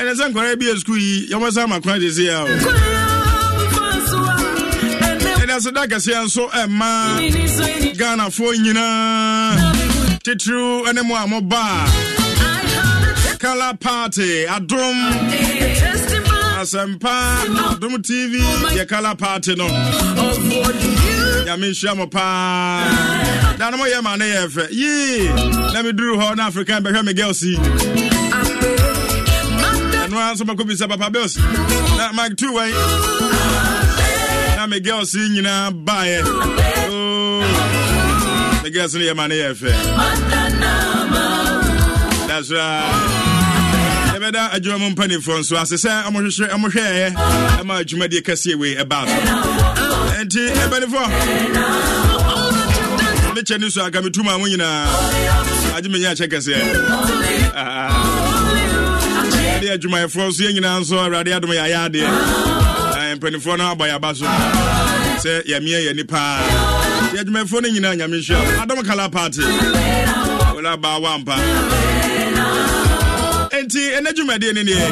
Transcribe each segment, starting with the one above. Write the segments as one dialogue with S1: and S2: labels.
S1: ɛnɛ sɛ nkwaraa bi yɛ sukuu yi yɛmɛsa ma kora de se a o ɛnɛ sɛ da kɛseɛ nso ɛma ghanafoɔ nyinaa titiriw ne mo a mobaa kala party adom asɛmpa adom tv yɛ color party no nyame nhyia mo paa da no moyɛ ma ne yɛ fɛ yee na meduru hɔ na afrikan bɛhwɛ me girls yi no ara nso makɔbisa papa bills na mike two wai na me girls yi nyinaa baeɛ oh. me girls no yɛ ma ne yɛ fɛ that's right ɛbɛda adwuma mu mpanifoɔ nso ase sɛ ɔmohwehwɛ ɔmohwɛɛ ɛma adwumadeɛ kɛseɛ wei ɛba so ɛnti ɛmpanifoɔ mekyɛ ne so anka metum a mo nyinaa agye menya akyɛ kɛseɛ ah, ah. yɛ adwumayɛfoɔ so yɛn nyinaa nso awurade adom yɛayɛ adeɛ mpanimfoɔ no aba yɛaba so sɛ yɛmeɛ yɛni paa yɛ adwumayɛfoɔ no nyinaa nyame nhyia adom kala party wola baa woampa enti ɛnɛ dwumadeɛ ne neɛ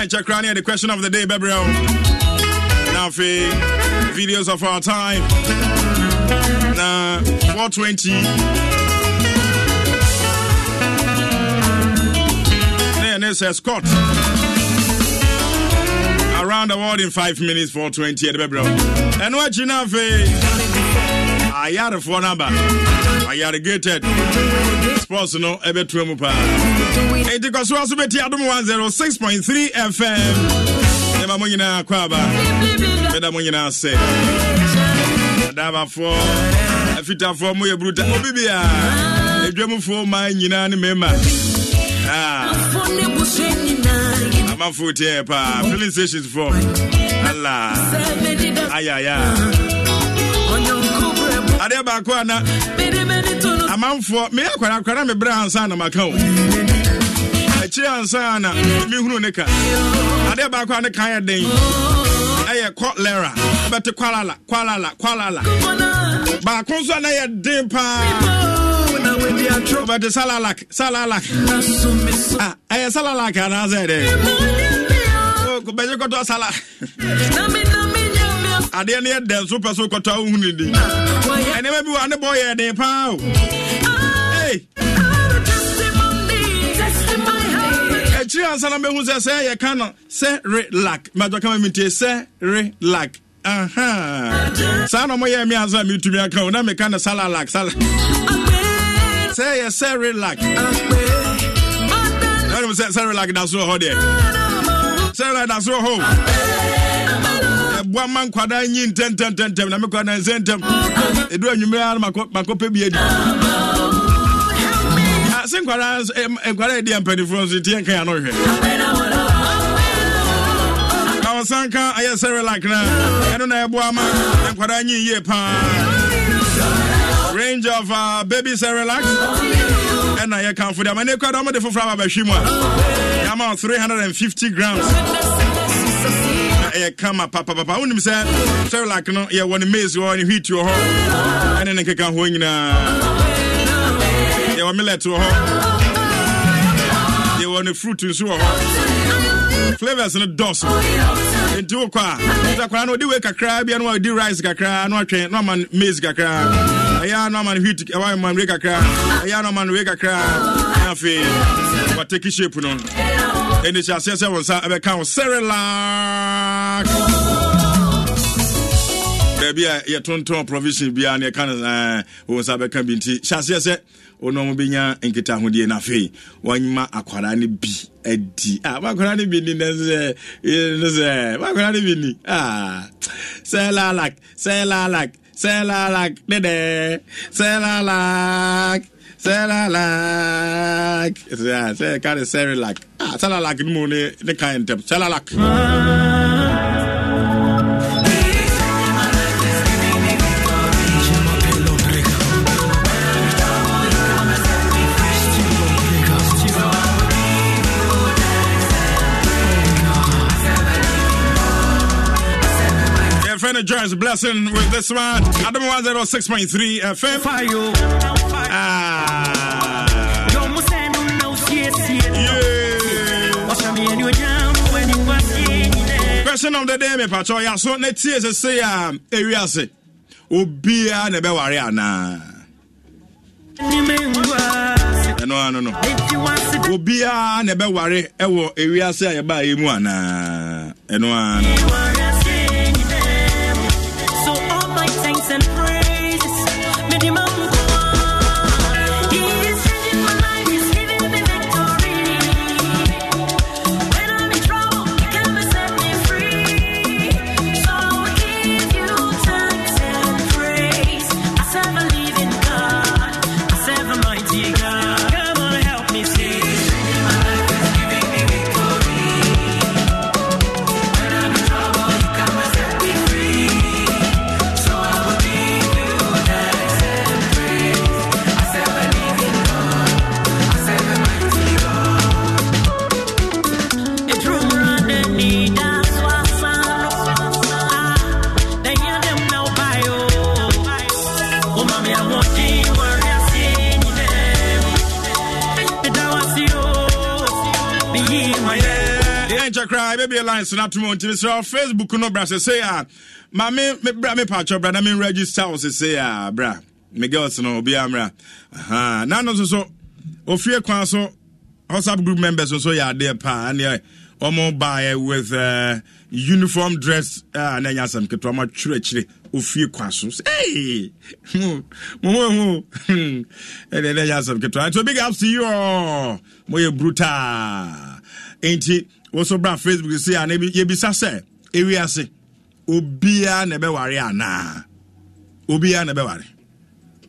S1: ɛnkyɛ koraa ne yɛde question of the day bɛbrɛ wo na afei videos of our time na 420 ɛne sɛ scott around the world in five minutes 420 ɛde bɛbrɛ ɛno akyi no afei ayarefoɔ no aba gated. sports no ɛbɛtua mu paa ɛnti kɔsoa so bɛti adom 106.3 fm ɛma mo nyinaa kɔ aba mɛda mo nyinaa sɛ adabafoɔ afitafoɔ moyɛ bruta obi biaa adwamufoɔ ma nyinaa ne mmarima Ah. amanfoɔ tiɛ eh, paa filling stations fɔ ala ayaya adeɛ baako ana amanfoɔ meyɛ akwarakwana mebrɛ ansa na maka o akyire ansa na mehunu ne ka adeɛ baako a ne kan yɛ den na yɛkɔ lera bɛte kwalala kwalala kwalala baako nso a na yɛ den paa bɛte salalak salalak ah, ɛyɛ salalak anaasɛ dɛ oh, bɛgye kɔtɔ sala adeɛ no yɛ dɛn so pɛ so kɔtɔ a wohunu di ɛnnoɛma bi wɔ ne bɔɔ yɛ den paa o akyiri ansa na mehu sɛ sɛ yɛka no sɛ relac madwaka ma mentie sɛ relac saa na moyɛ me ansa na metumi aka o na meka no salalac sala sɛ yɛ sɛ relac ɛnem sɛ sɛ relac da so hɔ deɛ sɛ relac da so hɔ ɛboa ma nkwadaa nyi ntɛmtɛmtɛmtɛm na me nsɛ ntɛm ɛduru anwummerɛ a makɔpɛ bi sɛ nkwara ɛdi ampanifoɔ nso tiɛ nka ano hwɛ awosan ka ayɛ sɛ relax na ɛno na ɛboa ma nkwara nyi yie paa range of uh, baby sɛ relax ɛna yɛ kamfo de ama ne kura dɔm de foforɔ aba bɛhwi mu a yɛama wɔ 350 grams ɛyɛ kama papapapa wonim sɛ sɛrelak no yɛwɔ ne mase hɔ ne hwituo hɔ ɛne ne nkeka ho nyinaa yɛwɔ millet wɔ hɔ yɛwɔ ne fruit nso wɔ hɔ flavours no dɔso nti wokɔ a nti akwaraa no ɔde wei kakraa bia no a ɔdi rice kakraa na ɔtwɛn na ɔma no kakraa ɛyɛ na ɔma no wheat ɛwa ɔma no wei kakraa ɛyɛ na ɔma no kakraa na afei wateki shape no ɛni hyɛ aseɛ sɛ wo nsa ɛbɛka wo serelak baabi a yɛtontɔn provision biara ne ɛka no wo nsa bɛka bi nti hyɛ aseɛ sɛ wɔn a wɔbɛnya nkitahodie no afei wɔnyima akwadaa no bi adi a ah, makwadaa no bi ni na e, sɛ no sɛ makwadaa no bi ni a sɛ lalak sɛ lalak dɛdɛ sɛ lalak Sɛ ka de Serilac. Ah, ni mu ne ne kan ntɛm. Selalac. Ah. Joyce Blessing with this one. Adam 106.3 FM. Fire.
S2: Ah.
S1: Yeah. Question of the day, me pacho. Ya so ne tie se se ya ewia se. Obia ne be ware ana. Eh, no no no. Obia ne be ewo eh, ewia eh, se ya ba imu ana. Eno kakra bɛbie line so no atom nti mesrɛ facebook no bra sesei a ma me bra me paakyɛ bra na me register wo sesei a bra me girls no amra. mmra na no so so ofie kwan so whatsapp group members nso yɛ adeɛ paa ɛneɛ Omo buy with uh, uniform dress uh, na ɛnyɛ asɛm ketewa ma twerɛ akyire ofie kwa so hey mo mo ɛnɛ ɛnyɛ So big nti to you. yi ɔ moyɛ brutal it? woso bra facebook si a na yɛbisa sɛ ewiase obiara na ɛbɛware anaa obiara na ɛbɛware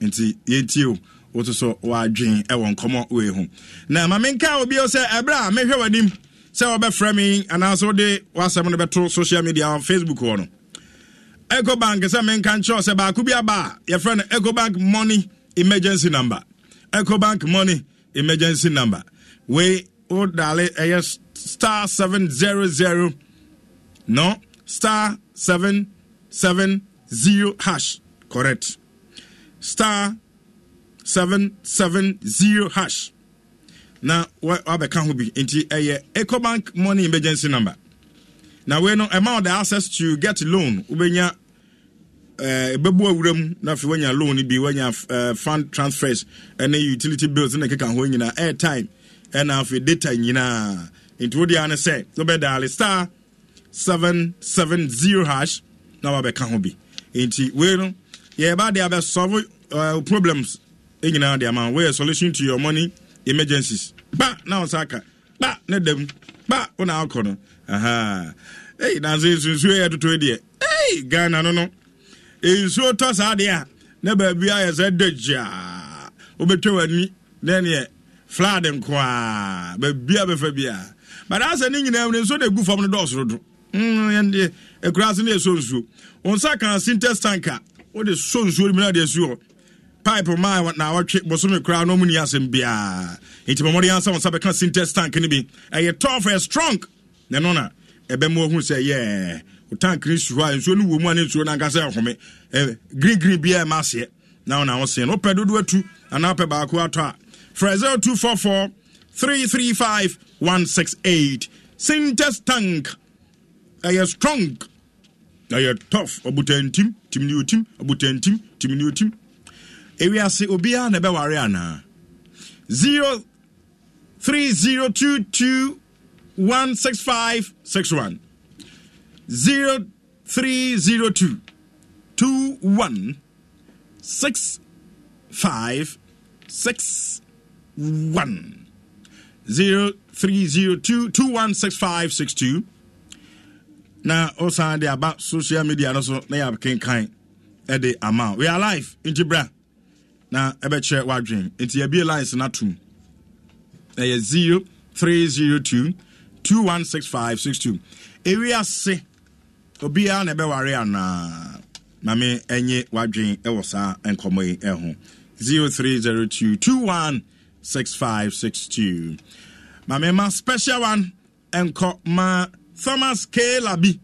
S1: nti yɛntie o woto so wadwen ɛwɔ nkɔmɔ wei ho na ma menka obi sɛ ɛberɛ a mehwɛ w'anim sɛ wɔbɛfrɛ me anaasɛ wode w'asɛm no bɛto social media facebook hɔ no eco bank sɛ menka nkyerɛw sɛ baako bi aba a yɛfrɛ no eco money emergency number EcoBank money emergency number wei wodale ɛyɛ star seven zero zero no star seven seven zero hash correct star seven seven zero hash na wabɛka ho bi nti ɛyɛ ecobank money emergency number na wei no ɛma ɔde access to get loan wobɛnya ɛbɛbu eh, uh, awura mu na afei wanya loan bi wanya uh, eh, fund transfers ɛne utility bills ne keka ho nyinaa airtime ɛna afei data nyinaa nti wodeɛ ano sɛ wobɛdaale star 770 hash na wabɛka ho bi nti wei no yɛba de abɛsɔve uh, problems nyinaa de ama woyɛ solution to your money emergencies ba na wo sa ka ba ne dam ba wona akɔ no Hey, ei nanso nsuo yɛ totɔ deɛ Hey, ghana no no nsuo tɔ saa deɛ a na baabi ayɛ sɛ dagyaa wobɛtwa w'ani na neɛ flad nko a baabi a bɛfa biara but asɛ ne nyinaa ne nso na egu fam no dɔɔso do ɛndeɛ akura ase ne yɛ so nsuo wɔn nsa kan sintex tank a wɔde so nsuo mu na de esi hɔ pipe maa na awɔtwe bosome koraa na ɔmo ni asɛm biara nti mɔmɔde yansa wɔn nsa bɛka sintex tank no bi ɛyɛ tough ɛyɛ strong na ɛno na ɛbɛn mu ohun sɛ yɛɛ o tank ne si hɔ a nsuo no wɔ mu a ne nsuo no ankasa ɛhome ɛ green green bi a ɛma aseɛ na ɔna ɔsɛn no ɔpɛ dodo atu anaa ɔpɛ baako atɔ a frɛ zero oh, two four four. 335 168. Sintes Tank. ɛyɛ strong ɛyɛ tough ɔbotantim tim ne otim ɔbotantim tim ne otim ewiase obiara na ɛbɛware anaa 0302216561 0302 21 65 61 0302216562 Now also the about social media no so na yɛ kenkan de ama we are live in Now nti bra na ɛbɛkyerɛ wadwen nti yɛbie lines no atom ɛyɛ 0302 216562 ɛwi ase obiara na ɛbɛware e, anaa mame ɛnye wadwen ɛwɔ saa nkɔmmɔ yi ɛho 030221 6562. My mema special one enko ma Thomas K. Labi.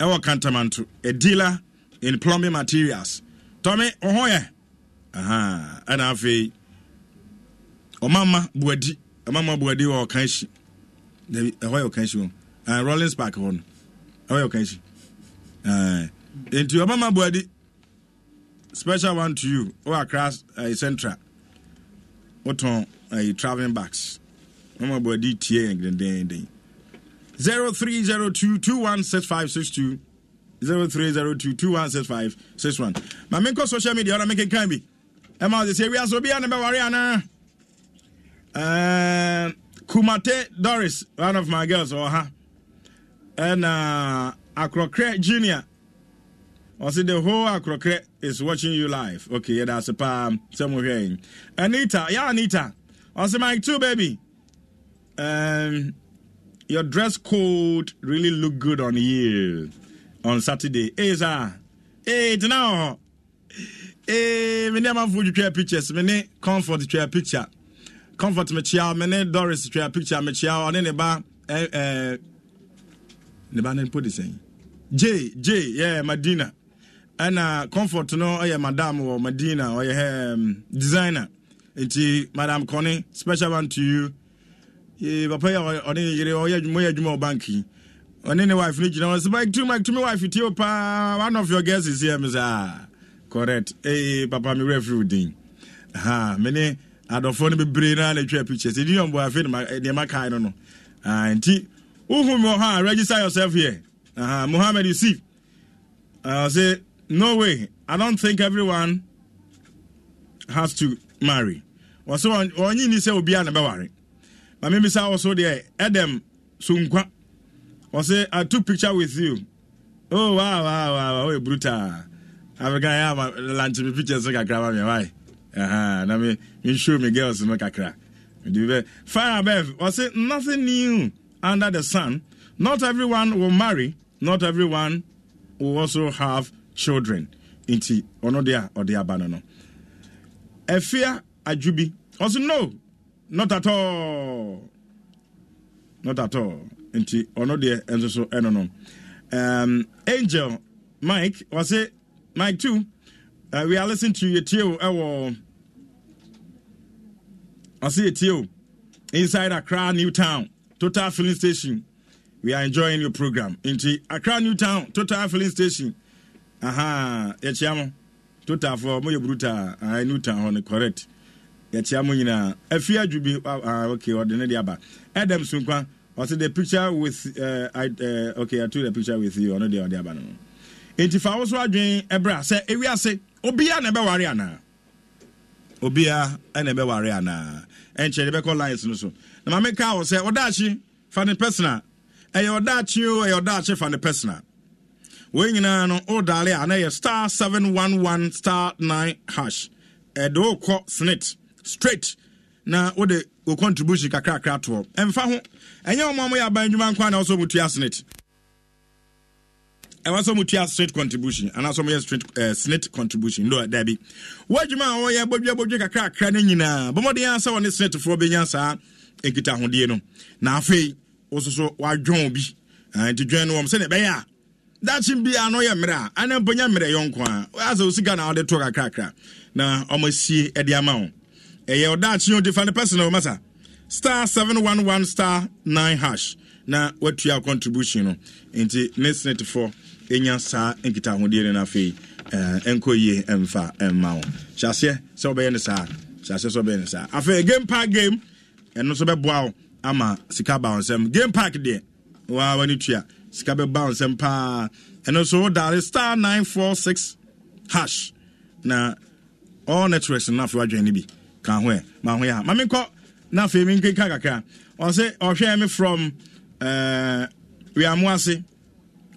S1: Ewa Kantamantu, a dealer in plumbing materials. Tommy Ohoye. Aha, and afi Omama Buadi. Omama Buadi or Kanshi. Ehoye Kanshi. Uh, Rollins Park on. Ehoye Kanshi. Uh, into Omama Buadi. Special one to you. Or across uh, Central wotɔn ayi uh, travelling bags na ma bɔ ɛdi tie yɛn dendenden zero three zero two two one six five six two zero three zero two two one six five six one maame nkɔ social media ɔna meke kan bi ɛma ɔsɛ sɛ ewia so obiara ne bɛ ware ana kumate doris one of my girls ɔha ɛna akorɔkrɛ junior. ɔsi the whole akorɔkorɛ is watching you live okay yɛ da ase paa sɛ mo hwɛ yin anita yɛ anita ɔsi mike too baby um, your dress code really look good on you on saturday ee saa ee tena wɔ hɔ ee mi ní amanfo twitwa pictures mi ní comfort twitwa picture comfort mi kyia mi ní doris twitwa picture mi kyia ɔne ne ba ɛɛ eh, eh, ne ba ne po de sɛn jay jay yeah, madina. ɛna comfort no ɔyɛ madam wɔ madina ɔyɛ um, designer nti madam kɔne special one to you ye, papa yɛ ɔne yere ɔyɛ adwuma ɔyɛ adwuma wɔ bank yi ɔne ne wife no gyina hɔ sɛ mike two mike two me wife tio paa one of your girls is here me sɛ ah correct ee papa me werɛ afiri wo din ha me ne adɔfoɔ no bebree no a na atwa picture sɛ dinion bɔ afei nneɛma eh, kae no no ah, nti wohu me wɔ hɔ a register yourself here aha, uh, mohammed yusuf ɔse uh, no way i don't think everyone has to marry wɔsɛ you ni sɛ obiara na bɛware My mimi saw also there. Adam, sunqua. sonkwa say i took picture with you oh wow wow wow wow oh, brutal africa yɛ ama Lunch mi picture so kakra ma mi why aha na mi mi show me girls mi kakra mede bi bɛ fire abɛɛf wɔsɛ nothing new under the sun not everyone will marry not everyone will also have children nti ɔno deɛ a ɔde aba no no ɛfia adwubi ɔso no not at all not at all nti ɔno deɛ nso so ɛno no um, angel mike ɔse mike too uh, we are listening to yɛtie o ɛwɔ ɔse yɛtie o inside accra new town total filling station we are enjoying your program nti accra new town total filling station aha yɛkyia mo totafoɔ moyɛ bruta nuta hɔ no correct yɛkyia mo nyinaa afie adwu bi okay ɔde ne de aba adam sunkwa ɔsɛ the picture with uh, I, uh, okay i took the picture with you ɔno deɛ ɔde aba no nti fa wo so adwen ɛberɛ a sɛ ewiase obiaa na ɛbɛware anaa obiaa ɛna ɛbɛware anaa ɛnkyɛ de bɛkɔ lines no so na ma meka sɛ ɔdaakye fa ne personal ɛyɛ ɔdaakye o ɛyɛ ɔdaakye fa ne personal wɔn nyinaa no ɔredale a na star seven one one star nine hash ɛde ɔkɔ snit straight na wode wɔ contribution kakrakra toɔ ɛmfa ho ɛnyɛ wɔn a wɔyɛ aban adwuma nkwa na ɔsɔ mu tua snit ɛwɔ sɛ motua straight contribution anaasɛ moyɛ straight uh, eh, snit contribution no dabi woadwuma a wɔyɛ bodwabodwe kakrakra no nyinaa bɔmmɔden a sɛ wɔne snitfoɔ bɛnya saa nkitahodeɛ no na afei wo so so woadwon bi ah, nti dwan no wɔm sɛne ɛbɛyɛ a dakye bia no yɛ mmerɛ a ana mpo nyɛ mmerɛ yɔnko a asɛ wo sika na wode to kakrakra na ɔmasie de ama wo ɛyɛ e ɔdaakye odi fa ne personal ma sa star 711 star 9 hash na watua contribution no nti ne senetfoɔ ɛnya saa nkitahodeɛ no eh, no afei ɛnkɔ yie ɛmfa ɛmma wo hyɛaseɛ sɛ wobɛyɛ no saa hyɛaseɛ sɛ wobɛyɛ no saa afei game park game ɛno nso bɛboa wo ama sika ba wo nsɛm game park deɛ waa wane tua sika bounce nsɛm paa ɛno nso wodare star 946 hash na all networks no afei wadwene no bi ka ho ɛ ma ho ɛ a ma menkɔ na afei menkenka kakra ɔse ɔhwɛ me from uh, eh, wiamo ase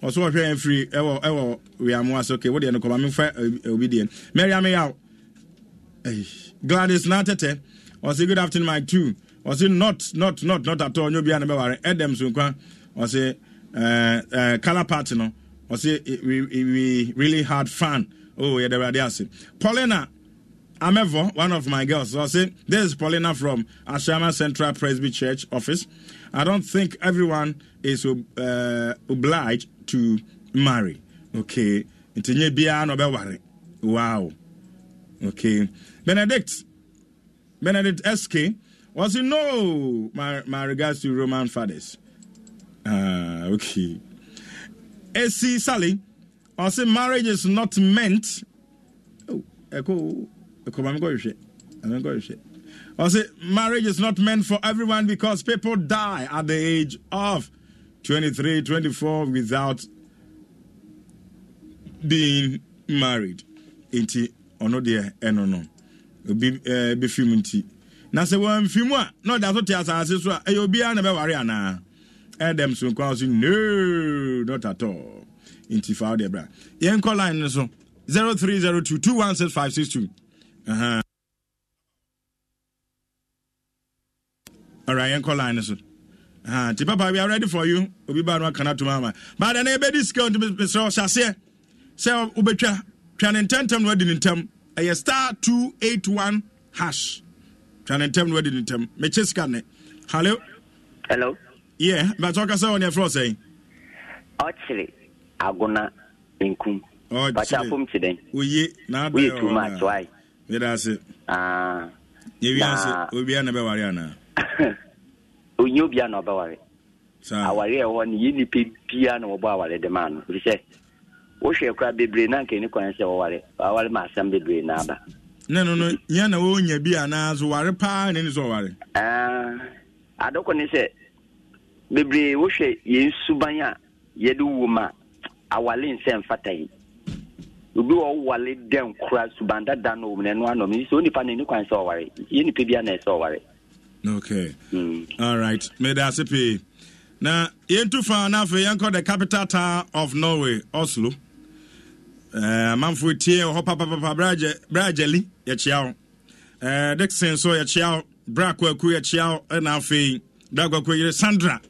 S1: ɔso ɔhwɛ ɛ firi ɛwɔ ɛwɔ wiamo ase okay wodeɛ no kɔma memfa eh, obi deɛ mary ameyaw gladys na tɛtɛ ɔse good afternoon my two ɔse not not not not at all nyɛ obiaa ne bɛware ɛdɛm so nkwa ɔse uh, uh, color party no it? we, we really had fun oh yeah, yɛde awurade ase paulina I'm ever one of my girls it? this is paulina from ashama central presby church office i don't think everyone is uh, obliged to marry okay nti nye biara na ɔbɛware wow okay benedict benedict sk ɔsɛ no my, my regards to roman fathers Ah, okay. AC Sally, I say marriage is not meant. Oh, echo, echo, I'm going to share. I'm going to share. I say marriage is not meant for everyone because people die at the age of 23, 24 without being married. Enti ono deɛ ɛno no be ɛɛ bi fi mu nti na sɛ wɔn fi mu a na ɔda so te asase so a ɛyɛ obiara ɛdɛm so nkwa so no not at all nti fa wode bra yɛnkɔ line no so six 216562 uh-huh. Alright, right, yɛnkɔ line no so uh-huh. nti papa we are ready for you obi baa no akana tom ama baada na yɛbɛdi sika nti mesrɛ hyɛseɛ sɛ wobɛtwa twa ne ntɛmntɛm no adi ne ntam ɛyɛ star two eight one hash twa ne ntɛm no adi ne ntam mekyɛ sika nnɛ hallo hello yɛ bàtɛ ɔka sɛ wɔn yɛ fɔlɔ Ọ ɔkyere agona nkum. ɔkyere bàtɛ afɔm ti dɛ. oye n'adɛ wɔn oye tuma ase. na
S3: bɛ
S4: wari onye obiara na ɔbɛ wari. awari ɛwɔ ni na wɔbɔ awari dɛm dị bisɛ wohwɛ kora bebree na nke ni kwan ma na aba
S1: ne no no na nya bi ah, so paa ne
S4: ne bebree wohwɛ yɛn suban a yɛde wo ma awale nsɛ mfata yi obi wɔ wale dɛn kura suban dada no wɔn ɛno anɔ mi sɛ onipa no nikwan sɛ ɔware yɛn nipa bi
S3: anɛ sɛ ɔware.
S1: okay mm. all right mmeda ase pii na yɛntu fa na afei yɛnkɔ the capital town of norway oslo amanfoɔ eh, uh, tie wɔ hɔ papapapa bragye li yɛkyea wo uh, dixon nso yɛkyea wo bra yɛkyea wo ɛna afei bra yere sandra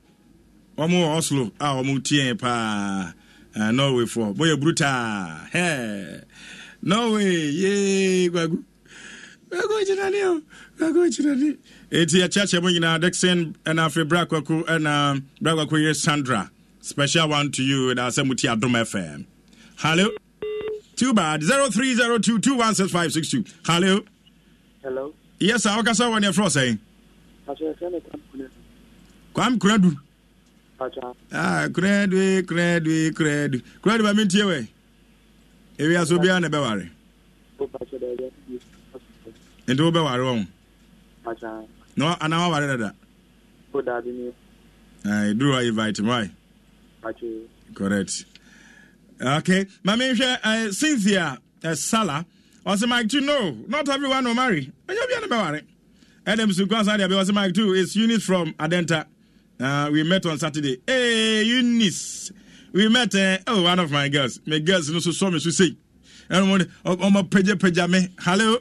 S1: wɔn wɔ oslo ah, a wɔn ti paa uh, norway foɔ bɔyɛ brutaa hɛɛ norway yee gwagu gwagu gyina gwagu gyina eti yɛkyɛkyɛ mu nyinaa dexon ɛna afei bra kwako ɛna bra kwako yɛ sandra special one to you na asɛ mu ti adom fm hallo tubad 0302216562 hallo hello yes a wɔkasa wɔ neɛ frɛ sɛn kwam kuradu
S5: ah
S1: kredu kredu kredu kredu ba mintie we ewi aso bia na bɛware nti wo bɛware No, na anaa waware dada duru a eh, invite mwae correct okay mame hwɛ uh, eh, cynthia uh, sala ɔsɛ mike two no not everyone will marry ɛnyɛ bia na bɛware ɛdɛm sukuu asa deɛ bɛ ɔsɛ mike two is unit from adenta Uh, we met on Saturday. Hey, Eunice. We met, uh, oh, one of my girls. My girls, no, so saw me, so say. And one, oh, my peja peja me. Hello.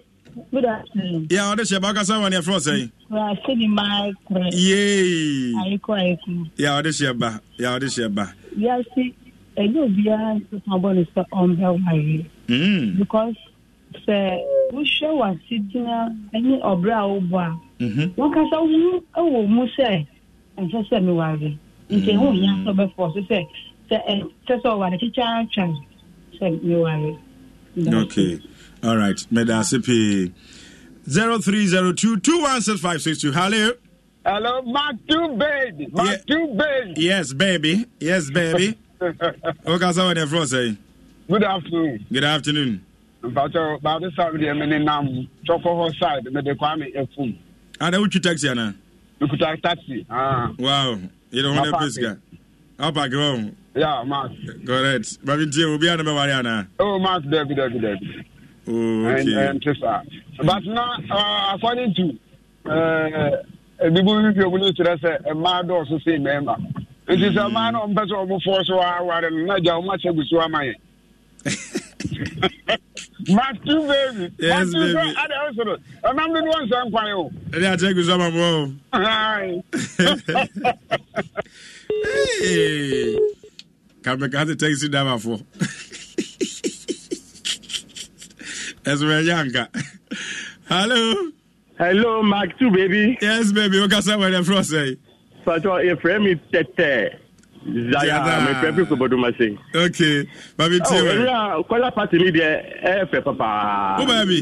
S4: Good afternoon.
S1: Yeah, ọdẹ ṣe bá kásá wọn ni ẹ fọ sẹyìn.
S4: Wà á sí ni máa Yeah. Yéé. Àyíkọ́ àyíkú.
S1: Yà ọdẹ ṣe bá. Yà ọdẹ ṣe bá.
S4: Yà sí ẹ̀yìn òbí á tó tán bọ́ ní sọ ọ̀nbẹ wà
S5: yìí.
S4: Because sɛ wohwɛ a wobɔ a wɔkasa wo mu sɛ ɛnhyɛ sɛ meware nti ho hia sɛ ɔbɛfoɔ so sɛ sɛ ɛsɛ sɛ ɔware kyikyaa twa sɛ meware okay
S1: all right meda ase pii 0302216562 hello hello mark two baby mark yeah. two baby yes baby yes baby wokasa wɔ nefrɛ sɛi good afternoon good
S6: afternoon mpakyɛ baade sa mede me ne nam tɔkɔ hɔ side mede kwame afum ana wotwi taxi anaa mekuta taxi. Ah.
S1: Wow, you don't want to pay sika. How about you? Yeah, Mark. Correct. But you will be on the Mariana. Oh, Mark,
S6: David, David, David. Oh, okay. And, and Tessa. But now, uh, according to uh, people who people need to say, a man also say, member. It is a hmm. man on better of force or a warrior, not your much of a swammer. Matthew baby. Yes, Matthew baby. at the hospital. I'm the one saying, Kwayo. Oh. And I take you some of them.
S1: Hey. Come back at the taxi driver for. As we're younger. Hello. Hello, Mark 2, baby. Yes, baby. What can someone else say? But uh, your friend is tete zayada mepɛ bi
S7: kobodoma se.
S1: ok baabi tie wɛ. ɔwura oh, kɔla pati ni
S4: deɛ ɛyɛ fe papa.
S7: Oh, o bɛ
S1: bi.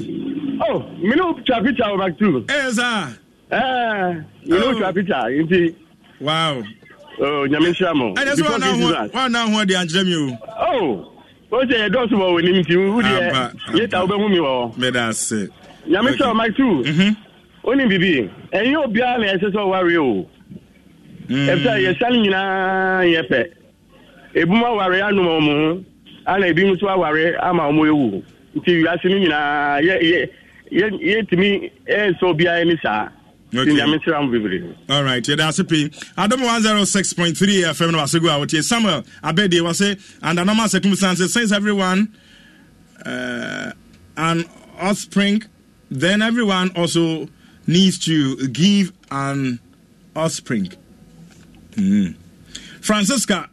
S1: ɔ minnu tura picture o back two. ɛɛ sa. ɛɛ minnu tura picture nti. waaw. ɔ nyame nsira mo. ɛyɛ sɛ wa n'ahun wa n'ahun de an kyerɛ mi o. ɔ oh, mm-hmm. o sɛ yɛ dɔw sɔrɔ wɔ nimu ti o
S3: deɛ yɛ
S1: ta o bɛ hun mi wɔ. mɛ da se. nyame sɛ o back two. o ni
S7: bibi ɛyin y'o biara na ɛsɛ sɛ o wari o ɛfisɛ yɛsa no nyinaa yɛ pɛ ebi mu aware anum ɔmo ho ana ebi mu nso aware ama ɔmo ewu nti wiase no nyinaa yɛ yɛ yɛ yɛtumi ɛnsa obiara ni saa.
S1: alright yɛda ase pii adom 106.3 fm no wasɛ gu a samuel abɛdie wɔ se under normal circumstances since everyone uh, an offspring then everyone also needs to give an offspring Mm. Francisca,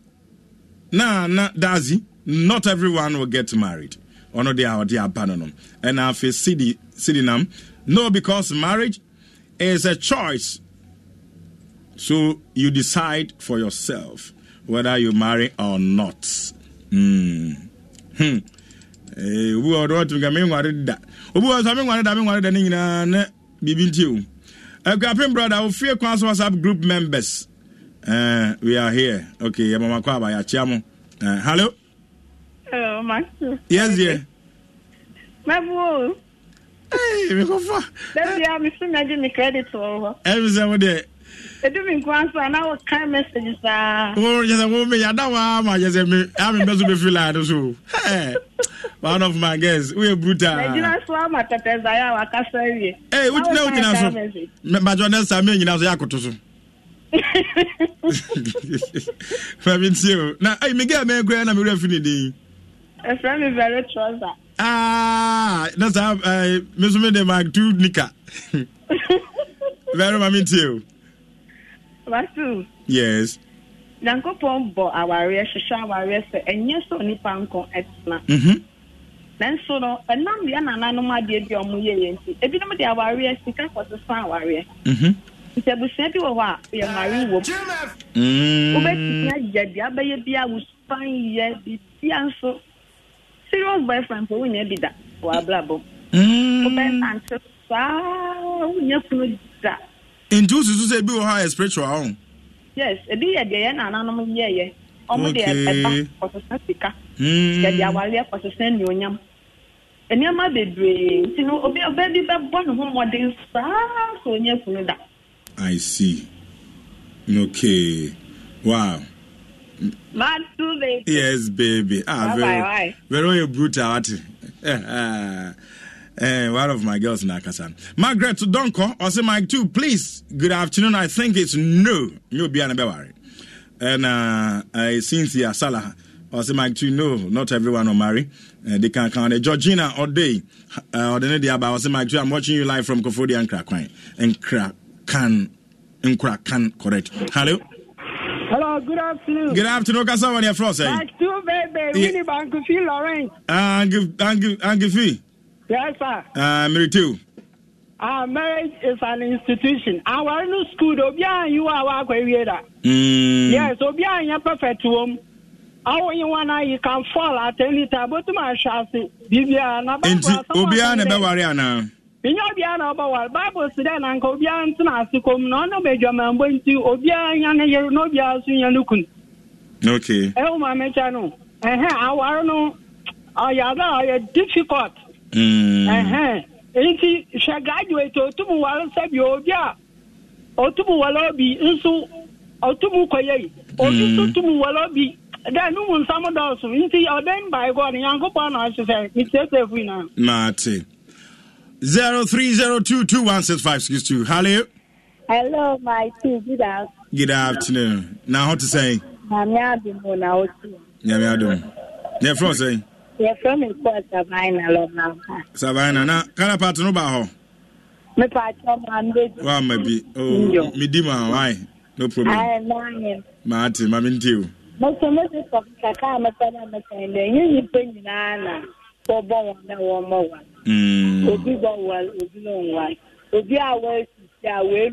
S1: na na Dazi, not everyone will get married. Ono de a ɔde aba no And ɛna afei sidi sidi nam. No, because marriage is a choice. So you decide for yourself whether you marry or not. Mm. Hmm. obi wɔ ɔdɔ ɔtumi ka menware da obi wɔ sɛ menware da menware da ne nyinaa ne biribi nti o eh, akuapem brother wofie kwan so whatsapp group members Eh, we are here. Okay, yeah, Mama Kwaba, yeah, Chiamo. Uh, eh, hello? Hello, Max. Yes, yeah
S4: My boy. Hey, me go Let me have me soon me credit over.
S1: Every single day.
S4: Edu mi now na wɔ saa.
S1: me yada ama yɛ sɛ mi ami so eh, One of my guests, we are brutal. Nigeria
S4: so ama tɛtɛ Ee, so.
S1: Mbajɔ ne mami na ayi mi gẹ́gẹ́ mẹ́rin kura na mi wúlò fi ni de.
S4: ẹ̀fọ́ mi bẹ̀rẹ̀ trọ́sà.
S1: aa na saa ẹ eh, mi de two nika bẹ̀rẹ̀ mami tie
S4: o. yes. nyankopɔn bɔ awareɛ hyehyɛ awareɛ sɛ ɛnyɛ sɛ onipa nko ɛtena mhm. nanso no ɛnam deɛ nananom adeɛ bi a ɔmo yɛ yɛ nti ebinom de awareɛ sika kɔsesa awareɛ mhm. sɛ abusua bi wɔ hɔ a yɛ mare wɔ mu wobɛtumi ayɛ deɛ abɛyɛ bia wo span yɛ biribia nso serious boyfriend po wonyɛ bi da wɔ abrabɔ wobɛnante saa wonyɛ kunu da
S1: nti wosusu sɛ ebi wɔ hɔ a yɛ spiritual ho
S4: yes ebi yɛ deɛ yɛ nananom yɛɛyɛ ɔmo deɛ ɛba kɔsesa sika yɛde awareɛ kɔsesa nnuonyam nneɛma bebree nti no obi ɔbaa bi bɛbɔ ne ho mmɔden saa sɛ onyɛ kunu da
S1: I see. Okay. Wow.
S4: Man, too late.
S1: Yes, baby. Ah, bye very, very brutal. uh, one of my girls in Akasan. Margaret Donko, or say Mike too, please. Good afternoon. I think it's no. You'll be an And uh, uh, Cynthia Salah, or say Mike too, no, not everyone will marry. Uh, they can count. Uh, Georgina O'Day, uh, or the Nadia, but I say Mike too, I'm watching you live from Kofodi and Krakwan. And Krak. Can nkura kan correct hello.
S4: hello good afternoon. good afternoon kasa wani efro sey. like two baby yeah. winnie bankufi lawrence.
S1: angifi. yes sir. Uh, meritew.
S4: Our marriage is an institution. Our new school, Obia, you are our creator. career. Hmm. Yes, Obia, you are perfect home. Our you wanna, you can fall at any time, but to my chassis, Bibia, Nabia, Obia, Nabaria now. ihe ọbịa na ọgbawa baịbụl si dị na nke obiara ntị na-asị kom na ọnụ mejọ ma mgbe ntị obiara ya na yeru n'obi asụ ya n'ukwu okay ewu ma mecha no ehe awarụ no ọya da ọya difficult ehe mm. nti hwɛ graduate otum ware sɛbi obi a otum ware obi nso otum kɔyɛ obi nso mm. tum ware obi dɛ nuhu nsam dɔɔso nti ɔdɛn baegɔ no nyankopɔn na ɔhyehyɛ metie sɛ fui na
S1: maate zero three zero two two one six five six two. Hello.
S4: Hello, my team. Good afternoon.
S1: Good afternoon. Now, how to say?
S4: Nyame adumu na otu.
S1: Nyame adumu. Nyɛ fɛn sɛ.
S4: Yɛ fɛn mi kɔ Savannah Now.
S1: Savannah na kala paati no ba hɔ.
S4: Mi paati ɔmo anbɛdi.
S1: Wa ma bi ooo di ma why no problem. Ayi n'anyi. Maa ti maa mi n ti o.
S4: Mo sọ mo ti sọ kaka a mo sọ na mo sọ ẹ lẹ yín yìí pé nyinaa na wọ́n bọ̀ wọn náà wọ́n mọ̀ wọn. Mm. obi gbọwara obi n'ụwa obi a wee awa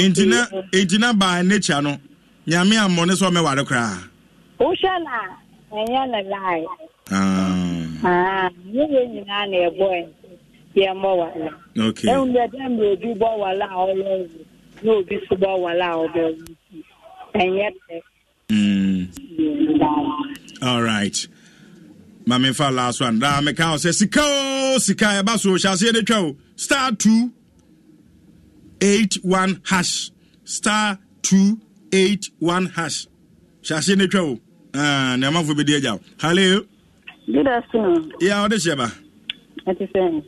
S1: a ntina ntina baa n'ekyia no nyame amọ ne sọ mẹwàá koraa.
S4: wohyɛ na ɛnyɛ ne lae. Ah. Ah, nyina na ɛbɔ ɛ yɛ mbɔ wala. ɛhun dɛ obi bɔ wala a ɔlɔ wu na obi wala
S1: a wu ma mefa last one daa meka wo sɛ sika o sika ɛba so hyɛ aseɛ de twa o star eight one hash star two eight one hash hyɛ aseɛ ne twa o ah, ne amanfoɔ bɛdi agya wo hallo good afternoon yeah wode hyɛ ba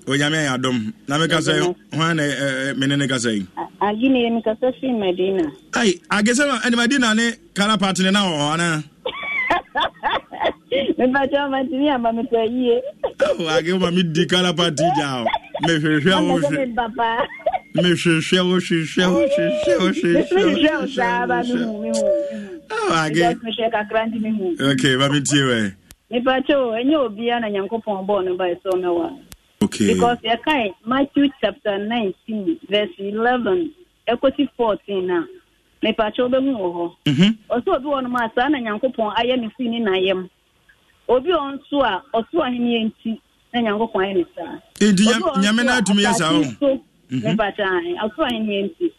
S1: onyame ayɛ adom na meka sɛ hoa na eh, eh, mene ne kasa yi
S4: ai
S1: agye sɛ ɛne madina ne karapate ne na wɔ hɔ ana.
S4: mepatwa matumi aba mepɛ yie
S1: age ma medi kalapati gya o mehwehwɛ wo mehwehwɛ wo hwehwɛ wo hwehwɛ wo hwehwɛ wo
S4: saa ba me hu me hu
S1: age
S4: mehwɛ kakra nti me hu
S1: okay ba metie wɛ
S4: mepatwa o ɛnyɛ obia na nyankopɔn bɔɔ no bae sɛ mɛwa Okay. Because yɛkae e Matthew chapter 19 verse 11 ɛkɔsi 14 na mepatwa wobɛhu wɔ
S5: hɔ
S4: ɔsɛ obi wɔ no ma saa na nyankopɔn ayɛ ne fii ne nayɛm obi ọ nso a ọtụ nti na nyankụkọ anyị n'isa. saa nyame na atụm ya saa ọ anyị ọtụ nti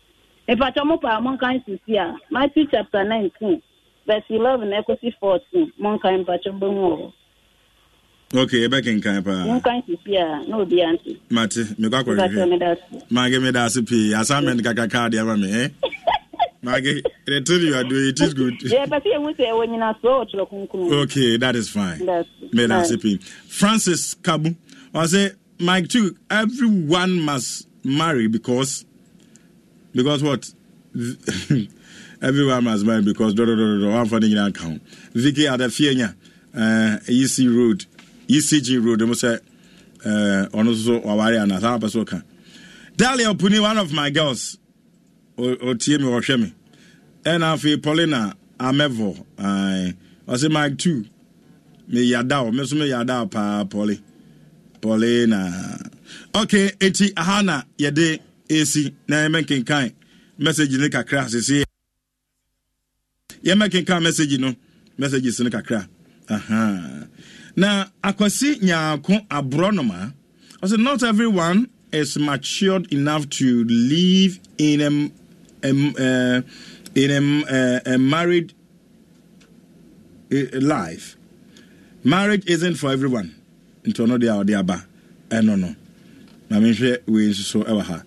S4: mepata mụ paa nsisi a Matthew chapter 19 verse 11 ekosi 14 mọnka Mbacha mgbe nwa
S5: ok
S1: ebe kenkan paa na obi mate mekwa kwere
S4: ihe
S1: meda pii kaadị Maggie, return you are doing it is good. Yeah,
S4: but you would say when you are mm-hmm. Okay,
S1: that is fine. That's fine. Francis Kabu, I say, Mike, too, everyone must marry because, because what? everyone must marry because, do, do, do, do, one for the account. Vicky Adafienya, uh, EC Road, ECG Road, I say, uh, on also, Awari and Asapa Soka. Dalia Puni, one of my girls ɔtie mi ɔhwɛ mi ɛna afei paulina amɛvɔ ɛɛ ɔsi mike two mi yada o mi nso mi yada paa pauli paulina ok eti aha na yɛde esi na yɛmɛ nkenkan message ne kakra sisi yɛmɛ nkenkan message no message si ne kakra na akwasi nyaako aborɔnoma ɔsi not everyone is matured enough to live in a uh, in a, uh, a married life, marriage isn't for everyone. Into another or aba, other, I don't know. I mean, we so ever ha.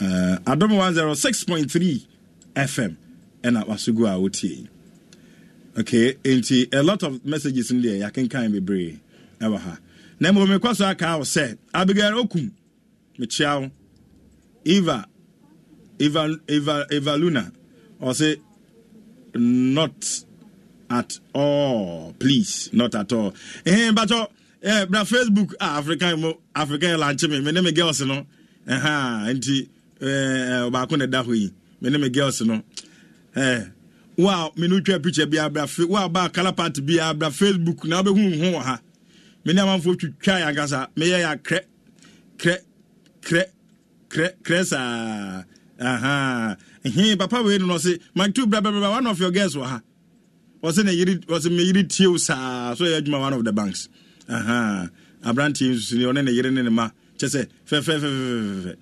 S1: Eh, Adam one zero oh six point three FM, and I was to go out Okay, into a lot of messages in there. I can kind be brave ever ha. Na mbɔ mekɔ so aka awɔ Abigail Okum mekyia Eva Eva, Eva, Eva Luna, or say, not at all, please, not at all. Eh, but oh, eh, but Facebook, ah, African, African lunch me, me name girls no, aha, enti, eh, baako na da hoyi, My name is girls no, eh. Wow, me no twa picture bi abra fe, wow ba color part a abra Facebook na be hu hu ha. Me na manfo twitwa ya gasa, me ya ya kre kre kre kre kre sa aha he papa wei no no ɔse maktu bra bɛbrɛba one of your girls wɔ ha ɔse ne yiri ɔse me yere tie wo saa so ɛyɛ adwuma one of the banks aha aberanteɛ nsusuni ɔne ne yere ne ne ma kyɛ sɛ fɛfɛfɛfɛfɛfɛ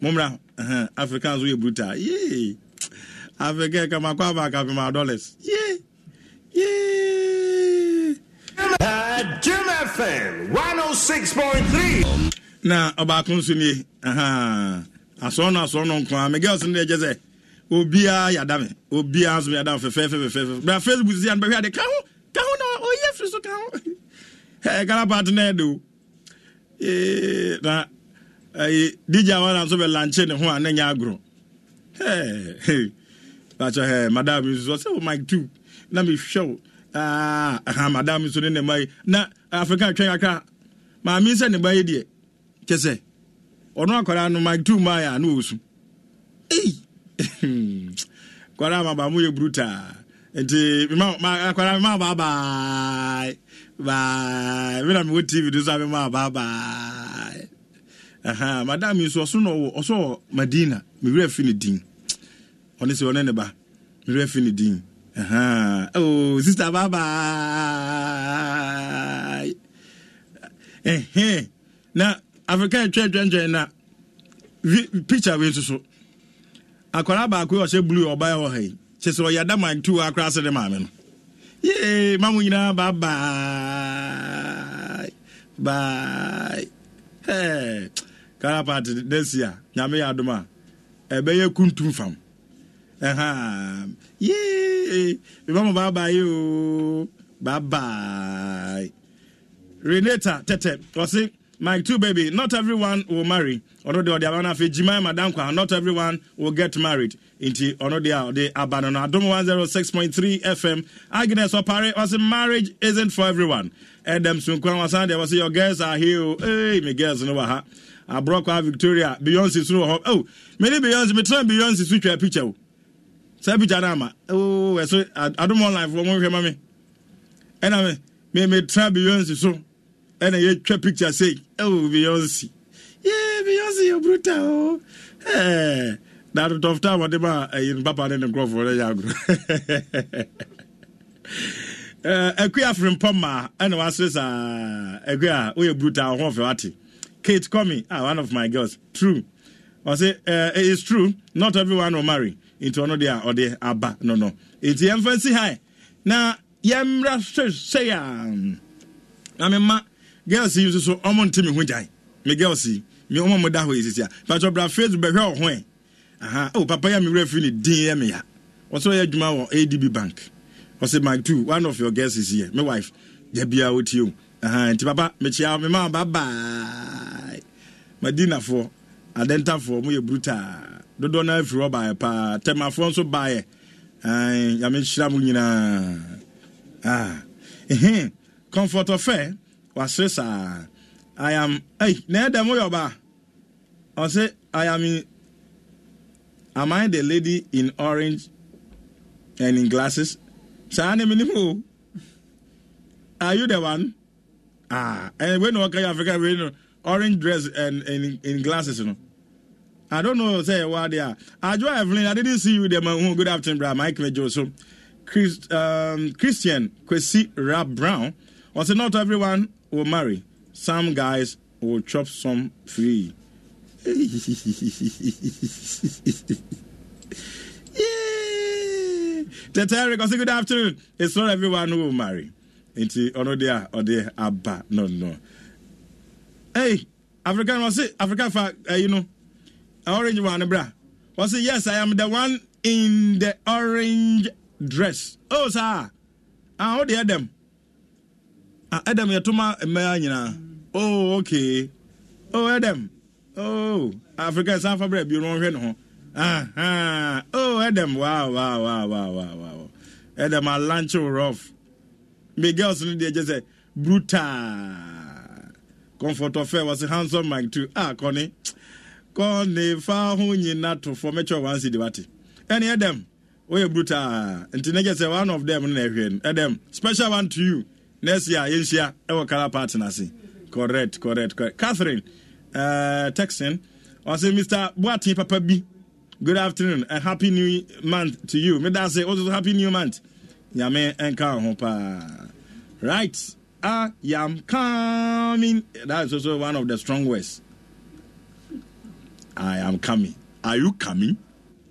S1: mommra aha african so yɛ brutal yee africa ɛka makɔ aba akapema dollars
S5: yee
S8: yee Jim FM 106.3
S1: na ɔbaako nso nie aha asɔn no asɔn no nko a miguel sɛ ne deɛ gyɛ sɛ obiara yada me obiara nso yada me fɛfɛɛfɛfɛfɛ bra facebook si anbɛhwɛ ade ka ho
S8: ka ho na ɔyɛ so ka ho
S1: ɛɛ kala paati na ɛde o ee na ɛɛ dj awana nso bɛ lanche ne ho a ne nya agorɔ ɛɛ bàtɛ madam yi sɔ sɛ o mic two na mi hwɛ o aa madam yi so ne ne ma yi na afrika twɛn kakra maame yi sɛ ne ba yi ɔno akwadaa no mike two mile a na ɔsu kwadaa maba mo yɛ brutaa nti akwadaa mema abaabae bae mena mewɔ tv do so a mema abaabae aha madam yi so ɔso na ɔwɔ ɔso wɔ madina mewerɛ fi ne din ɔne sɛ ɔne ne ba mewerɛ fi ne din aha oh sister abaabae ɛhɛn na afrika ɛtwa adwangyɛn na picture wei soso akwara baako yi ɔhyɛ blue ɔbaa wɔ ha yi kyɛ sɛ ɔyɛ ada mike two akora ase ne maame no yee ma mo nyinaa bye bye bye hey. karapat desi a nyame yɛ adom a ɛbɛyɛ kuntum fam ɛha yee bɛma mo bye bye o bye bye renata tɛtɛ ɔse my two baby not everyone will marry ɔno deɛ ɔde aba no afei gyiman madam kwa not everyone will get married nti ɔno deɛ a ɔde aba zero oh six point three fm agnes ɔpare ɔse marriage isn't for everyone ɛdɛm sonkwan wasan deɛ wɔse your girls are here hey, me girls no wɔ ha aborɔkwa ah, victoria beyonce so wɔ hɔ oh, mene beyonce metena beyonce so twa picture o saa picture no ama ɛso adom online foɔ mohwɛ ma me ɛna me metra beyonce so ɛna yɛtwa picture sei ɛwɔ beyonce
S8: yee beyonce yɛ bruta o
S1: ɛɛ na dɔf taa wɔde ma ɛyi papa ne ne nkurɔfoɔ ne yɛ agorɔ ɛɛ ɛkui afirimpɔ maa ɛna wasere saa ɛkui a oyɛ bruta ɔhɔn fɛ wate kate kɔmi ah one of my girls true ɔsi ɛɛ it is true not everyone will marry nti ɔno deɛ ɔde aba no no nti yɛn fɛn si ha na yɛn mra sɛ sɛ yɛ na mi ma girls yi nso ɔmo nte mi ho gyan me girls yi mi ɔmo mo da hɔ yi sisi a patro bra facebook bɛhwɛ ɔho ɛ aha o oh, papa yi a mi wura fi ni din yɛ mi ya ɔsɔ yɛ adwuma wɔ adb bank ɔsɛ Mike, two one of your girls is here my wife debi a oti o aha nti papa mekyia me ma ba baa madinafoɔ adɛntafoɔ mo yɛ brutal dodoɔ naa firi hɔ baayɛ paa tɛmafoɔ nso baayɛ ɛn yamehyira mo nyinaa ah ehin comfort of wasere saa i am hey na ɛdɛ mo yɛ ɔbaa ɔsi i am in am i the lady in orange and in glasses saa ne mi ni mo are you the one ah ɛn eh, wey na ɔka yɛ africa wey no orange dress and in in glasses no. I don't know, say what they are. Ajo Evelyn, I didn't see you there, man. Hmm, good afternoon, brother. Mike Mejo. So, Chris, um, Christian Kwesi Rap Brown. Also, not everyone will marry. Some guys will chop some free. Tete Eric, good afternoon. It's not everyone who will marry. Into ọ̀nà de or the abba no no. Hey, African wọ́n it? African fa eh, you know, orange one bra. Wọ́n it? yes I am the one in the orange dress. Oh sir, ah, ó de ẹ̀ dẹ̀m. Ah, adam you're yɛtoma mmaa eh, nyinaa oh okay oh adam oh africa is fa brɛ bio no ɔhwɛ ne ho ah oh adam wow wow wow wow wow wow adam my lunch alanche rough My girls no just say brutal comfort ɔfɛ was a handsome man too ah Connie. kɔne fa ho nyina to fɔ mɛkyɛ wɔn ansi de wate ɛne adam woyɛ oh, brutal nti ne gye one of them no na ɛhwɛ adam special one to you next year yɛnhyia ɛwɔ kala party no correct correct correct catherine uh, texan say, mr boate papa bi good afternoon and happy new month to you Me meda say, also happy new month nyame ɛnka wo ho paa right i am coming that is also one of the strong words i am coming are you coming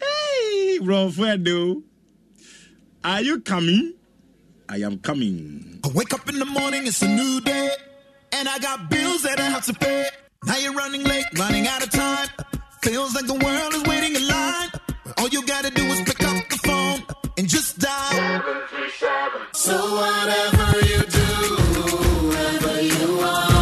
S1: hey, wrong friend though are you coming? I am coming.
S8: I wake up in the morning, it's a new day, and I got bills that I have to pay. Now you're running late, running out of time. Feels like the world is waiting in line.
S3: All you gotta do is pick up the phone and just dial So whatever you do, wherever you are.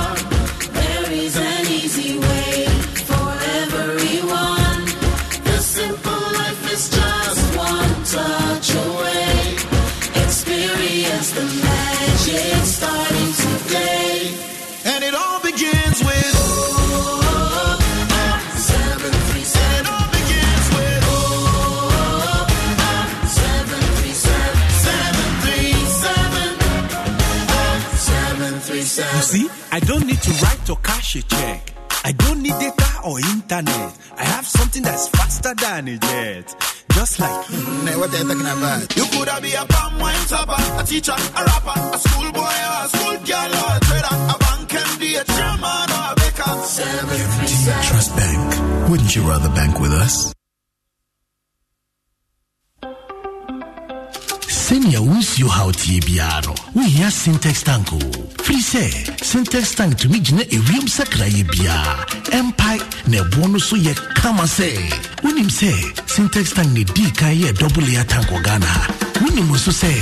S9: I don't need to write or cash
S10: a check. I don't need data or internet. I have something that's faster than a jet.
S8: Just like you. what are you talking about? You could have be a palm wine topper, a teacher, a rapper, a schoolboy, or a schoolgirl, or a trader, a bank MD, a chairman, or a baker. Trust Bank. Wouldn't you rather bank with us? sɛnea wonsuo haw tie biara no wohia sintex tank o firi sɛ sintex tank tumi gyina ewiem sakrayɛ biara ɛmpae na ɛboɔ no so yɛ kama sɛ wonim sɛ sintex tank ne dii kan yɛ dɔbleya tank wɔ wonim nso sɛ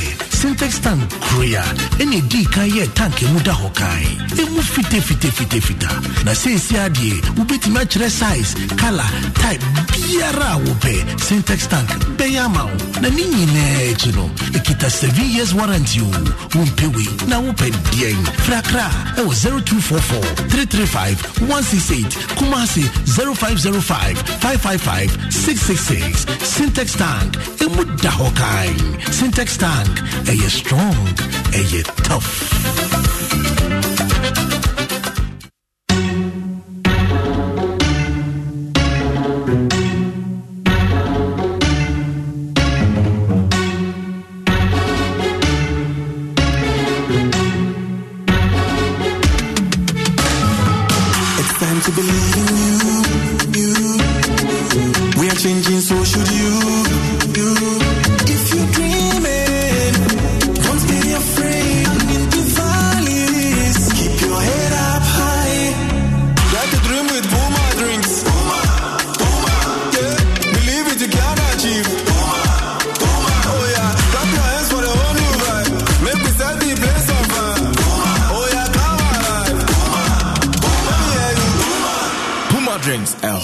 S8: syntex tank korea ɛne di kan yɛ tank ɛmu da hɔ kae ɛmu fitafitafitafita na seesi adeɛ wobɛtumi akyerɛ size kala type biara a wopɛ syntex tank bɛyɛ ama wo na ne nyinaa akyi no ɛkita e 7 years warranty o wompɛ wei na wopɛ deɛn frakra ɛwɔ 0244 335 168 kumase 0505 555 666 syntex tank ɛmu e da hɔ kae Syntax Tank, you strong, ɛyɛ tough.
S10: you, you. We are changing, so should you, you.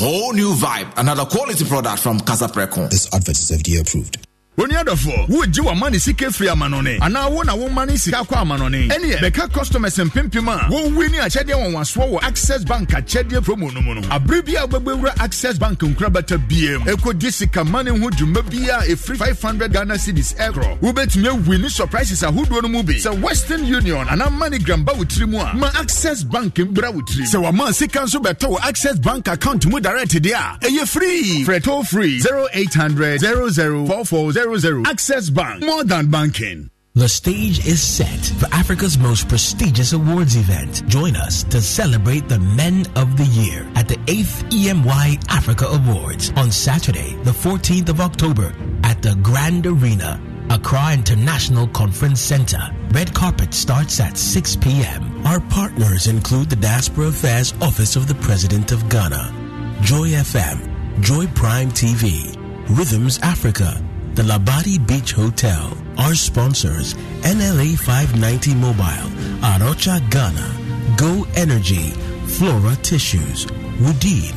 S10: whole new vibe. Another quality product from Casa Preco. This advert is FDA approved. oni adɔfoɔ wogye wama ne sika firi amanɔne anaa wo na woma ne sika kɔ amanɔne ɛneɛ bɛka customers mpempem a wowi ne akyɛdeɛ wɔnwasoɔ wɔ access
S6: bank akyɛdeɛ promo no mu no abere bi a wobɛbɛwura access bank nkorabata bia mu ɛkɔgye sika ma ne ho dwuma bia ɛfiri 500 ghana cedis ɛkorɔ wobɛtumi awi ne surprises ahodoɔ no mu
S8: bi
S10: sɛ western union
S8: anaa manigram ba wo tiri mu a ma access bank mbra wo tiri sɛ wama sika nso bɛtɔ wo access bank account mu direct deɛ a ɛyɛ free frɛ toll free 0800 00 440 Access Bank. More than banking.
S9: The stage is set for Africa's most prestigious awards event. Join us to celebrate the Men of the Year at the 8th EMY Africa Awards on Saturday, the 14th of October at the Grand Arena, Accra International Conference Center. Red carpet starts at 6 p.m. Our partners include the Diaspora Affairs Office of the President of Ghana, Joy FM, Joy Prime TV, Rhythms Africa, the Labadi Beach Hotel, our sponsors, NLA 590 Mobile, Arocha Ghana, Go Energy, Flora Tissues, Woodin,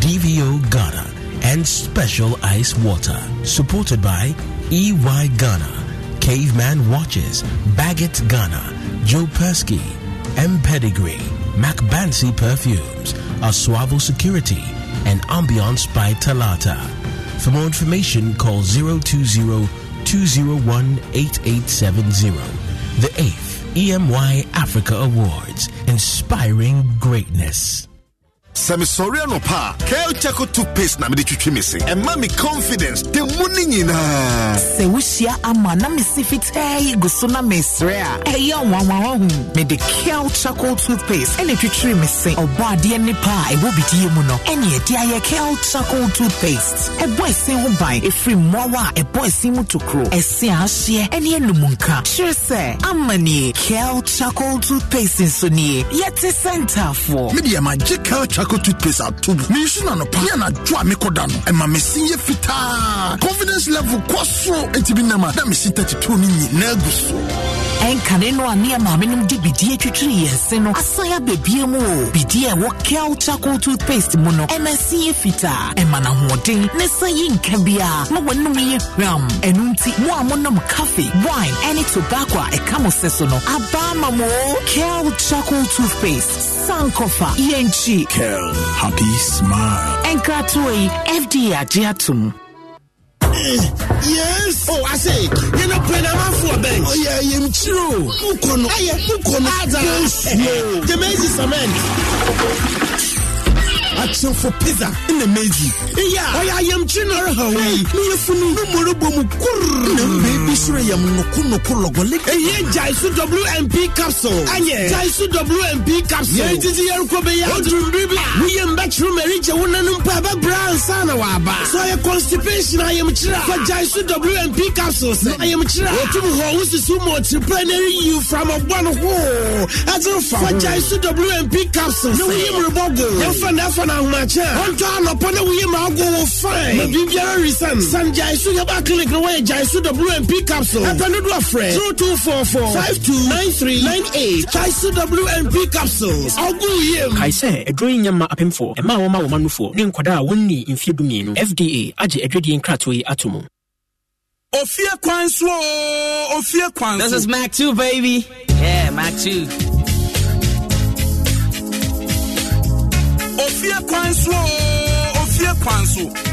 S9: DVO Ghana, and Special Ice Water. Supported by EY Ghana, Caveman Watches, Baggett Ghana, Joe Persky, M Pedigree, MacBancy Perfumes, Asuavo Security, and Ambiance by Talata. For more information, call 020-201-8870. The 8th EMY Africa Awards, inspiring greatness.
S8: sɛ mesɔre anɔpa a kelchaco toopaste na mede twitwi me se ɛma me confidence
S9: da mu no nyinaa sɛ wohyia ama na mesi fitaa yi gu so na mesrɛ a ɛyɛ nwanwa wahu mede kelchaco toopaste ɛne twitwiri me se ɔbɔ adeɛ nnipa a ɛwɔ bidie mu no ɛne ɛde ayɛ kelchaco toopaste ɛbɔ ɛse ho ban ɛfiri mmoawa a ɛbɔ ɛse mu tokuro ɛse ahyeɛ ɛne anumnka kyerɛ sɛ ama nie kelchaco toopaste nso nie yɛte sɛ ntaafoɔ medeɛ magye kelchaco miracle toothpaste ato bu mensu na nɔpa ne anadwo a mekɔda no ɛma mesi yɛ confidence level kɔ soro enti bi nam a na mesi 32 no nyinaa gu so ɛnkane no a ne amaamenom de bidie twitwiri yɛn se no asan abɛbie mu o bidie a ɛwɔ kel charcoal toothpaste mono. no ɛna si yɛ fitaa ɛma no ahoɔden ne sa yi nka biara na wɔnom yɛ hwam ɛno nti mo a monom cafe wine ɛne tobacco a ɛka mo sɛ so no abaa charcoal toothpaste sankofa yɛnkyi smile. Happy smile. Enkatoi, FDA Ajiatum.
S8: yes. Oh, I say, you know, when I'm for a bench. Oh, yeah, I'm true. Mukono. I am Mukono. The maize is man akyɛnfo pizza na meyi eya ɔyɛ ayamkye na ɔrehaw yi ne yɛfunu ne mmorobɔ mu kurr na mbɛ bi soro yam nokonoko lɔgɔle ɛyɛ gyaeso wmp capsule ayɛ ah, gyaeso wmp capsule yɛgyegye yɛrekɔ bɛyɛ aduruduru bi woyɛ mbɛkyerɛ mari gye wo nanom pa bɛbrɛ ansa na waaba sɛ ɔyɛ constipation ayamkyerɛ oh, a sɛ gyaeso wmp capsule sɛ ayamkyerɛ a ɔtum hɔ wo susu ma ɔkyerepɛ na ɛreyi from ɔbɔ no hoo ɛgyere fa fa gyaeso wmp capsule na woyɛ mmerebɔ go yɛmfa na na ahomakye a wɔntɔ anɔpa na woyɛ ma ago wo fae na biribiara resan san gyaeso yɛba clinic na wɔyɛ gyaeso wmp capsule ɛpɛ no do afrɛ 0244
S9: 529398 gyaeso wmp capsules ɔgo yam kae sɛ aduro yi nyama apemfoɔ ɛma wɔma wɔma nofoɔ ne nkɔdaa a wɔnni mfeɛ dumienu fda agye adwadie nkratoɔ yi ato mu
S8: Ofia Kwanso, Ofia Kwanso. This is Mac 2, baby. Yeah, Mac 2. ofie kwan so ofie kwan so.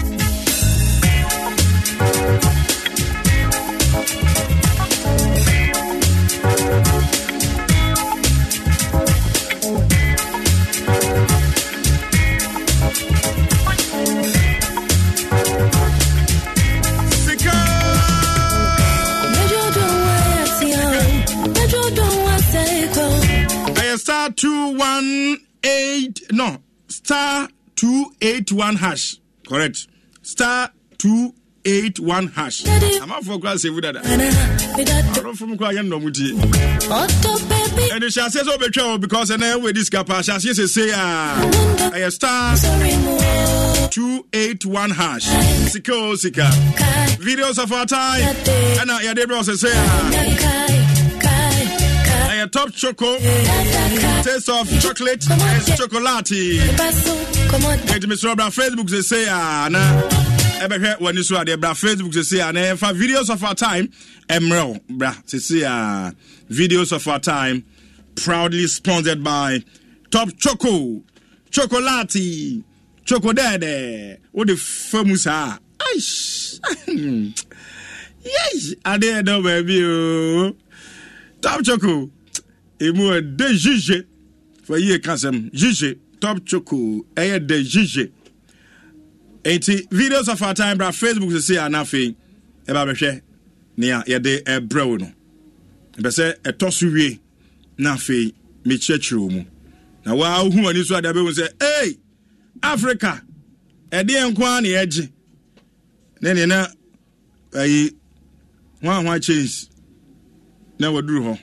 S1: 81 hash correct star 281 hash Am I amanfoɔ koraa I don't ɔrɔfom koraa yɛ nnɔm tie ɛne hyɛ aseɛ sɛ wobɛtwa trouble because ɛnɛ wɔdi sika paa hyɛ aseɛ sesei a ɛyɛ star 281 hash sika sika videos of our time ɛna yɛde berɛ wɔ sesei a say. Top Choco, Taste of Chocolate and Chocolate. Ɛti mi sɔrɔ bra Facebook sɛ sɛ ana ɛbɛhwɛ wani so adeɛ bra Facebook sɛ sɛ ana ɛfa videos of our time ɛmrɛw bra sɛ sɛ ah, videos of our time proudly sponsored by Top Choco, Chocolate, Chocolate. What the famous are? Ah, yes, adeɛ dɔ baabi o. Oh. Top Choco emu ɛdɛ yiyɛ fa yie kasɛm yiyɛ top choco ɛyɛ e dɛ yiyɛ nti videos of our time bra facebook sisi anafe, n'afei ɛba bɛhwɛ nea yɛde ɛbrɛw no mpɛ sɛ ɛtɔ so wie n'afei mekyerɛkyerɛ mu na waa ohun ani so a dabe sɛ ee africa ɛdeɛ nko ara na yɛgye e e ne nea na ayi hwan hwan change na waduru hɔ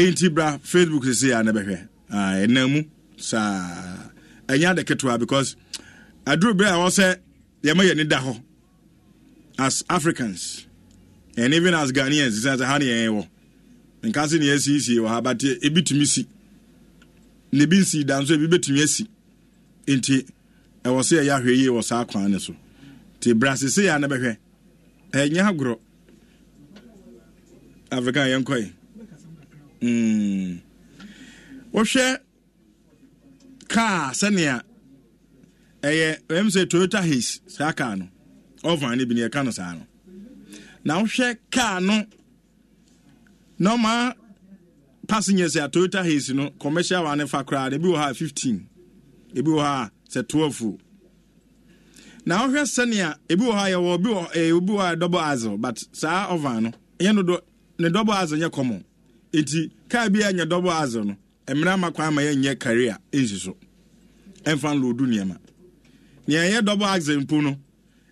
S1: ɛnti bra facebook sesei a na bɛhwɛ ɛnam ah, mu saa ɛnyɛ ade ketewa because aduru bere a wɔ sɛ yɛma yɛni da hɔ as africans and even as ghanaians sɛ sɛ eh, ha ne yɛn wɔ nka se ne yɛsiesie wɔ ha but ebi tumi si na ebi nsi da nso ebi bɛtumi asi nti ɛwɔ sɛ yɛyɛ ahwɛ yie wɔ saa kwan ne so nti bra sesei a na bɛhwɛ ɛnyɛ agorɔ african yɛnkɔe Mm. wohwɛ kaa sɛnea ɛyɛ ɛm sɛ toyota his saa kaa no ɔvan no bi ne no saa na wohwɛ kaa no na passengers a toyota his no commercial ne fa ebi wɔ ha 15 ebi wɔ ha sɛ 12 na wohwɛ sɛnea ebi wɔ ha yɛwɔ obi wɔ ha double azle but saa ɔvan no ɛyɛ no do ne double eti kaa bi a nyɛ dɔbɔ azɔ no mmerɛ ama kwan ama yɛnyɛ karea nsi so ɛmfa nloodu nneɛma nea ɛyɛ dɔbɔ azɔ mpo no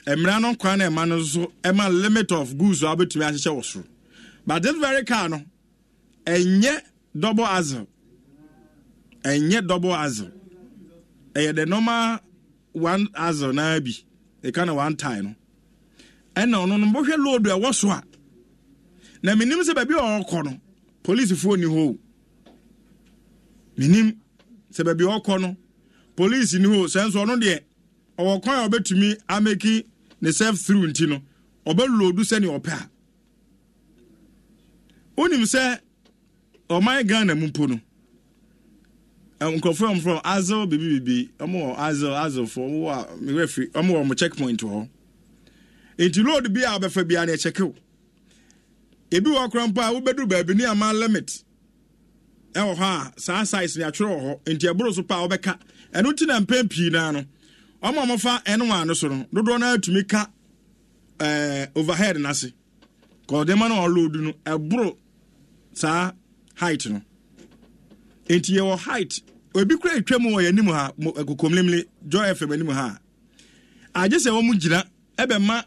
S1: mmerɛ no kwan na ɛma no nso ɛma limit of goods a wobɛtumi ahyehyɛ wɔ soro but this very car no ɛnyɛ double axle ɛnyɛ double axle ɛyɛ the normal one axle naa bi ɛka na one tie no ɛna ɔno no mbɔhwɛ load ɛwɔ so a na menim sɛ baabi a ɔrekɔ no polisifoɔ ni hɔ o menim sɛ baabi ɔkɔ no polisi ni hɔ o sɛ nso ɔno deɛ ɔwɔ kwan a ɔbɛtumi ameki ne self through nti no ɔbɛloodu sɛnea ɔpɛ a wonim sɛ ɔman ghana mu mpo no nkurɔfoɔ yɛn from azel bibibibi wɔn wɔ azel azelfoɔ wɔn wɔ mewɛ firi wɔn wɔ wɔn checkpoint wɔ hɔ nti load bi a ɔbɛfa bi a na ɛkyɛkew. ebi wɔ korɔ mpo a wobɛduru baabi ne ama limit ɛwɔ hɔ a saa size ne atwerɛ wɔ hɔ nti ɛboro so pa a wobɛka ɛno ti na mpɛn pii naa no ɔma ɔmɔfa ɛno a no so no dodoɔ no atumi ka ɛɛ eh, overhead n'ase kɔɔdɛma no a ɔload no ɛboro saa height no nti yɛwɔ height obi kura atwa mu wɔ yɛn anim ha kokomlimli joy fm anim ha agye sɛ wɔn gyina ɛbɛma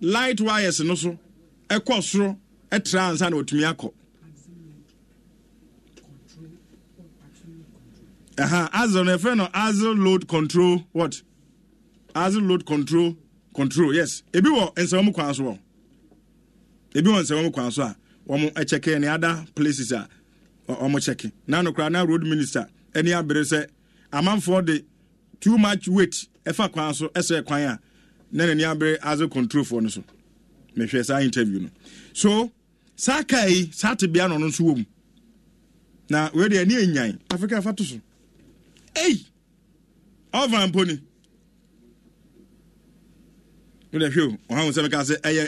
S1: light wires no so ɛkɔ soro ɛtra ansa na ɔtumi akɔ aha azl no ɛfrɛ no azl load control what azl load control control yes ebi wɔ nsɛmɔ mu kwan so wɔ ebi wɔ nsɛmɔ mu kwan so a wɔn ɛkyɛkɛ ne ada places a wɔn kyɛkɛ na nokora na road minister ɛni abere sɛ amanfoɔ de too much weight ɛfa kwan so ɛsɛ kwan a na n'ani abere azl control foɔ no so mehwɛ saa interview no so. saa kaa yi saa tebea na nso na wei deɛ ne anyị afrika afa to so eyi ɔva mponi ni hwɛ o ɔha wo sɛ sɛ ɛyɛ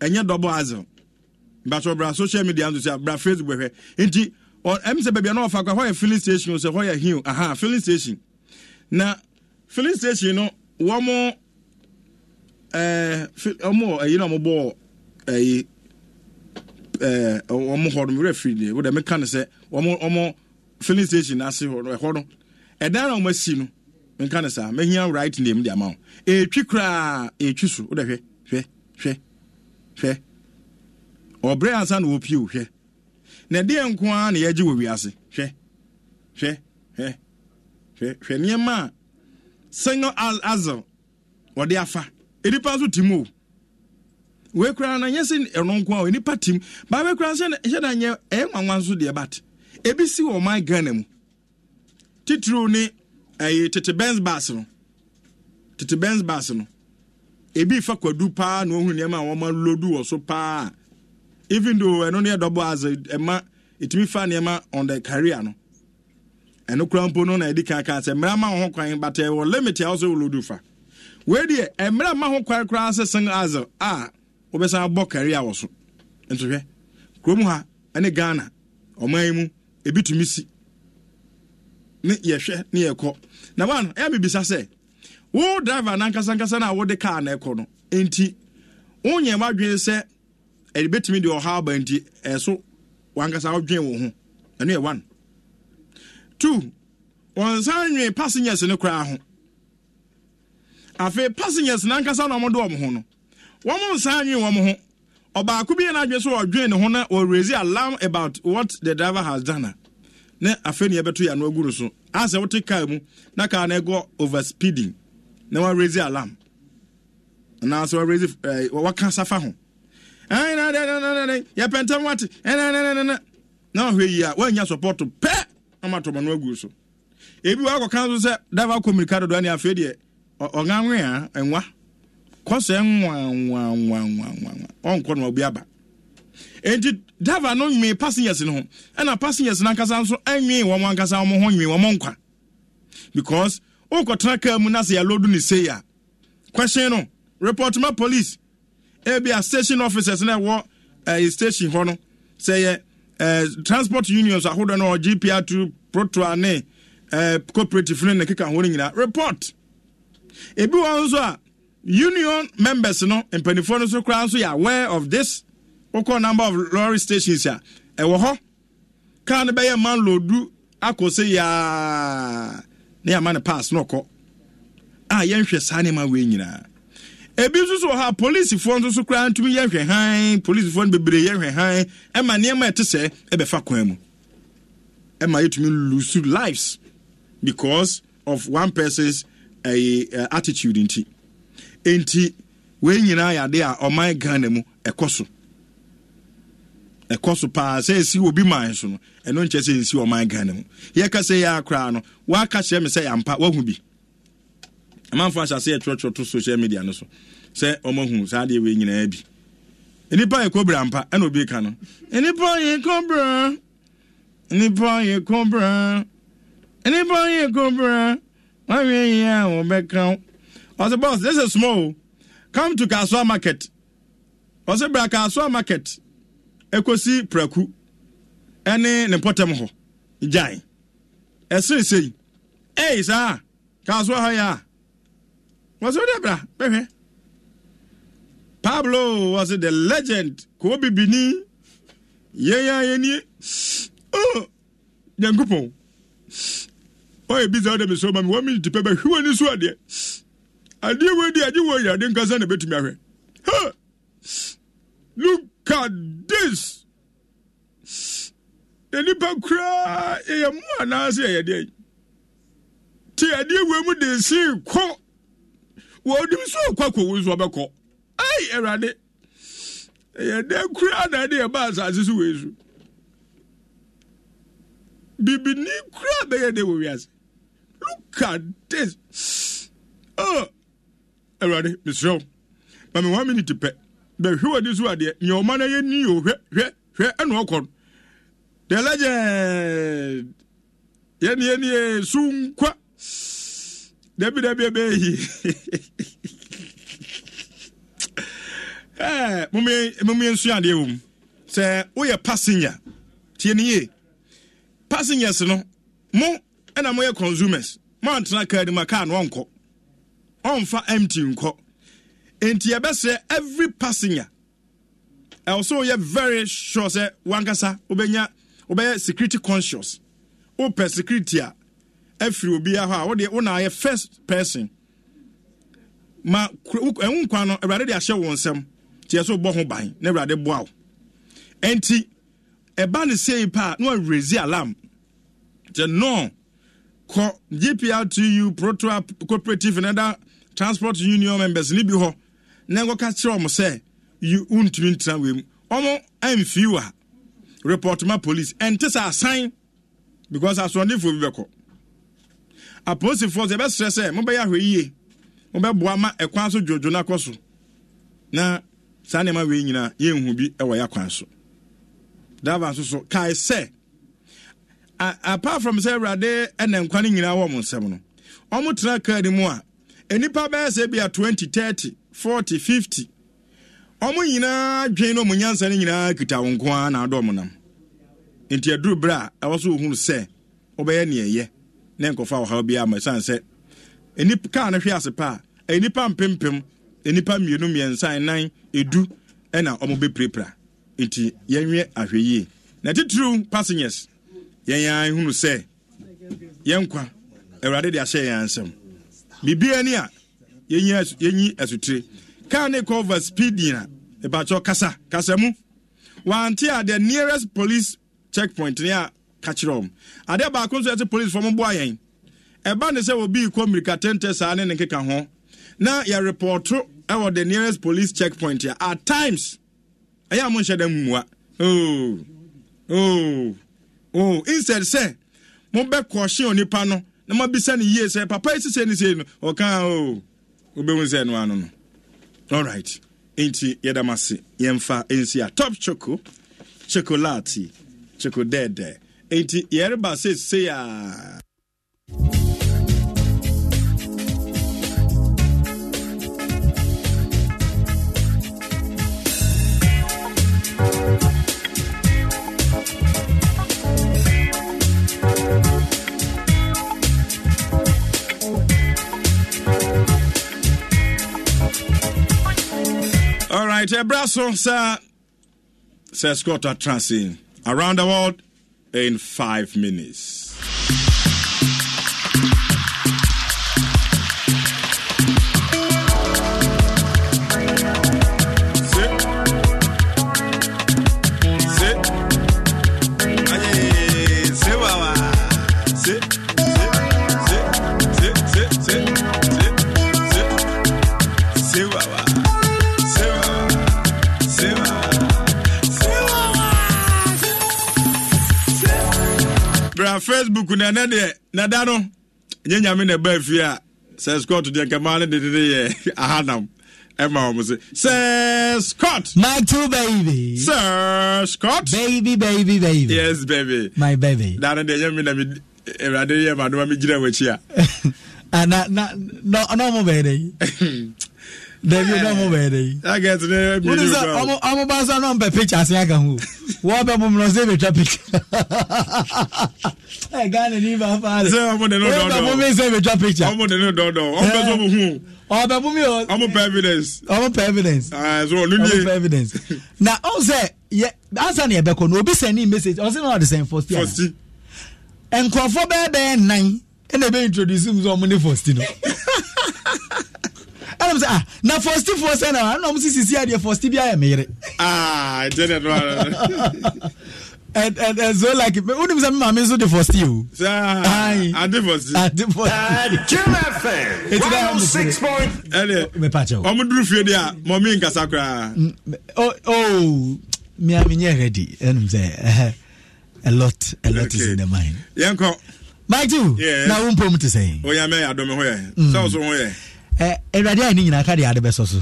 S1: ɛnyɛ dɔbɔ bra social media nso sɛ bra facebook hwɛ nti ɛm sɛ baabia na ɔfa yɛ filling station sɛ hɔ yɛ aha filling station na filling station no ɛɛ ɛyi na Eh, eh, wɔn hɔ no werɛ firi deɛ wɔde meka no sɛ wɔn wɔn filling station ase hɔ no ɛhɔ no ɛdan na wɔn asi no nka no saa ah, mehia right name de ama wo ɛtwi koraa ɛtwi so wode hwɛ hwɛ hwɛ hwɛ ɔbrɛ ansa na wɔpie wo hwɛ na ɛdeɛ nko ara na yɛgye wɔ wiase hwɛ hwɛ hwɛ hwɛ hwɛ nneɛma a sɛngɔ azl wɔde afa ɛnipa nso te mu o wee kura na nyɛ sɛ ɛno nko a nipa tim baabi kura hyɛ na nyɛ ɛyɛ eh, nwanwa nso deɛ bat ebi si wɔ ɔman ghana mu titiriw ne eh, ɛyɛ tete benz baas no tete benz baas no ebi fa kwadu paa na ohun nneɛma a wɔn lodu wɔ so paa even though ɛno ne yɛ dɔbɔ azɛ ɛma etumi fa nneɛma on the career no ɛno kura mpo no na yɛde kan kan sɛ mmerɛ eh, ma ho kwan but ɛwɔ limit a fa wei deɛ ho kwan sɛ Ah, wobɛsan abɔ kariya wɔ so nso hwɛ kurom ha ne ghana ɔman yi mu ebi tumi si ne yɛhwɛ ne yɛkɔ na wa no ɛyɛ bibisa sɛ wo driver nankasa nkasa na wode kaa na ɛkɔ no nti wonyɛ wadwene sɛ ɛde bɛtumi deɛ ɔha aba nti ɛso wankasa wodwene wo ho ɛno yɛ one two wɔnsan nwene passengers no koraa ho afei passengers nankasa na ɔmode ɔmo ho no wɔn nsa anyi wɔn hụ ọbaako bi na adwe so ne ho na ɔrezi alarm about what the driver has done na afei na yɛbɛto yɛ ano aguru so asɛ wote kaa mu na kaa na ɛgɔ over na alarm na safa na na na na na na na na na a na kɔsɛ nwanwanwanwanwa ɔnkɔ na ɔbi aba eti driver no nwee passengers no ho ɛna passengers no ankasa nso ɛnwee wɔn ankasa wɔn ho nwee wɔn nkwa because ɔkɔtena kaa mu na sɛ yɛlɔ do ne sei a question no report ma police ebi a station officers na ɛwɔ ɛɛ eh, station hɔ no sɛ yɛ ɛɛ eh, transport unions ahodoɔ no ɔgye pr two protoa ne ɛɛ eh, cooperative ne ne keka ho no nyinaa report ebi wɔn nso a. union members no mpanimfoɔ no nso koraa nso yɛ aware of this wokɔ number of lorry stations a ɛwɔ hɔ kaa no bɛyɛ man loodu akɔ sɛ yaa ne yɛama no pass no ɔkɔ a yɛnhwɛ saa nneɛma wei nyinaa ebi nso so wɔ hɔ a polisifoɔ nso so koraa ntumi yɛhwɛ hann polisifoɔ no bebree yɛhwɛ hann ɛma nneɛma ɛte sɛ ɛbɛfa kwan mu ɛma yɛtumi lose lives because of one person's uh, uh, attitude nti. enti wee nyinaa yɛade a ɔman ghana mu ɛkɔ so ɛkɔ so paa sɛ ɛsi wɔ bi man so no ɛno nkyɛ sɛ ɛnsi ɔman ghana mu yɛka sɛ yɛ akoraa no woaka kyerɛ me sɛ yɛampa woahu bi amanfoɔ ahyɛ sɛ yɛtwerɛtwerɛ to social media no so sɛ ɔmahu saa deɛ wei nyinaa bi nnipa yɛ kɔbra mpa ɛna obi ka no
S8: nnipa yɛ
S1: kɔbra nnipa yɛ kɔbra nnipa yɛ kɔbra wɔawie yɛ a wɔbɛka I said, boss, this is small. Come to Kaswa market. I said, bra Kaswa market. Ekosi preku. Ɛne ne pɔtɛm hɔ. Gyae. Ɛsere sei. Ɛyi saa. Kaswa ha yɛ a. Wɔsɛ wode bra. Bɛhwɛ. Pablo was the legend. Kobi Bini. Yɛyɛ oh, ni. Oh. Nyankopɔn. Ɔyɛ bi sɛ wode me so ma me. Wɔmi ntipa bɛhwiwa ni so adeɛ adeɛ wei deɛ agye wɔ awurade nkasa na ɛbɛtumi ahwɛ ha look at this na nipa koraa ɛyɛ mu anaasɛ ɛyɛ deɛ te adeɛ wei mu de sii kɔ wɔdim so ɔkɔ akɔ wo nso ɔbɛkɔ ai awurade ɛyɛ dɛ koraa na ɛde yɛba asase so wei so bibini koraa bɛyɛ dɛ wɔ wiase look at this oh awurade mesrɛ wo ma me 1 minute pɛ bɛhwɛ w'ani so adeɛ nyɛ ɔma no yɛ ni o hwɛ hwɛ hwɛ ɛna ɔkɔ no the legend yɛne yɛne sunkwa dabi dabi ɛbɛyi momyɛ nsuadeɛ wɔ mu sɛ woyɛ passenger tie ne yie passengers no mo ɛna moyɛ consumers moantena kaa nim a kaa no ɔnkɔ ɔmfa empty nkɔ nti yɛbɛsrɛ every passenger ɛwɔ so yɛ very sure sɛ wankasa wobɛnya wobɛyɛ security conscious wopɛ security a afiri obiara hɔ a wode wona yɛ first person ma ɛwo nkwa no awurade de ahyɛ wo nsɛm nti yɛ so wobɔ ho ban na awurade boa wo ɛnti ɛba ne sei pa a na waresi alarm nti no kɔ gpr to protoa cooperative and other transport union members n'i bi hɔ na nkɔka kyerɛ ɔmo sɛ wontumi ntena wei mu a report ma police ɛnte sɛ asan because asoɔdenfoɔ bi bɛkɔ apolisifoɔ sɛ ɛbɛsrɛ sɛ mobɛyɛ ahwɛ yie mobɛboa ma ɛkwan so dwodwo no akɔ so na saa nneɛma wei nyinaa yɛnhu bi ɛwɔ yɛ akwan so dava nso so kae sɛ apart from sɛ awurade ɛna nkwa no nyinaa wɔ nnipa bɛyɛ sɛ bia 20 30 40 50 ɔmo nyinaa dwen nyinaa kita na adɔ ɔmo nam nti aduru berɛ a ɛwɔ so ohunu sɛ ɔbɛyɛ neɛ ɛyɛ ne nkɔfa ɔhaw bi ama ɛsiane sɛ nnipa kaa no ase pa a nnipa mpempem nnipa mmienu mmiɛnsa nnan edu ɛna ɔmo nti ahwɛ yie na titiriw passengers yɛn yɛn ahunu sɛ yɛn awurade de ahyɛ nsam biribiara ni a yɛnyi asutire car ne cover speeding a ɛbakyɛ kasa kasa mu wante a the nearest police checkpoint ne a ka kyerɛ wɔn adeɛ baako nso yɛte police fɔm boa yɛn ɛba ne sɛ obi kɔ mirika tente saa ne ne keka ho na report ɛwɔ the nearest police checkpoint a at times ɛyɛ a mo nhyɛ dɛm mua oh! oo oh, oo oh. instead sɛ mo bɛ kɔɔhyɛ onipa no na ma bisa ne yie sɛ papa yi sisɛ ne sɛ no ɔka o oh, wobɛhu sɛ no ano no alright enti yɛda m ase yɛmfa ɛnsi a top choco chocolate choco dɛɛdɛɛ enti yɛreba seesei a right ɛbra so sɛ sɛ scott atrase around the world in five minutes facebook na ɛnɛ deɛ nada no nyɛ nyame na ɛbaa fie a sɛ scott deɛ nkama no dede yɛ ahanam ɛma wɔn sɛ sɛ scott. my two baby. sir scott. baby baby baby. yes baby. my baby. daani deɛ nyɛ mi na mi ewurade yɛ ma aduma mi gyina wɔn a.
S10: ana ah, na na ɔnà ɔmɔ bɛyɛ dɛ. dabi o n'amu bɛyɛ dɛ yi. a kɛ tunu ye mi ni o amu bansa n'o bɛ picture se a kan o bɛ mun se bɛ tɛ picture. ɛ gane ni b'a fa de. se amu de n'o dɔn eh, dɔn o bɛ mun min se bɛ tɛ picture. amu de n'o dɔn dɔn amu bɛ so mu hun. ɔbɛ mun mi o. amu pɛ evidence. amu pɛ evidence. aa ah, so olu ni ye. amu pɛ evidence. na anw sɛ yɛ ansa ni yɛ bɛ Obi n'obi sɛ ni message ɔsi n'o de sɛ nfɔsi. fɔsi. nkurɔfo bɛɛ bɛɛ nan ɛna ebe introduce mu sɛ ɔmu no. anam sɛ ah na fɔsti fɔ sɛ na anam sɛ sisi adeɛ fɔsti bi ayɛ meyere. aa ah, jɛ de do ara. ẹ ẹ ẹ so like o ni sẹ mi maa mi nso de fɔsti o. ayi ah, ade fɔsti. ade fɔsti.
S1: Jim FM one oh six point.
S10: ɛnɛ ɔmu duru
S1: fie de a mɔ mi nkasa koraa.
S10: Mm, o o mi a mi n yɛ ready ɛnum sɛ a lot a lot is in the mind. yɛn kɔ. mike too. Yeah. na o n pom ti sɛyin.
S1: o yan mɛ yà dɔn mi hó yɛ. Mm. sɛ o so hó yɛ
S10: awurade ayɛ ne nyinaa ka deɛ ade bɛsɔ so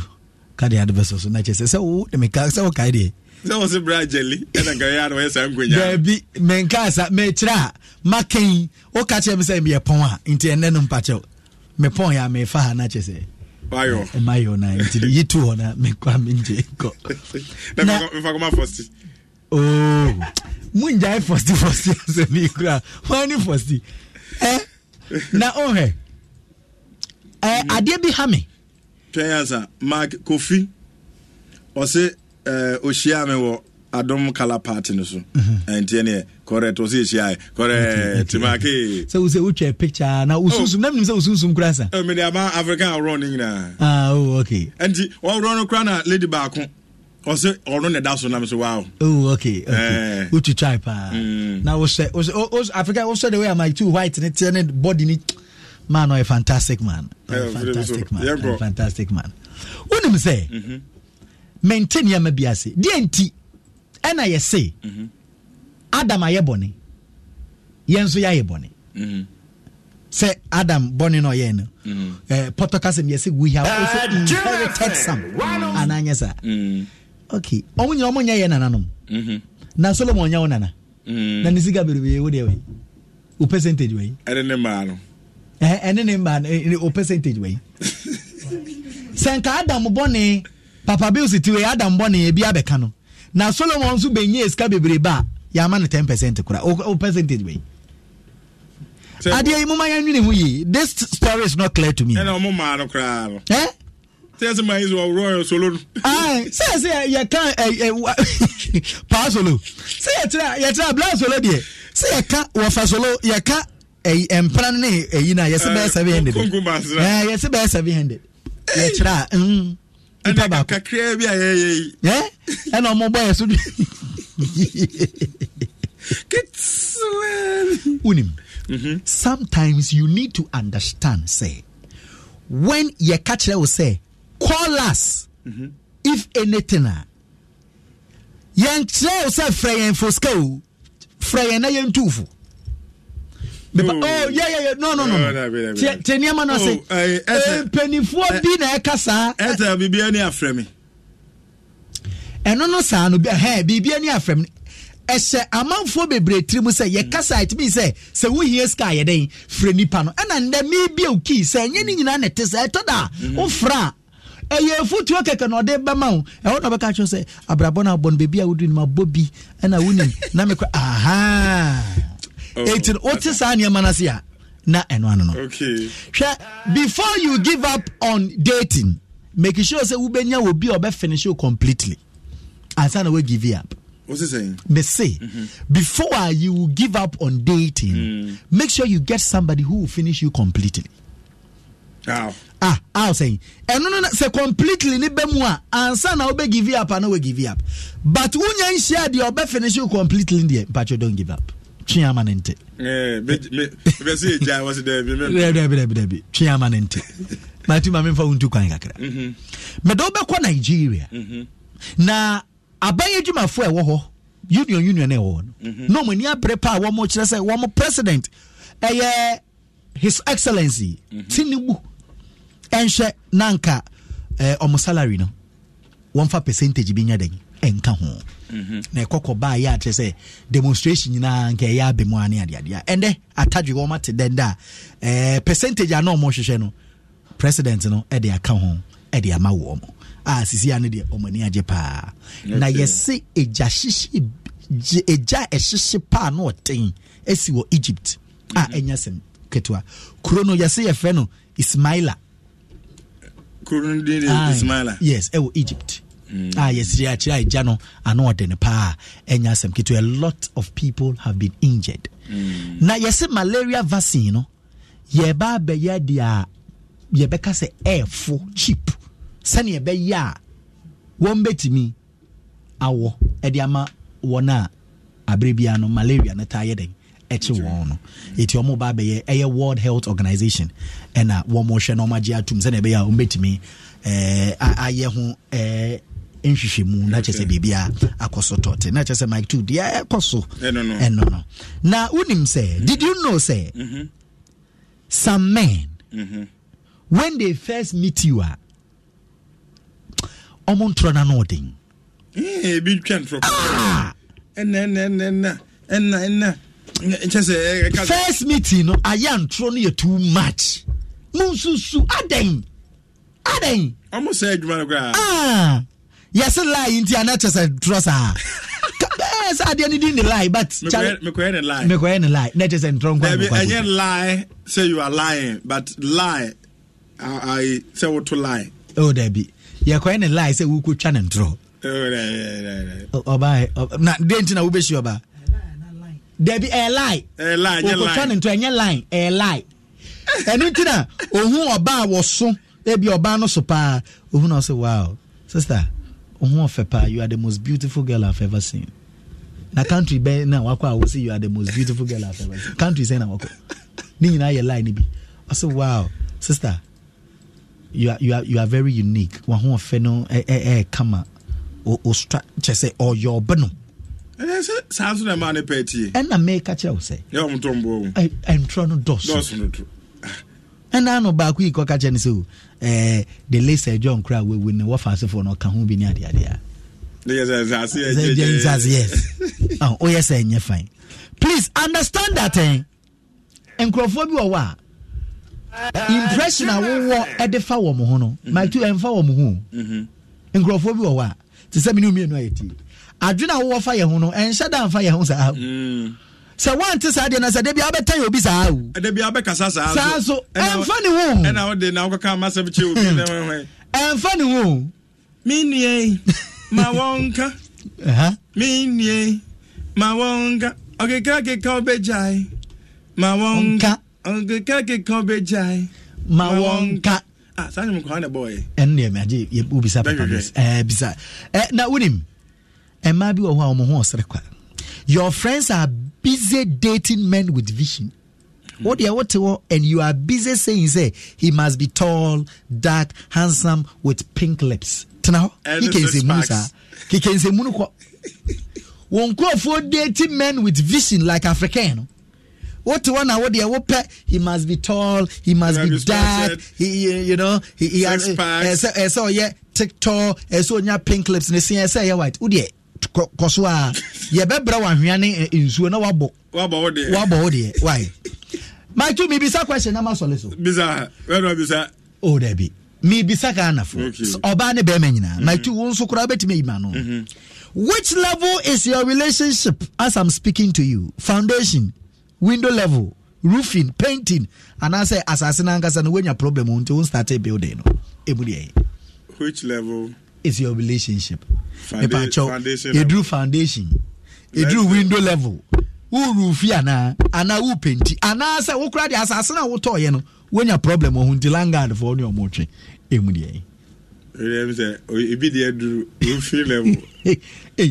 S10: ka deɛ ade bɛsɔ so na kyɛ sɛ sɛ wo de meka sɛ wokae deɛ
S1: sɛ wo se bra gyeli ɛna nkayɛ a na wɔyɛ saa nkonya daabi
S10: menkaa sa mekyerɛ a makɛn woka kyerɛ me sɛ meyɛ pɔn a nti ɛnɛ no mpakyɛw mepɔn a mefa ha na kyɛ sɛ mayɔ na nti yi tu hɔ na mekɔ a mengye nkɔ ooo oh, mungyae fɔsti fɔsti asɛm yi kora wane fɔsti ɛ na ɔhɛ oh, Mm-hmm. adeɛ bi ha me
S1: twɛn ansa mark kofi ɔse ɔhyia me wɔ adom kala party no so mm-hmm. ɛntiɛ neɛ correct ɔsɛ ɛhyia correct mm-hmm, make eh.
S10: sɛ wo sɛ wotwɛ picture na oh. wosunsum na menim sɛ wosunsum kora sa
S1: mede ama african aworɔ no nyinaa
S10: ah, oh, okay.
S1: ɛnti ɔworɔ no kora na lady baako ɔsɛ ɔno na ɛda so nam so wow
S10: oh, okay, okay. Eh. wotwitwae paa mm. na African. africa wosɛ de wɛ ama too white ne teɛ ne body ne man ɔyɛ fantastic man ɔyɛ fantastic man ɔyɛ fantastic man wonim sɛ mente mm-hmm. nneɛma bi ase deɛ nti ɛna yɛse mm-hmm. adam ayɛ bɔne yɛn nso yɛayɛ bɔne sɛ adam bɔne no ɔyɛ no pɔtɔ kasɛm yɛsɛ we have also inherited some anaanyɛ saa mm. okay ɔmo nyina ɔmo nyɛ yɛ nananom mm-hmm. na solomon nyɛ mm. wo nana na ne sika berebee wo deɛ wei wo percentage wei
S1: ɛne ne maa no
S10: ɛne ne mba o percentage wei sɛ nka adam bɔne papa bills ti wei adam bɔne ebi abɛka no na solomon nso bɛnyɛ sika bebree ba yɛama no 10 percent kura o o percentage wei adeɛ yi moma yɛnwene ho yie this story is not clear to me ɛna ɔmo maa no koraa no
S8: ɛ sɛsɛ ma yi sɛ ɔworɔ yɛ solo no sɛsɛ yɛka paa solo sɛ yɛtra yɛtra bla
S10: solo deɛ sɛ ka wɔfa solo ka mpena ne ɛyi no yɛsɛ bɛyɛ 700 eh, eh, yɛsɛ bɛyɛ 700 yɛkyerɛ a mm, nipa baakokakraa bi a yɛyɛi eh? ɛna ɔmɔbɔ yɛ so wonim mhm. sometimes you need to understand Say, when yɛka kyerɛ wo say, call us mhm. if anything a yɛnkyerɛ wo sɛ frɛ yɛn fosika o frɛ yɛn na yɛntuufo Hmm. oh yeah yeah yeah no no no tie nneɛma no ase oh, eh, eh, eh, mpanyinfoɔ bi na ɛka saa. ɛtɛ biribi ani afrɛ mi. ɛno no saa no hɛn biribi ani afrɛ mi ɛhyɛ amanfoɔ bebree tiri mu sɛ hmm. yɛka saa ɛtumi sɛ sɛ wohie sika yɛ dɛn frɛ nipa no ɛna ndɛ mebio kii sɛ ɛnyɛ no nyinaa na ɛte sɛ ɛtɔ da hmm. wofra a ɛyɛ afutuo kɛkɛ na ɔde bɛma wo ɛhɔ na ɔbɛka kyerɛ sɛ abrabɔ no abɔ no baabi a woduru no mabɔ bi ɛna wonim na mekɔ aha Oh. eti wote saa nneɛma no ase a na ɛno ano no hwɛ before you give up on dating make sure sɛ wobɛnya wɔ bi a finish you completely ansa na you up
S1: me say mm-hmm.
S10: before you give up on dating mm. make sure you get somebody who will finish you completely Ow. ah aw sɛn and no no, sɛ completely Ni bɛ And a ansa na wobɛ give up a na will give you up but wonya nhyia deɛ ɔbɛ finish you completely deɛ mpatwɛ don't give up tweama no nte dabidabidabi tweama no nte matima memfa wontu kwan kakra mhm. mede wobɛkɔ nigeria mhm. na aban adwumafoɔ ɛwɔ hɔ union union ɛwɔ hɔ no mhm. na ɔmani abrɛ pa a wɔmo kyerɛ sɛ wɔmo president ɛyɛ his excellency tinubu ɛnhwɛ na nka eh, ɔmo salary no wɔmfa percentage bi nya den ɛnka ho Mm-hmm. na ɛkɔkɔ baa yɛ akyerɛ sɛ demonstration nyinaa nka ɛyɛ abɛ mu ane adeadeɛ a ɛndɛ atadwe wɔn ate dɛn da a percentage a na wɔn hwehwɛ no president no ɛde aka ho ɛde ama wɔn a sisi ano deɛ wɔn ani agye paa na yɛsi egya hyehye egya ɛhyehye paa na ɔten esi wɔ Egypt a mm-hmm. ɛnya sɛm ketewa kuro no yɛsi yɛfrɛ no Ismaila.
S7: kuro no de Ismaila. yes
S10: ɛwɔ Egypt mm. a yɛsiri akyerɛ a ɛgya no ano ɔde no paa ɛnyɛ asɛm ketewa a lot of people have been injured mm. na yɛsɛ malaria vaccine no yɛba abɛyɛ deɛ a yɛbɛka sɛ ɛɛfo cheap sɛnea ɛbɛyɛ a wɔn bɛtumi awɔ ɛde ama wɔn a abere bia no malaria e no taa yɛ dɛn ɛkye wɔn no ɛti wɔn ba abɛyɛ ɛyɛ e world health Organization. ɛna wɔn hwɛ na wɔn agye atum sɛnea ɛbɛyɛ a wɔn bɛtumi ɛɛ ayɛ ho ɛɛ nhwehwɛmu na kyɛ sɛ biribia akɔ so tɔte na kyɛ sɛ mike two deɛ ɛkɔ so
S1: ɛno
S10: no na wonim sɛ mhm. did you know sɛ mhm. some men mhm. when they first meet you a ɔmo ntorɔ na no ɔden
S1: eh, ebi twa ntorɔ ɛnɛnɛnɛnɛ ɛnɛnɛ kyɛ first meeting no ayɛ ntorɔ no yɛ too much
S10: mo nsusu adɛn adɛn
S1: ɔmo sɛ adwuma no koraa
S10: ah! yɛse lie nti ana kyɛ sɛ ntorɔ saa sɛ di ni lie but mekɔyɛ ne lie mekɔyɛ ne lie na kyɛ sɛ ntorɔ nkwa ɛnyɛ
S1: lie Say you are lying but lie I sɛ woto lie
S10: oh dabi yɛkɔyɛ ne lie Say sɛ wokɔtwa ne ntorɔ oh, ɔba na deɛ nti na wobɛhyi ɔba dabi ɛyɛ lie
S8: wokɔtwa ne
S10: ntorɔ ɛnyɛ lie ɛyɛ lie ɛno nti na ɔhu ɔba a wɔso ebi ɔba no so paa ɔhu na ɔsɛ wow sister ɔho ɔfɛ paa you are the most beautiful girl i've ever seen na country bɛn na wakɔ a say you are the most beautiful girl i've ever seen country sɛn na wakɔ ne nyinaa yɛ line bi say wow sister you are you are you are very unique waho ɔfɛ no ɛ ɛ ɛ kama o o stra kyɛ sɛ ɔyɛ ɔbɛ no.
S1: ɛnna eh, saa nso na maa ne pɛɛ tie.
S10: ɛnna mɛka kyerɛ o sɛ.
S1: yɛ wɔn tɔ n bɔ o.
S10: ɛnturɔ e, e no dɔsɔ. dɔsɔ no do. ɛnna e ano baako yi kɔ kakyɛ ne sɛ Eh, the laser john kra wewe ne wɔfa asefoɔ no ɔka ho bi ne adeadeɛ a woyɛ sɛ ɛnyɛ fine please understand that eh? nkurɔfoɔ bi wɔ hɔ a impression a ah, wowɔ ɛde eh, fa wɔ mo ho no matu ɛmfa wɔ mo ho mm-hmm. nkurɔfoɔ bi wɔ hɔ a te sɛ mene mmienu ayɛ eh, tie adwene a wowɔ fa yɛ ho no ɛnhyɛ da mfa yɛ ho saa sɛ wante saa deɛ na sɛ dabi abɛtan obi saa o.
S1: dabi saa saa so
S10: ɛnfa ni wo. ɛna
S1: ɔde na ɔkɔka amasɛm kye obi na hmm. ɛwɛn wɛn.
S10: ɛnfa ni wo. mi nua yi
S1: ma wɔn
S3: nka.
S1: mi ma wɔn nka keka ɔbɛ ma wɔn nka keka ɔbɛ
S10: ma wɔn nka. ah saa nyɛ mu kwan na bɔ yɛ. ɛnu yɛ mɛ agye yɛ obisa papa eh, eh, na wunim mmaa bi wɔ hɔ a wɔn ho ɔsere kwa. Your friends are busy dating men with vision. What they are what and you are busy saying say he must be tall, dark, handsome with pink lips. Now he can say Musa. He can say Munuko. Won't go for dating men with vision like African. What one now? What the what He must be tall. He must be dark. He, you know, he, he has. Uh, so, yeah, TikTok. So, yeah, pink lips. And say, yeah, white. Udie. kɔ so a yɛbɛbrɛ wahwea ne eh, nsuo na wabɔ wabɔ wo deɛ why mato mibisa question na masɔle so bisa wɛna bisa o dabi mibisa ghanafoɔ ɔbaa ne bɛrima nyinaa mhm. mato wo nso koraa wobɛtumi ayima no mhm. which level is your relationship as i'm speaking to you foundation window level roofing painting anaasɛ asase no ankasa no woanya problem wo nti wo starte building no ɛmu deɛ which level is your relationship mpakyɛw eduru foundation eduru window level worufi anaa anaa wopenti anaa sɛ wokora de asase no a wotɔɔyɛ no wonya problem ɔho nti langardfoɔ ne ɔmotwe ɛmu deɛ
S1: ebi deɛ duru wofi level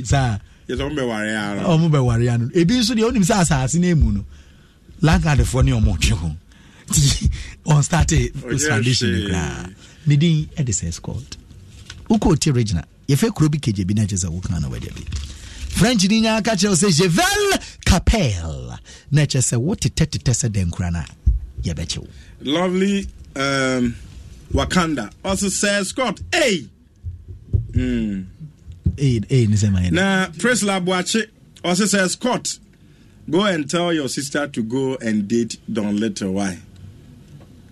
S1: saa ɔmo
S10: bɛware ano ebi nso deɛ wonim sɛ asase no ɛmu no langardfoɔ ne ɔmotwe ho nti ɔnstarte foundation no koraa ne din ɛde sɛ scott wokɔ ti regina yɛfɛ kuro bi kagye bi na kyɛ sɛ bi french ni nyaa ka kyerɛ sɛ jevel capel na ɛkyɛ sɛ wotetɛtetɛ sɛ dɛn kora no a yɛbɛkye wo
S1: lovely um, wakanda ɔso sɛ scott ei mm. Hey, hey, na prisla boakye ɔse sɛ scott go and tell your sister to go and date don little why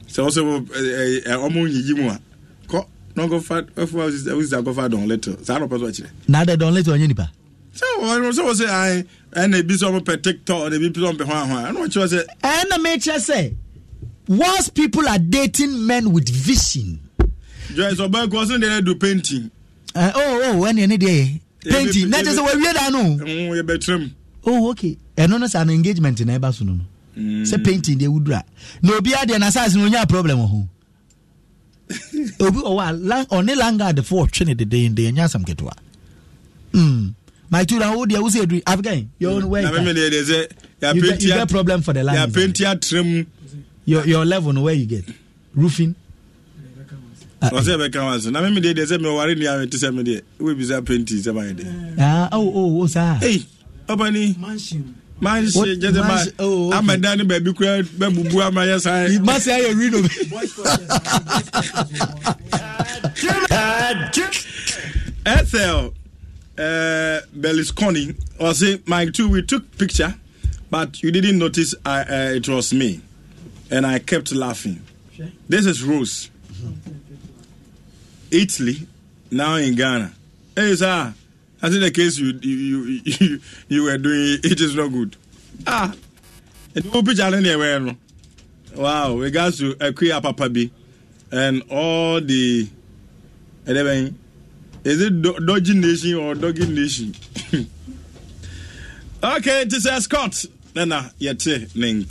S1: sɛ wo sɛ ɔmo eh, eh, eh, nyiyi mu a na ɔkɔfa ɛfua ɔsisi akɔfa dɔn lɛtɔ saa na so ɔkyerɛ.
S10: na adɛ dɔn lɛtɔ ɔnyɛ nipa.
S1: sɛ wɔn sɛ wɔ sɛ ayi ɛna ebi sɛ ɔpɛ tiktok ɛna ebi sɛ ɔpɛ hɔn
S10: ahɔn ɛna people are
S1: dating men with vision. joyce ɔbɛn kɔ ɔsɛn deɛ do painting. ɛ o o
S10: ɛna ɛne painting na kyerɛ sɛ wɔawie da no. ɛn yɛ oh okay ɛno eh, no sɛ no engagement na ɛba so no no. sɛ mm. painting deɛ wudura na obi adeɛ na saa asin onya problem wɔ oh. ho obi ɔwɔ oh, ɔne ah, langadfoɔ ɔtwe ne dedenden ɛnyɛ asɛm ketewa mm. my children wo deɛ wo sɛ aduri afghan yɛwɛ you get, you get problem for the land you your, your level no where you get roofing
S1: ɔsɛ bɛka wa so na meme deɛ deɛ sɛ meware nea mete sɛ medeɛ wobisa penti sɛ
S10: mayɛ saa ɔbani manse
S1: jẹjẹba amada ni bẹẹbi kura bẹ bubu ama yẹ sa yẹ. manse ayẹ rino mi. ethel uh, berlusconi was say my two we took picture but you didn't notice I, uh, it was me and i kept laughing this is rose mm-hmm. italy now in ghana hey sir. As in the case you you you, you were doing it is not good. Ah, and the picture anywhere no. Wow, we got to acquire Papa B and all the eleven. Is it do- dodgy nation or doggy nation? okay, this is Scott. Nana, yet eh, ne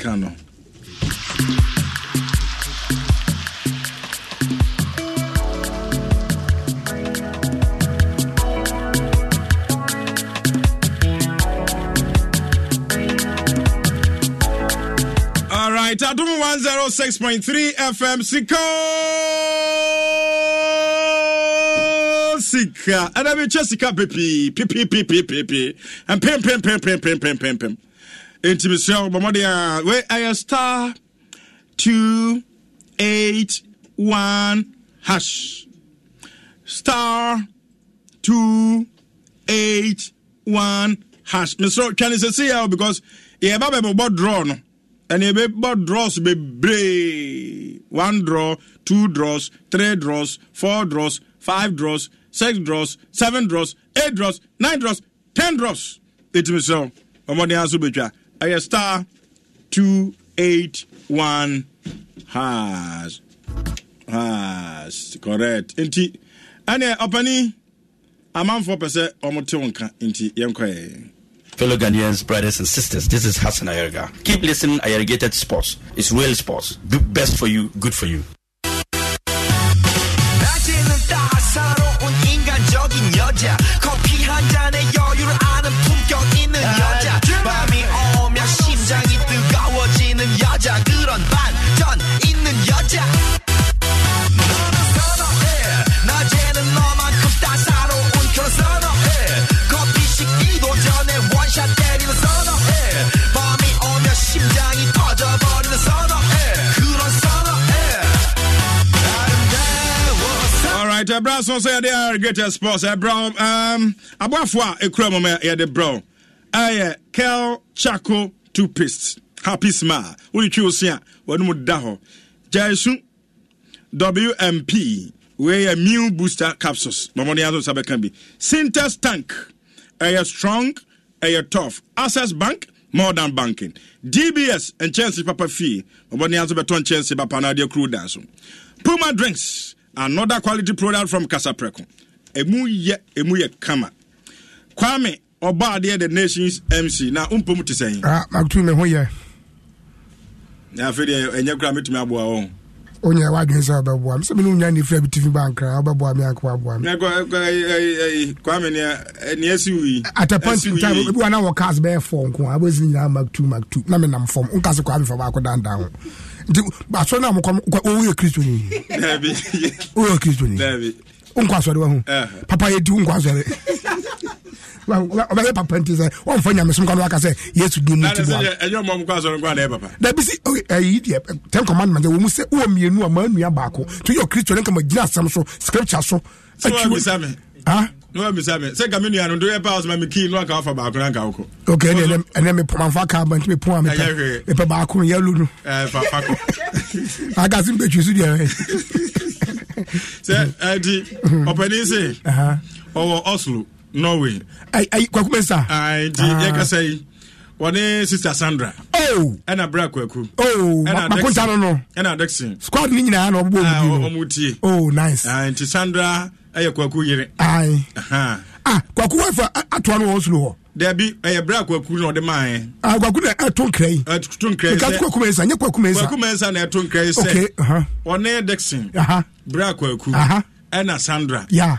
S1: right adum 106.3 fm sika sika and bi kyɛ sika pipii pipipipipipii mpempempempempempempempem nti mesua bɔ my a where I star two eight one hash star two eight one hash mesoro twɛne sɛsɛ yɛ because yɛba bɛbɛbɔ draw no ɛne ɛbɛbɔ draws bebree one draw two draws three draws four draws five draws six draws seven draws eight draws nine draws ten draws ɛtumi sɛ ɔmɔden aso bɛtwa ɛyɛ star two eight one has has correct nti ɛne ɔpani amanfoɔ pɛ sɛ ɔmo te wo nka nti yɛnkɔɛ fellow Ghanaians, brothers and
S3: sisters. This is
S7: Hassan Ayerga. Keep listening Ayergated Sports. It's real sports. Do best for you, good for you.
S1: ɛbra so nso yɛde aggregator uh, sports ɛbrɛ um, um aboafoɔ a ɛkura mɔm yɛde brɛ ɛyɛ kel chaco toopaste happy smile wode twi wo se a w'anom da hɔ gyaesu wmp wei yɛ meal booster capsules mɔmɔden aso sa bɛka bi sintes tank ɛyɛ strong ɛyɛ tough access bank more than banking dbs nkyɛnse papa fie mɔmɔden aso bɛtɔ nkyɛnse papa na adeɛ kuro da so puma drinks another quality product from Casapreco. Emu ye, emu ye kama. Kwame, oba adeɛ the nations MC na mpom te sɛn.
S6: Ah, makutu me huye. yɛ.
S1: Na afei deɛ ɛnyɛ kura abu tumi aboa
S6: Onye wa adwene abu ɔbɛboa mi sɛ mi ni nya ne fira bi tifi bankra ɔbɛboa mi akɔ aboa mi.
S1: Na kɔ kɔ Kwame ni ni esi wu yi. E. At a point in e. time ebi wa
S6: na wɔ cars bɛyɛ fɔ nko a bɛ si nyinaa makutu makutu na mi nam fam nkaasi Kwame fɔ baako dandan o nti asɔre na mokɔ owó yɛ kristu ni owó yɛ kristu ni nkɔ asɔre wa ho papa yɛ di nkɔ asɔre ɔbɛyɛ papa nti sɛ ɔmfa nyamesom ka no waka sɛ yesu di mu ti dabi si ayi deɛ ten commandment wɔ mu sɛ wowɔ mmienu a maa nua baako nti woyɛ kristo ne nkama gyina asɛm so scripture so
S1: atwi no I'm sorry. Say Camino and do your pals, my key, lock off a back and go.
S6: Okay, and then me pump for car, but me pump me paper back on yellow. I got some bitches here. Say, Eddie, uh, mm-hmm.
S1: open say, uh-huh. or Oslo, Norway. I Quakumesa. I did, like uh-huh. I say. wɔne sister sandra oh. ɛna bra kwaku oh. ɛna dexin
S6: squad no nyinaa na
S1: ɔbobɔ ɔmutie nti sandra ɛyɛ kwaku yere ah, kwaku wafa atoa no wɔ soro hɔ dabi ɛyɛ berɛ a kwaku na ɔde maɛ
S6: ah, kwaku na ɛto eh, nkra yi
S1: ɛto eh, nkra yi sɛ kwaku mɛnsa nyɛ kwaku mɛnsa kwaku mɛnsa na ɛto nkra yi sɛ ɔne dixon berɛ kwaku ɛna sandra
S6: yeah.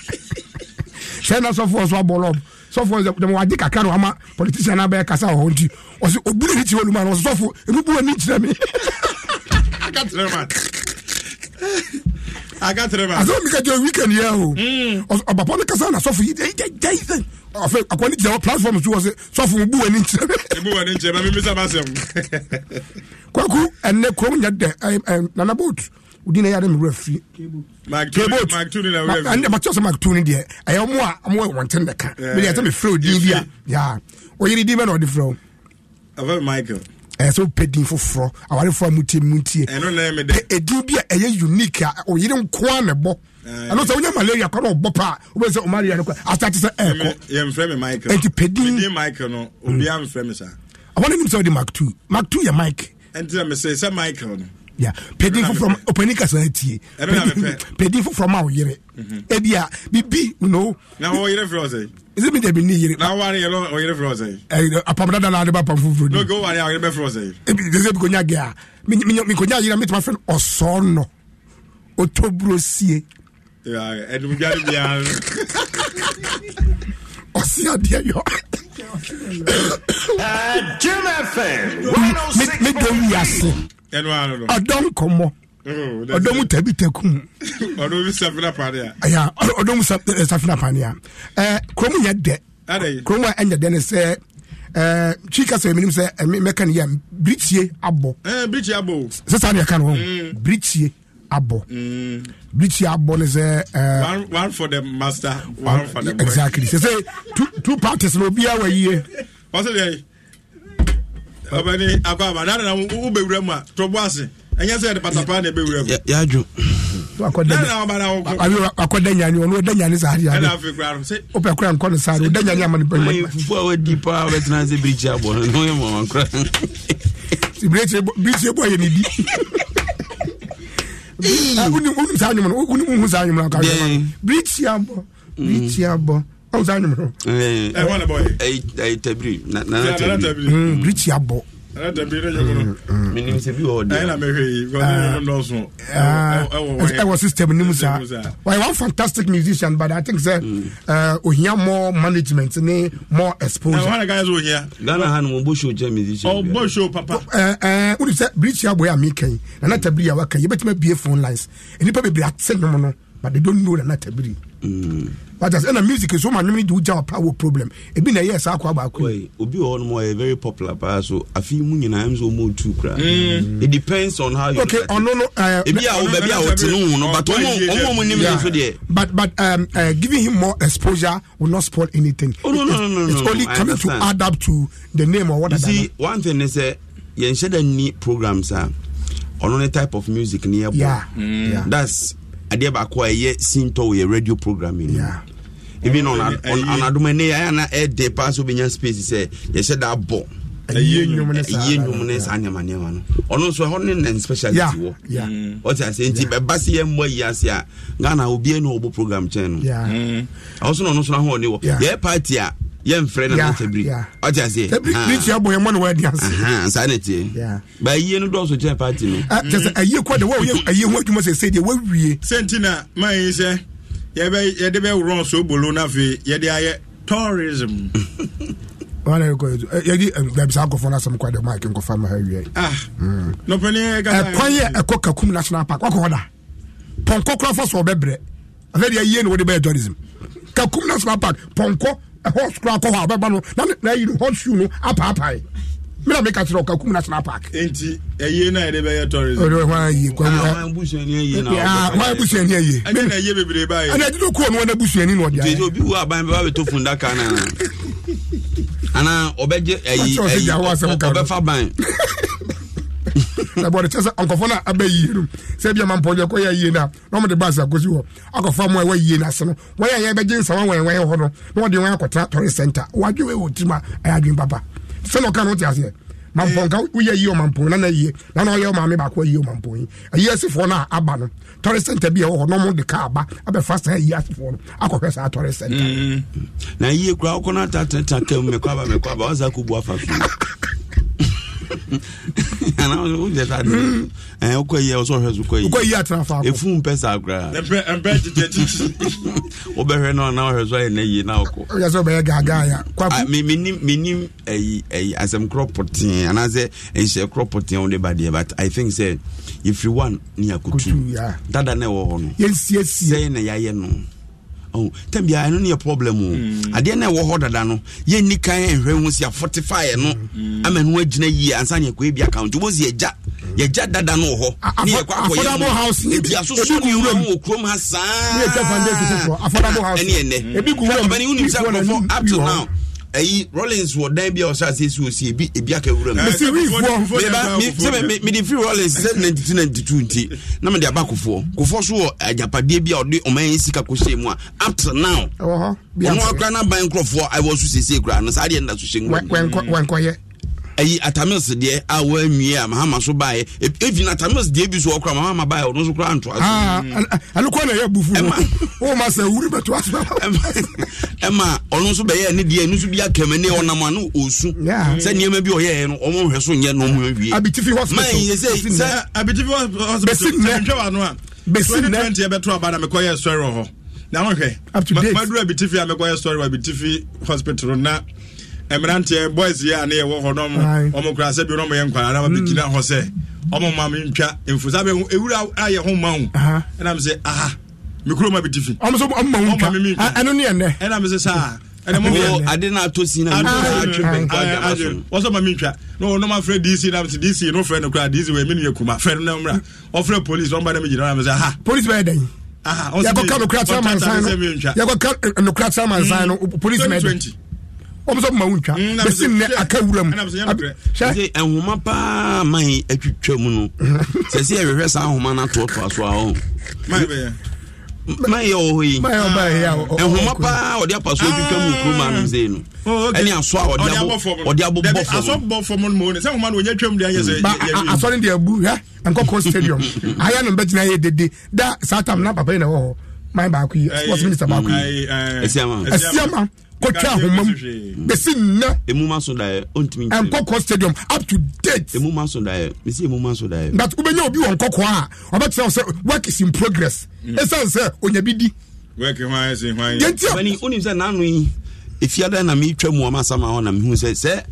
S6: sɛ na sɔfoɔ so abɔ lɔm sɔfoɔ dɛm wagye kakra no ama politician no abɛyɛ kasa wɔ hɔ nti ɔsɛ ɔburu ne tiwɔ luma no ɔsɛ sɔfoɔ ɛmubu ani kyerɛ me asɛ mika gya weekend yɛ o mm. ɔbapɔ no kasa na sɔfo yigyɛgyɛsɛ ɔfɛ akɔ ne gyina platform so wɔ sɛ sɔfo mubu w'ani nkyerɛ me kwaku ɛnɛ wodi na ɛyɛ ade me werɛ firi kabotbɛkyɛ sɛ makto no deɛ ɛyɛ mo a mowɔ wɔnten dɛka mede ɛsɛ mefrɛ odin bi a ya ɔyere din bɛ na ɔde frɛ
S1: wo michael
S6: ɛyɛ sɛ wopɛ din foforɔ awarefoɔ a mutie mutie ɛdin bi a ɛyɛ unique a ɔyere nkoa ne bɔ ɛno sɛ wonya malaria kɔ na ɔbɔ pa a wobɛsɛ ɔmalaria no kɔ asate sɛ ɛɛkɔ
S1: ɛnti pɛdin ɔbɔne nim
S6: sɛ wode mak 2 mak 2 yɛ mike
S1: ɛnti na mesɛ sɛ michael no hmm
S6: yeah pɛdin foforɔ ɔpɛni kasa tie pɛdin foforɔ ma ɔyere ebi a bibi no. na ɔyere firi ɔsɛ. ɛsɛ mi dɛbi ni yere. na wari yɛlɛ ɔyere firi ɔsɛ. ɛɛ eh, apamada da la ale b'a pan foforo di. n'oge o
S1: wari awere bɛ firi ɔsɛ.
S6: ebi dese bi ko n y'a gɛya mi mi ko n y'a yira mi tuma fɛn ɔsɔɔnɔ o to buro sie.
S1: ɛdunjari bi yan.
S6: ɔsi adiɛ yɔ. jim mi dɔw yi a se
S1: ɔdɔm
S6: kɔmmɔ ɔdɔm tabi takum
S1: ɔdɔm safina panea
S6: ɔdɔm eh, eh, kurom yɛ dɛ kurom a ɛnyɛ dɛ ne sɛ twi eh, kasa yɛ sɛ mɛka no yɛ biritie abɔ sɛsa ne yɛka no ho mm. abɔ mm. biritie abɔ ne sɛ one for the master exactly sɛ
S1: sɛ two parties no obiaa wayie ɔbɛni akɔ aba nana na wobɛwura mu a tɔbɔ ase ɛnyɛ sɛ yɛde patapa na ɛbɛwura mu yɛadwo
S6: akɔda nyane ɔno ɔda nyane saa adeɛ wopɛ kora nkɔ no saa de ɔda nyane ama no bɛfu
S7: a wadi paa wobɛtena sɛ birikyi abɔ no ne woyɛ mama kora
S6: birikyi bɔ yɛ ne di wonim ah, saa nwom no wohu saa nwom no birikyi abɔ birikyi abɔ awo sa anyim no.
S7: ɛɛ wɔn hmm, hmm. bɔ ye. ɛyi tɛbiri nana tɛbiri.
S6: biriki abɔ.
S1: nana tɛbiri ne ɲɔgɔn nɔ. minimu se bi wɔ di. ɛyina mɛ hwɛ yi ah. ah. wɔn n'o
S6: sɔn. ɛwɔ system nimu sa wa one fantastic musician but i think sɛ hmm. eh, ohia more management ni more exposure. ɛwɔ hali k'a
S7: yɛ sɔ ohia. ghana hali mo bo show jɛ musician. ɔ
S6: bo show papa. ɛɛ ɛɛ o de sɛ biriki abɔ ye a mi kɛ yi nana tɛbiri yɛ wa kɛ yi i bɛ tɛmɛ bie phone lines nipa bɛ a ti se numu no but they don't know the latter biri mm. but as ɛna music so ma nwomne de wogya wɔpa power problem ebi na ɛyɛ saa kwa baako
S7: obi wɔ hɔ ɔyɛ very popular paa so afei mu nyinaa m sɛ ɔmɔ tu kora it depends on how you okay ɔno no uh, ebi a baabi a wɔte no ho no but ɔmɔ mu nim ne so deɛ
S6: but but um, uh, giving him more exposure will not spoil anything oh, no, no, no, no, it's, it's only coming to add up to the name or what you see
S7: one thing is sɛ yɛnhyɛ da nni programs a ɔno ne type of music ne yɛbɔ yeah. mm. yeah. that's adeɛ baako a ɛyɛ sintɔ yɛ radio programming yeah. even on anadoma ne yɛ ayana ɛde paa so bɛnya space sɛ yɛhyɛ da abɔ ɛyɛ nnwom ne saa nneɛma nneɛma no ɔno nso ɛhɔ ne nan speciality wɔ mm. ɔte ase nti bɛba se yɛ mmɔ yi ase a ghana obiara na ɔbɔ program kyɛn no ɔno nso na ɔno nso na ahoɔden wɔ yɛ party a yɛmfrɛ no nasɛbiri ɔte aseɛ saa ne tie ba ayie no dɔɔso kyerɛ party no
S6: ah, kyɛ sɛ mm. ayie kɔ de woyɛ ayie ho adwuma sɛ sɛdeɛ woawie
S1: sɛnti na mayi sɛ yɛde bɛworɔ so bolo no afei yɛde ayɛ tourism
S6: saa nkɔfoɔ no asɛm kɔ de mike nkɔfa ma ha wie ah, mm. ɛkwan yɛ ɛkɔ kakum national park wakɔ hɔ da pɔnkɔ korafa so ɔbɛbrɛ afɛdeɛ ayie no wode bɛyɛ tourism kakum national park pɔnkɔ horse kura kɔ hɔ a ɔbɛba no na na yi horse shoe no apaapae mina mi ka kyerɛ ɔka kum national park.
S1: eti ɛyie na yɛde bɛyɛ tourism.
S7: ɔdɔ ah, eh, ah, wa yi kwa mu. aa
S6: busuani yie na. aa eh, eh, wa busuani yie.
S7: ɛni na yie bebree ba yɛ.
S6: ɛni ɛdini kuo ni wɔn na busuani na ɔdi ayɛ.
S7: obi wo aban bɛɛ b'a bɛ to fundaka
S6: na ana ɔbɛ gye ɛyi ɛyi ɔbɛ fa ban. na bɔde kyɛ sɛ no a aba yie no sɛ bia ma mpɔnyɛ kɔ yɛ yie no a na ɔmde bas akɔsi hɔ akɔfa mu a ɛwɔ yie no ase no wɔyɛ a yɛbɛgye nsawa wɛwɛn hɔ no na wɔde wɔn akɔtena tɔre center wɔadwen wɔ tirim a ɛyɛ adwen papa sɛ na ɔka no wote aseɛ mampɔnka eh. woyɛ yie ɔmampɔn na yie na ɔyɛ ɔmaame baako ayie ɔmampɔn yi ayi asifoɔ no a aba no tɔre bi ɛwɔ hɔ na de aba abɛfa saa ayi no akɔhwɛ saa tɔre
S7: mm. na yie kura ɔkɔ mɛkɔ aba mɛkɔ aba bu afa wokɔyi atrafa ɛfu mpɛ saa koraa wobɛhwɛ no na wohwɛ so ayɛ na yie na wokɔ
S6: yɛ sɛ wobɛyɛ gaagaaya
S7: menim asɛm korɔ pɔtee anaasɛ nhyɛ korɔ pɔtee wode badeɛ but i think sɛ yɛfiri one ne yɛakotu dada na ɛwɔ hɔ no sɛi na yɛayɛ no Oh, tam bia ɛno ne yɛ problem o mm. adeɛ no ɛwɔ hɔ dada no yɛnni kan nhwɛ ho si afɔtefaeɛ no mm. ama no agyina yie ansa ne yɛkɔɛ bi account wobɛsi yɛgya yɛgya dada no wɔ hɔ ne yɛkɔ akɔyɛ bia soso ne wura mu wɔ kurom ha saa
S5: ɛne ɛnɛ ɔbɛne wonim sɛ
S7: nkɔfɔ up to now ɛyi rollins wɔ dan bi a ɔsɛ ase si osi ebi ebi aka wura mu. mesi wi fɔ meba mi sɛbɛ mi mi di free rollins sɛ ninety two ninety two nti na mi de aba kofoɔ kofoɔ so wɔ ajapadeɛ bi a ɔde ɔman yɛn sika ko se mu a up to now.
S6: ɛwɔ hɔ bi a fɔ ɔno akora
S7: n'aban nkorɔfoɔ ɛwɔ so sese kura ano saa adeɛ nda so se nkɔ. wɛnkɔ wɛnkɔ yɛ. Ayi atamils deɛ a wɔamie a mahama so baeɛ even atamils deɛ bi so ɔkora mahama baeɛ ɔno so kora ntoa so ah, na ɛyɛ abufu woma sɛ wuri bɛtoa so ɛma ɔno nso bɛyɛ ne deɛ ɛno nso bi akama ne ɔnam ano ɔsu sɛ nneɛma bi ɔyɛɛ no ɔmɔhwɛ so nyɛ no ɔmɔ
S5: wie abitifi hospitalmayɛ sɛ sɛ
S1: abitifi hospitalntwɛ wa no a bɛsi nnɛ na mekɔyɛ na wohwɛ maduru abitifi a mekɔyɛ sɔre wɔ abitifi hospital na mmeranteɛ boys yi a ne yɛwɔ hɔ nom ɔmo kura sɛ bi ɔmo yɛ nkwara na bi mm. gyina hɔ sɛ ɔmo ma mi ntwa mfusa bɛ ewura ayɛ ho ma ho ɛna mi sɛ aha mi kuro ma bi ti fi ɔmo so ɔmo ma ho ntwa ɛno ne yɛ nɛ mi sɛ saa ɛna mo yɛ ade na ato si na mi atwe bɛnkɔ agya wɔsɔ ma mi ntwa na wɔn nom afrɛ dc na mi sɛ dc no frɛ no kura dc wɔ emi ni yɛ kuma fɛn no na mura ɔfrɛ police wɔn ba na mi gyina na mi sɛ aha police bɛyɛ
S6: dɛ yɛkɔka nokora tra mansan no yɛkɔka nokora tra mansan no polisi na ɛdi ɔmu ma wo ntwa bɛsi nnɛ aka wura ah, mu sɛ ɛnhoma
S7: paa man atwitwa mu no sɛ sɛ saa nhoma no atoɔtoa so a ɔ yɛ wɔ yi ɛnhoma paa ɔde apa so atwitwa mu kuro maa nom sei no ah. oh, ɛne aso a ɔde abobɔ
S6: fɔmasɔre de abu hɛ nkɔkɔ stadium ayɛ no mbɛgyina yɛ dede da saa tam na papa yi na ɛwɔ hɔ man baako yi sports minister baako yi
S7: asiama kɔtwa ahoma mu bɛsi nna nkɔkɔ stadium up to date but
S6: wobɛnya obi wɔ nkɔkɔ a ɔbɛkyerɛ wo sɛ work is in progress ɛsiane mm. sɛ onya bi di
S7: yɛntiɛ efiada na metwa mu ama sama hɔ na mehu sɛ sɛ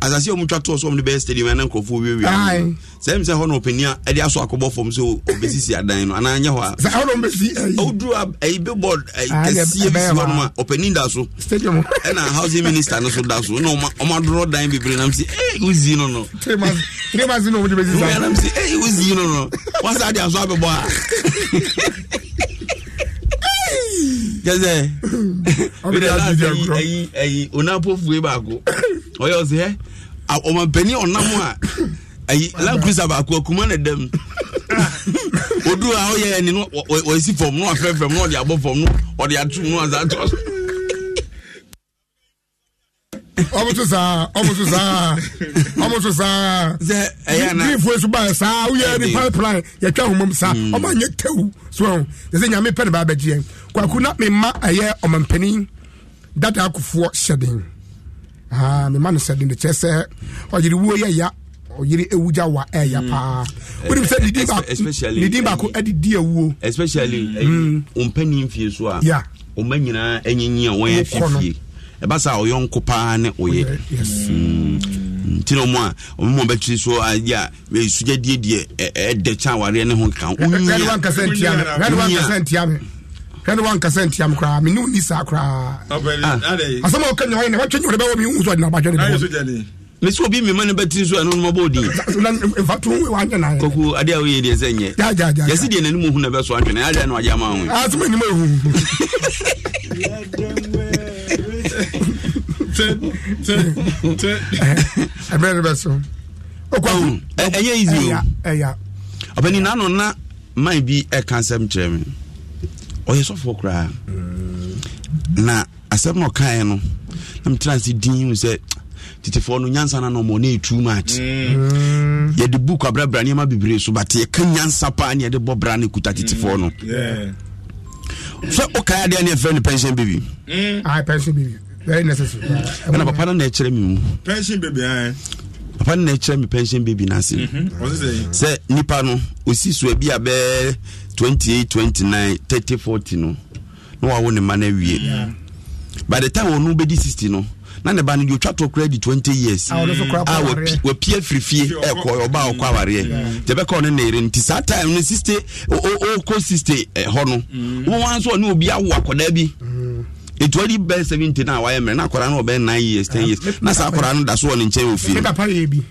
S7: asase a ɔmotwa toɔ so ɔmde bɛyɛ stadium ɛna nkurɔfoɔ wiawia sɛ m sɛ hɔ na ɔpani a ɛde asɔ akɔbɔ fam sɛ ɔbɛsisi adan no anaa nyɛ hɔ a woduru eh, a ɛyi billboard kɛseɛ bi si hɔ nom a ɔpani da so
S6: ɛna
S7: eh, housing minister no so da so na ɔma dorɔ dan bebree nam sɛ ɛ wozii no no
S6: nam sɛ ɛ wozii no no wasa de aso abɛbɔ
S7: a jẹsẹ bẹẹ láti ẹyin ẹyin onapofue baako ọyọ ọsẹ ẹ ọmọpanyin ọnam a ẹyin lankurusa baako akuma na dẹm odu a ọyẹ ẹni no ọyẹ si fọm no afẹfẹm no ọdi abọ fọm no ọdi atum no ọdi atọ so
S6: ọmọ tó sáà ọmọ tó sáà ọmọ tó sáà gírífù esu báyìí sáà ó yẹ ní pipeline yẹ twẹ́ hmm. ọmọ mu sáà ọmọ ànyẹ tẹ́wù sọ̀rọ̀ yẹ sẹ́ nyàmé pẹ́ẹ́nì bá bẹ̀ jí yẹn kwaku náà mi ma ẹ̀yẹ ọmọ mpanyin dada akufuọ hyẹden aa mi ma no hyẹden kyerẹ sẹ ọyẹri wuo yẹ ya ọyẹri ewu wa ẹ ya paa
S7: o de bi sẹ didi baako didi baako ẹdi di ewuo. especially ọmpanyin fie so a ọmọ nyinaa ẹnyinyia wọn yẹ fifie ɛba sa ɔyɔnko paa ne woyɛ oh, mm. nti na ɔmo a ɔmo mo bɛtiri so ayi a sogya die die ɛdɛ e, e, kyɛn awareɛ ne ho kan wunyia wunyia
S6: hwɛne wankasa ntiam koraa mene woni saa koraa
S7: asɛm a
S6: woka nya ɔyɛ na watwɛ nyɛ wode bɛwɔ mehu so ɔde na badwɛ ne
S7: me sɛ obi mema no bɛtiri so ɛno no mabɔ
S6: odinkoku
S7: ade a woyɛ deɛ sɛ nyɛ yɛse deɛ n'anim hu na bɛso antwene adeɛ na wagye ama ho
S6: asɛm anim ahu ɛbɛn ne bɛ so. ɛyɛ easy o ɛya.
S7: ɔbɛni nanu na man bi ɛka nsɛm kyerɛ mi ɔyɛ sɔfo koraa mm. na asɛm na ɔkaeɛ no na metena ase din mu sɛ tetefoɔ no nyansa no nɔmɔ ne ɛtu match mm. yɛde book abrabra nneɛma bebree so but yɛka nyansa paa ne yɛde bɔ bra no kuta tetefoɔ no sɛ wokae adeɛ ne ɛfrɛ no pension baby
S6: mm. ah, pension baby very necessary. ɛna
S7: papa no na ɛkyerɛ mi mu. pension baby ayi. Eh? papa no na ɛkyerɛ mi pension baby n'ase. Mhm. sɛ nipa no osi so ebi abɛɛ twenty eight twenty nine thirty forty no na wawo ne ma na wie by the time wɔn bɛ di sixty no. na ne ba no deɛ ɔtwa to koraa di twenty years ah, a wapia firi fie ɛkɔ ɔba ɔkɔ mm. awareɛ nti ɛbɛka ɔne ne yere nti saa time no 60 ɔkɔ 60 hɔ no mm. wobɛwa nso ɔne obi awo akɔdaa bi mm etu ɔdi bɛɛ seventy na wayɛ mɛrɛ na akɔra no ɔbɛɛ nine years ten uh, years na saa akɔra no da so wɔ ne nkyɛn
S6: ofie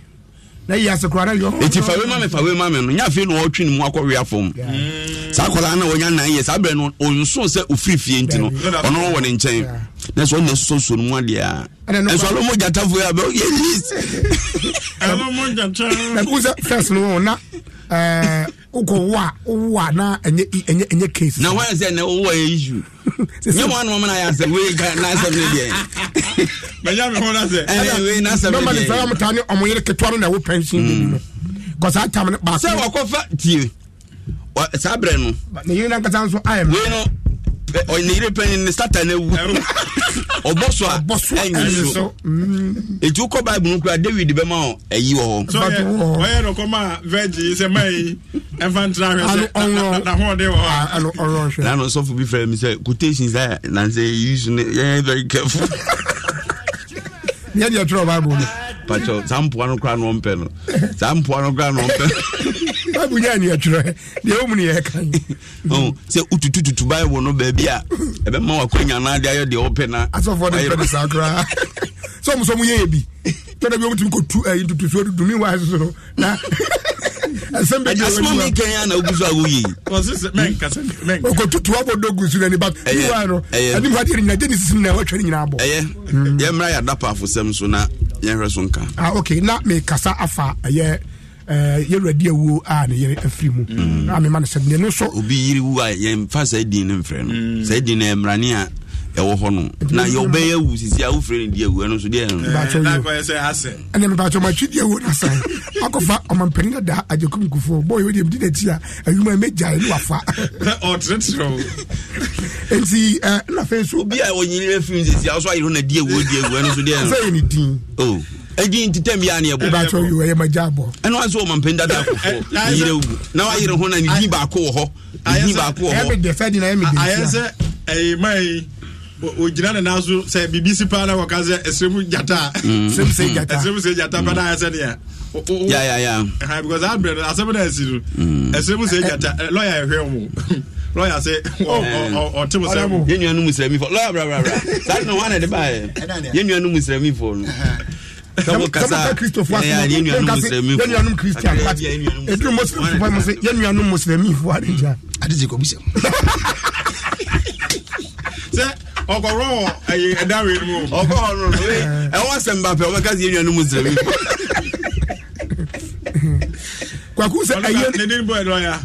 S6: na yi ase kura yɔ. eti fawe ma mi
S7: fawe ma mi no nyafe na ɔtwi ne mu akɔ wia fam saa akɔla na wɔnya nan yɛ saa bɛrɛ no onso sɛ ofiri fie nti no ɔno wɔ ne nkyɛn na sɛ ɔna soso so no mu adeɛ a
S8: ɛnso alo mo gyata fo yɛ abɛ yɛ list. ɛlɔ mo gyata.
S6: ɛkú sɛ fɛs no wɔn na wokɔ wo a wowo a na ɛnyɛ case
S7: na woayɛ sɛ nɛ wowɔ yɛ issue nyɛ mo anoma mana yɛ asɛm wei nasɛm ne
S6: deɛ mɛnya me ho
S7: nasɛmwei nasɛm normally sɛ
S6: wamtaa ne ɔmo yere ketewa no na ɛwo pension bi no kɔ saa tam no baasɛ wɔkɔfa tie saa berɛ no ne yere no nso
S7: ayɛ no ɔne yere panyin ne satan awu ɔbɔ so a ɛnyɛ so
S5: mm.
S7: eti wokɔ bible no kora david bɛma ɔ ayi wɔ hɔ
S1: ɔyɛ no kɔma vɛgye sɛ ma yi ɛmfa ntra hwɛ sɛ nahoɔde wɔ hɔ
S7: nano sɔfo bi frɛ me sɛ quotation sɛ nansɛ yɛyiso no yɛyɛ very careful
S6: yɛdeɛ twerɛ bible no
S7: pakyɛ saa mpoa no kora no ɔmpɛ no
S6: saa mpoa no kora no ɔmpɛ no bible yɛ ani atwerɛ deɛ wɔmu ne yɛ ka oh, sɛ
S7: wotutututu bible no baabi a ɛbɛma wakwanya anaa de ayɛ deɛ wɔpɛ na asɔfoɔ de mpɛ ne
S6: saa koraa sɛ ɔmo sɛ ɔmo yɛyɛ bi tɔda bi ɔmo tumi kɔtu ɛyi ntutusuo dudu wa soso no na asɛm bɛ di ɛwɔ niwa asoma mi kɛn ya na ogu so awo yi. ɔsisi mɛ nkasa mɛ nkasa. okotutu abɔ ni ba niwa ni sisi na ni nyina abɔ. ɛyɛ
S7: yɛn mmerɛ yɛ adapa afosɛm so na yɛn so nka.
S6: ah okay na mi kasa afa ɛyɛ. Eh, yɛwura di awuo a ne yere afiri mu mm. a mema no sɛ deɛ no so
S7: obi yiri wu a yɛmfa saa din no mfrɛ no mm. saa din no ɛmmrane a ɛwɔ hɔ no na yɛwobɛyɛ awu sisi a wofrɛ no de awu ɛno so deɛ noɛne mepatɛ
S6: matwi de awu no sa akɔfa ɔmampani no daa agyekom kufoɔ bɔ yɛwode mdi nati a awuma mɛgyae ne wafa
S7: enti eh, na afei so obi a ɔnyini afiri sisi a wo so ayere no na di awu di awu ɛno so deɛ no sɛ yɛ ne din oh ɛgyi nti tɛm yɛ aneɛ
S6: bɔ
S7: ɛno asɛ ɔmampani dada akofoɔ yerɛ wu na wayere ho na ne din baako wɔ hɔ ne din baako wɔ
S6: hɔ ayɛ
S1: sɛ mai ogyina ne nan so sɛ biribi si paa na wɔka sɛ ɛsrɛm gyata ɛsrɛm sɛ gyata pa na ayɛ sɛ deɛ ya ya ya because mm. eh, eh. eh. oh, oh, oh, abrɛ no asɛm na asi no ɛsrɛm sɛ gyata lɔya ɛhwɛ mo lọ́yà
S7: sẹ ọtí mu sẹ́mu. yẹn nua nu musirami fọ lọ́yà brabra saa ni wọn na ẹni báyẹ yẹn nua nu musirami fọ sɛmoka christofoɔ asɛyɛnuanom christian but ɛduru muslim fofoɔ mu sɛ
S6: yɛnuanom muslimifoɔ adegya adegye kɔbi sɛm sɛ ɔkɔrɔ ɛyɛ ɛdawe no mu ɔkɔɔ
S8: no
S7: ɛwɔ asɛm ba pɛ ɔbɛka sɛ yɛnuanom muslimifoɔ kwaku sɛ ɛyɛ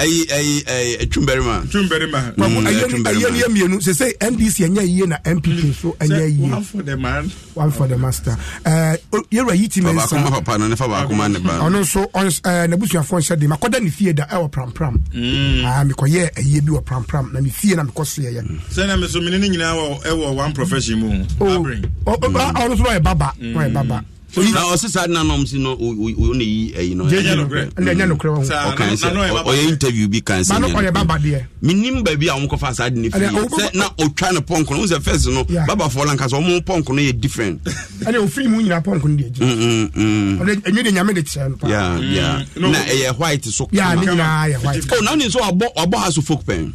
S7: ɛyi ɛyi ɛyi twumbarima. twumbarima mm, kwamu ayɛlu yɛ
S6: mienu sese ndc ɛnyɛ yie na npp nso mm. ɛnyɛ yie one for the man one for the master ɛɛ eh, yɛrɛ yi ti mɛ nsa baako ma
S7: papa no ne fa baako ma ne ba ɔno
S6: ah, nso ɛɛ eh, n'abusuafo nhyɛ de ma kɔda ne fie da ɛwɔ eh, prampram mm. aa ah, mekɔ yɛ ɛyie bi wɔ prampram na ne fie na mekɔ so yɛ yɛ.
S1: sɛnɛ mɛsɔmini ne nyinaa wɔ ɛwɔ one profession mu.
S6: Oh. o ɔno nso ɔyɛ baba ɔyɛ baba
S7: ɔsi no o eh, no eh, eh, ɛnyɛ nukurɛ mm. ɛnyɛ
S6: nukurɛ wɔn ɔkan sɛ
S7: ɔyɛ interview bi kan sɛ ɛnyɛ nukurɛ baba deɛ minim baabi a wɔn kɔfa saa de ne fi sɛ na otwa ne pɔnkɔ no n sɛ fɛs no baba fɔ la nkasa wɔn pɔnkɔ no yɛ different.
S6: ɛnna ofin mu nyinaa pɔnkɔ no de
S7: ɛgye mm, mm,
S6: ɔde ɛnyɛ de nyame de kyerɛ no
S7: paa na ɛyɛ white so kama o oh, na ni nso wabɔ ha so folk pɛn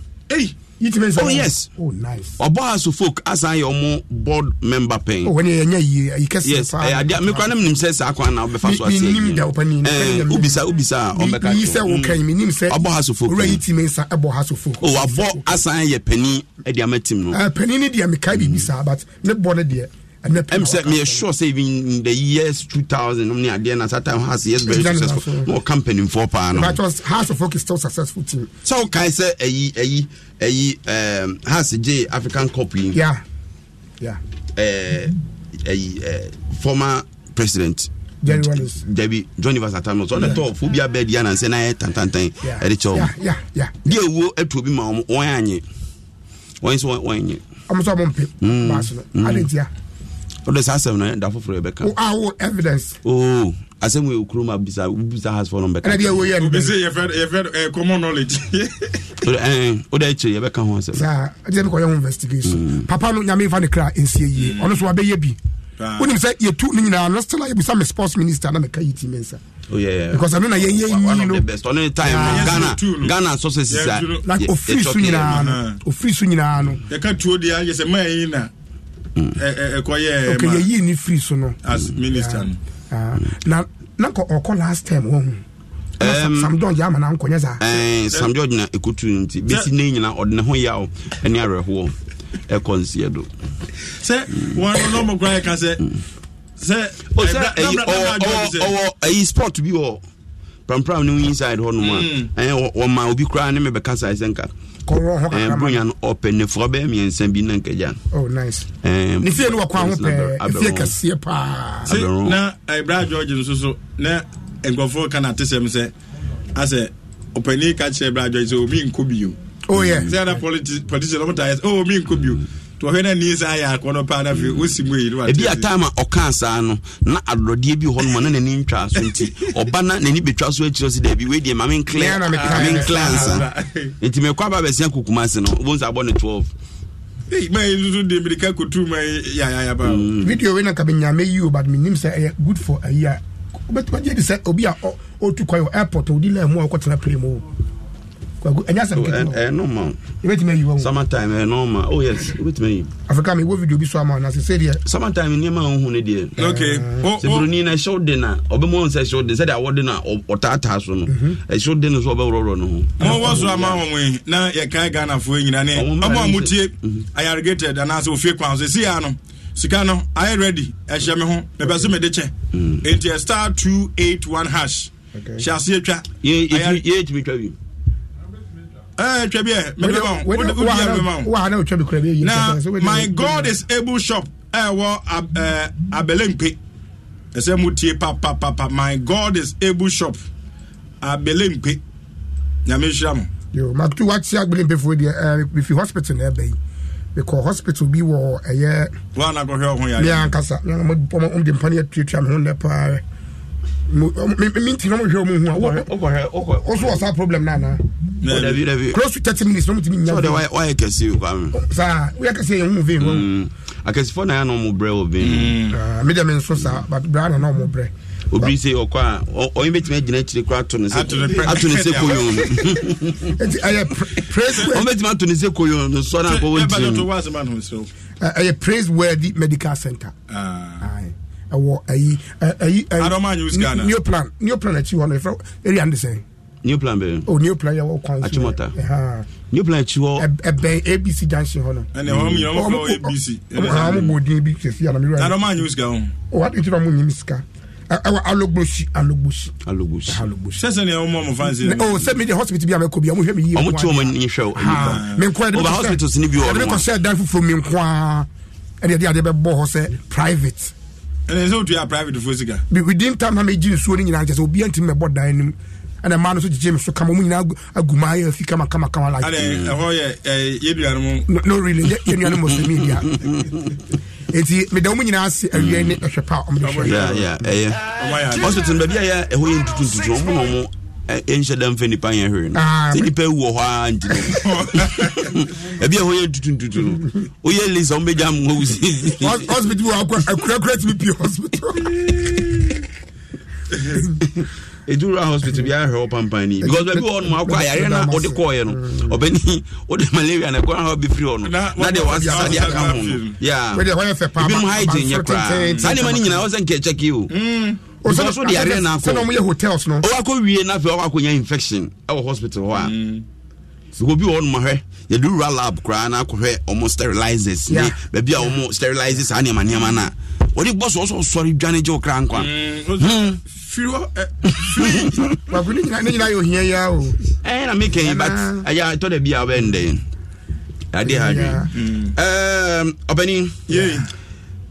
S7: oh yes oh nice ọbọ aso folk asan yẹ ọmọ board member pẹyin. o wọn
S6: yẹ ẹyẹ yie ayi kẹsẹ saa yes adi
S7: mi kura ne mu nim sẹ saa kwan na ọbẹ fa so ase yẹ mi nim da ọpẹ ni ẹ obisa obisa ọbẹ ka yi sẹ o kẹyin
S6: mi nim sẹ ọbọ aso folk owurọ yi ti mi nsa ẹbọ aso folk. o oh, wa
S7: bọ asan yẹ pẹni ẹdi amẹ tim no.
S6: pẹni ni diẹ mi ka bi bi mm. sa but ne bọ ne diẹ ɛm sɛ meyɛ
S7: sure sɛ even the years 2000 ne adeɛ na satan has yes very successful na ɔka mpanimfoɔ paa no
S6: has of folk still successful team
S7: sɛ wokae sɛ ayi ayi ayi has gye african cup yi yeah yeah uh, ayi euh, former president Jerry Wallace. Debbie, Johnny was at times on the top. Phobia bed, Yan and Senai, Tantantan, Editor. Yeah, yeah. Dear Wu, it will be my own. Why are you? Why is one?
S6: I'm so bumpy. Master, I didn't hear
S7: ɔde saa asɛm no da foforɔ yɛbɛka awo ah, evidence oo asɛm yɛ kurom a bisa bisa has fɔ no bɛka ɛnɛ deɛ wɔyɛ obi sɛ yɛfɛ yɛfɛ ɛ eh, common knowledge ɔde ɛn ɔde akyire yɛbɛka ho asɛm
S6: saa ɛdi sɛ kɔyɛ ho investigation mm. papa no nyame nfa ne kra nsie yie mm. ɔno so wabɛyɛ bi wonim sɛ yɛtu no nyinaa no still yɛbusa me sports minister na meka yi ti me nsa
S7: Oh, yeah, yeah. because ɛno na yɛyɛ yi no ɔne time ghana ghana sɔsɛ sisa like ofiri so nyinaa no
S6: uh-huh. ofiri so nyinaa no
S1: yɛka tuo deɛ ayɛ sɛ mayɛ yi na ɛkɔyɛ
S6: okay yɛyii ne firi so no as minister na na ɔkɔ last term ọhụrụ. ho sam george ama na nkɔnyɛ saa sam
S7: george na ɛkɔtu no nti bɛsi ne nyina ɔde ne ho yaw ne awerɛhoɔ ɛkɔ nseɛ do
S6: sɛ wɔnɔmɔ
S7: kora yɛka sɛ sɛ ɛyi sport bi wɔ prampram ne wo inside hɔ nom a mm. wɔma obi kura ne mebɛka sae nka Eh, bronya no ɔpɛ nefoɔ bɛyɛ mmiɛnsa bi na nkagya oh, eh, ne fie no wɔkɔ ho pɛɛ
S6: fie kɛseɛ paa
S1: na ɛbra eh, george nso so na nkurɔfoɔ ka nate sɛm sɛ asɛ ɔpani ka kyerɛ bra george sɛ obi oh, nkɔ bio oh, sɛ ada politician ɔmtaɛ sɛ obi nkɔ bio wɔhwɛ no ni saa yɛ akɔ no paa no afei mm. wosi mu yino
S7: ebi atama ɔkaa saa no na adɔdeɛ bi hɔ no ma na n'ani ntwa so nti ɔba na n'ani bɛtwa so akyerɛ sɛ daabi wei deɛ mame nklɛ mame nklɛ ansa nti mekɔ aba bɛsia kokuma ase no wobɛhu sɛ abɔ ne 12
S1: mm.
S7: video
S6: wei na nka menyame yio but menim sɛ ɛyɛ good for ayi a wobɛtumi agye de sɛ obi a ɔtu kwan wɔ airport a wodi mu a wokɔtena pere mu o ɛnyɛ asɛm
S7: ketewa oh yes ɛbɛtumi ayi
S6: afirika mi wo video bi so ama na sese
S7: deɛ summertime nneɛma a ohun ne deɛ okay seburoni na ɛhyɛw na ɔbɛmu wɔn sɛ ɛhyɛw de sɛdeɛ awɔ de na ɔtaataa so no ɛhyɛw de no so ɔbɛwɔrɔwɔrɔ no mo wɔ so ama
S1: na yɛ kan ghana fo nyina ne ɔmo a mo tie ayarigated anaasɛ ofie kwan so si ya no sika no ayɛ ready ɛhyɛ mi ho mɛbɛ so mɛde kyɛ star two eight one hash hyɛ ase atwa yɛ yɛ tumi twa wiem twa bi ɛ mɛbɛ ma o di yɛ mɛma o.
S6: wa ana o twa bi kura bi my god
S1: is able shop ɛwɔ abelempe ɛsɛ mu tie papapapa my god is able shop abelempe nyame nhyira mo.
S6: yo matu wati abelempe fo deɛ ɛɛ bifi hospital na ɛbɛn because hospital bi wɔ ɛyɛ.
S1: wa anakɔhwɛ ɔho yare. mi
S6: ankasa mi ankasa mo de mi ho nɛ paa minti na mohwɛ mu hu a wo so wɔ saa problem no anaa close to 30 minutes na mutumi
S7: nyawayɛ kɛse kwame
S6: saa woyɛ kɛse yɛ hu vei wɔ
S7: akɛsifoɔ na yɛ na ɔmo brɛ wɔ vei
S6: medɛ me nso saa but brɛ na na ɔmo brɛ
S7: obi sɛ ɔkɔ a ɔyɛ bɛtumi agyina akyire kora ato ne sɛ koyonɔbɛtumi ato
S1: ne sɛ koyon no sɔ
S6: no akɔwɔ ntiɛyɛ praise worthy medical center uh ɛwɔ ɛyi ɛyi ɛyi new plan new plan akyi hɔ no efra area ndi sɛn. new plan bɛ. o new plan yɛ wɔ kwan so. akyimɔta new plan akyi hɔ. ɛbɛn abc junction hɔ no. ɛnna wɔn yɛn wɔn fɛ abc. wɔn b'o den bi kɛse yanni. adama anyi sika hɔ. o wa ti tura mu ɲimi sika ɛwɔ alogbosi alogbosi. alogbosi alogbosi. sɛsɛ ni ɛwɔ mu ɔmu fan se. o sɛ mi de hospital bi a mɛ ko bi ɔmu hwɛ mi yie. ɔmu ti wɔn ni hwɛ o. haa mi nkɔ ɛdi mi kɔ sɛ ɔba hospital sini bi wɔ ɔmu. ɛdi mi kɔ sɛ dan fufu mi nkɔ ɛdi ɛdi adi bɛ bɔ hɔ sɛ private
S1: ɛnɛ sɛ wotua private fo sika
S6: within time na megye nsuo no nyinaa kyɛ sɛ obia ntimi mɛbɔ dan no mu ɛna ma no so gyegye me so kama mu nyinaa agu ma ayɛ afi kama kama kama like ɛhɔ yɛ yɛduano
S1: mu no really yɛnuano mu sɛ media
S6: nti meda wo nyinaa ase awia ne ɛhwɛ pa a ɔmde
S7: hwɛ hospital no baabi a yɛ ɛhɔ yɛ ntutuntutu ɔmo na ɔmo ɛnhyɛ eh, eh, dɛ mfa nipa yɛ hwee no ah, sɛ nipa wuwɔ hɔ a nti ɛbi ɛhɔ yɛ ntutuntutu no woyɛ lesa wombɛgya m hɔ wosi hospital wɔ akurakura tumi
S6: pii hospital
S7: ɛdurura hospital biara hwɛ wɔ pampan ni because baabi wɔ nom akɔ ayareɛ no wode kɔɔyɛ no ɔbɛni wode malaria na ɛkɔra hɔ bɛfiri hɔ no na deɛ wasesa deɛ aka ho no
S6: yɛbinom hygen yɛ koraa saa nneɛma no nyinaa wɔ sɛ nkɛkyɛke o
S7: mm ɔsɛ so de areɛ na akɔ sɛnɛ ɔmo yɛ hotels no ɔwakɔ wie na afei ɔwakɔ nya infection ɛwɔ hospital hɔ a because bi wɔ hɔnom ahwɛ yɛde wura lab koraa na akɔhwɛ ɔmo sterilizers ne baabi a ɔmo sterilizers saa nneɛma nneɛma no a wɔde bɔ so ɔsɔ sɔre dwane gye wo kra nkwa
S8: firi hɔ
S7: firi wako ne nyinaa ne nyinaa yɛ ohia yi a o ɛɛ na meka yi but ɛyɛ atɔ da bi a ɔbɛn dɛn adeɛ ha
S8: dwen
S7: ɛɛ ɔbɛni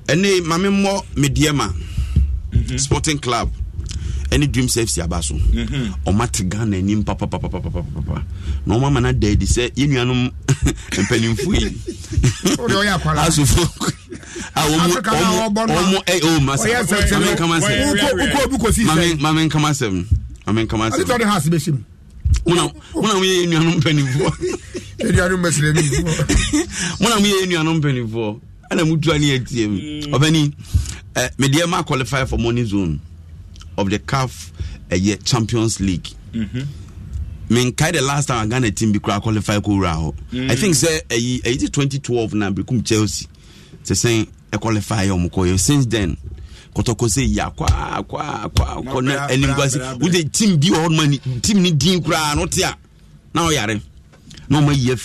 S7: ɛnɛ maame mmɔ me deɛ ma. Mm-hmm. sporting club ɛne dream safe safes aba so ɔma mm-hmm. te ghana anim papapapapapa na ɔma ma no daadi sɛ yɛnnuanom mpanimfo yi asofo mamenkama sɛm mamenkama
S6: sɛm wona moyɛ nuanom mpanimfoɔ
S7: wona moyɛ nuanom mpanimfoɔ ana mutua ne yɛtiam ɔbani uh, eh, Mediama qualified for money zone of the CAF uh, Champions League. Mm-hmm. menkae the last time ghana team bi koraa qualify kɔ wura hɔ mm. i think sɛ ɛyi ɛyi ti 2012 na bekum chelsea sɛ say ɛqualify eh, yɛ ɔmo kɔyɛ since then Kotoko say ya kwaa kwaa kwaa kɔ na animguase wode team bi wɔ money. team ne din koraa no te a na No na ɔma yi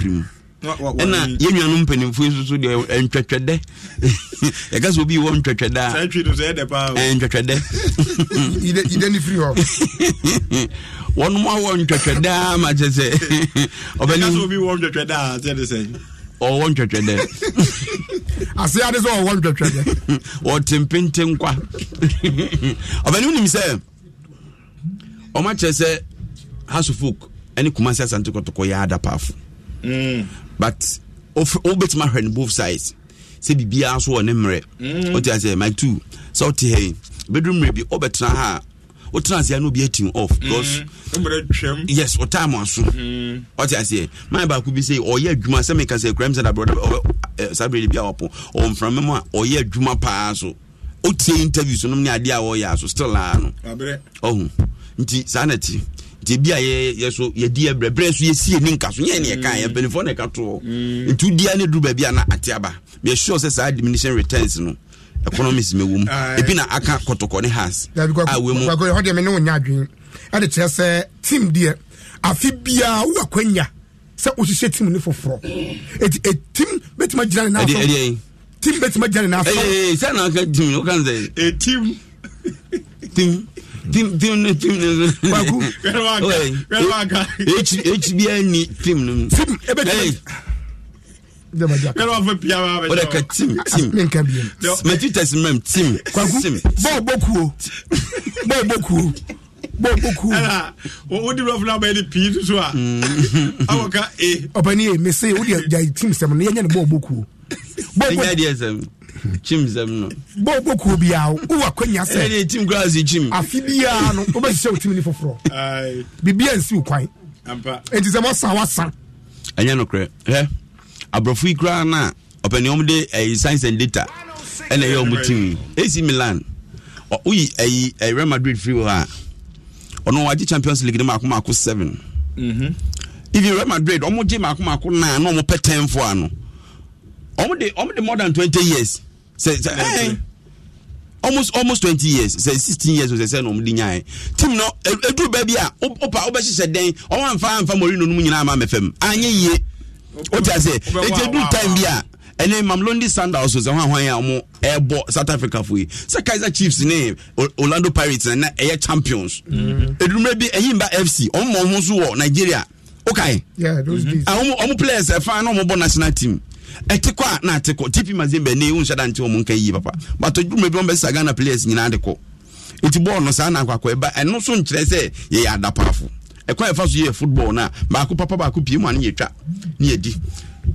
S7: ɛna yɛn nuanom mpanimfoɔ yi soso deɛ ntwɛtwɛdɛ yɛka sɛ obi wɔ ntwɛtwɛdɛ a ntwɛtwɛdɛ
S6: yidɛ ni firi hɔ
S7: wɔn mu awɔ ntwɛtwɛdɛ a ma kyɛ sɛ ɔbɛni ɔwɔ ntwɛtwɛdɛ ase ade
S6: sɛ ɔwɔ ntwɛtwɛdɛ
S7: ɔtempente nkwa ɔbɛni nim sɛ ɔma kyerɛ sɛ house of folk ɛne kumasi asante kɔtɔkɔ yɛ adapaafo. Mm but wobɛtumi ahwɛ no both sides sɛ biribiaa nso wɔ ne mmerɛ mm. wote asɛ My two sɛ wote hɛ bɛduru mmerɛ bi wobɛtena ha a wotena aseɛ na obi atim off mm. because
S1: mm.
S7: yes eh, wɔtaa mo aso wote aseɛ mae baako bi sɛ ɔyɛ adwuma sɛ meka sɛ kram sɛ dabrɛ saa berɛ bi a wɔpo ɔwɔ mframa mu a ɔyɛ adwuma paa so wotie interview so nom ne adeɛ a wɔyɛ a so still aa no ɔhu nti saa na ti nti bi a yɛ so yɛdi brɛbrɛ so yɛsie ne nka so yɛn ne yɛka mm. yɛ mpanimfoɔ na ɛka toɔ mm. nti wodia ne duru baabi a na ate aba meɛsure sɛ saa diminution returns no economics mɛwɔ mu ebi na aka kɔtɔkɔ ne has a wɔ muhɔ deɛ me
S6: ne wo nya adwene ɛde kyerɛ sɛ team deɛ afe biaa wo akwanya sɛ wohyehyɛ team ne foforɔ ɛti e, team bɛtumi agyina ne naso team bɛtumi agyina ne naso sɛ na aka
S7: team wokan sɛ team team pim pim ne pim ne baku werewaka h bia ni pim ne pim ebe ti
S6: wọ́n dẹ̀ ka tim tim
S7: mẹtí tẹ̀sí
S1: mẹ́m tim
S6: tim. bọ́ọ̀ bọ́ọ̀kù o bọ́ọ̀ bọ́ọ̀kù o bɔkuku. ɛna o di rɔfu n'aba yɛ ni pii tutu a. awɔ ka e. ɔbɛni ye mɛ se o de ya tim sɛm ne yɛ nyɛ ni bɔɔ bɔkuku.
S7: bɔɔ bɔkuku kyim sɛm no
S6: bɔɔbɔ kuo biaa wowɔ akwanya sɛne tim kora se kyim afe biaa no wobɛhyehyɛ wo timi foforɔ biribia nsi wo kwan enti sɛ mosa woasa
S7: ɛnyɛ nokorɛ hɛ aborɔfo yi koraa no a ɔpani ɔm de ɛyi science and data ɛna ɛyɛ ɔmo timi ac milan woyi ɛyi real madrid firi hɔ a ɔno wagye champions league ne maako maako seven even mhm. real madrid ɔmo gye maako maako naa na ɔmo pɛ ten fo ano ɔmo de more than twenty years almost almost twenty years sɛ sixteen years sɛ sɛ na ɔmo di nya yɛ team no edu eh, eh, baabi ah. oh, a ɔpa ɔbɛhyehyɛ dɛn ɔmo anfa anfa mɔri nonom nyinaa ama mɛfɛm anyɛ yie o ti ase eti edu time bi a ɛnɛ mamlondi sandals sɛ hɔn ahɔn yɛ a ɔmo ɛɛbɔ south africa fo yi sɛ kaiser chiefs ne orlando pirates na ɛyɛ eh, champions
S6: edumire
S7: bi eyimba fc ɔmo mɔ ɔmo nso wɔ nigeria okay
S6: yeah those mm-hmm.
S7: days ɔmo ah, players ɛfan na ɔmo bɔ national team ɛte kɔ a na ate kɔ tp mazin bɛne wonhyɛ da nte ɔmo nka yie papa but dwuma bi ɔmbɛsesa ghana players nyinaa de kɔ nti bɔɔl no saa na akwakɔ ɛba ɛno so nkyerɛ sɛ yɛyɛ adapaafo ɛkwan yɛfa so yɛ football no a baako papa baako pie mu a ne yɛtwa ne yɛdi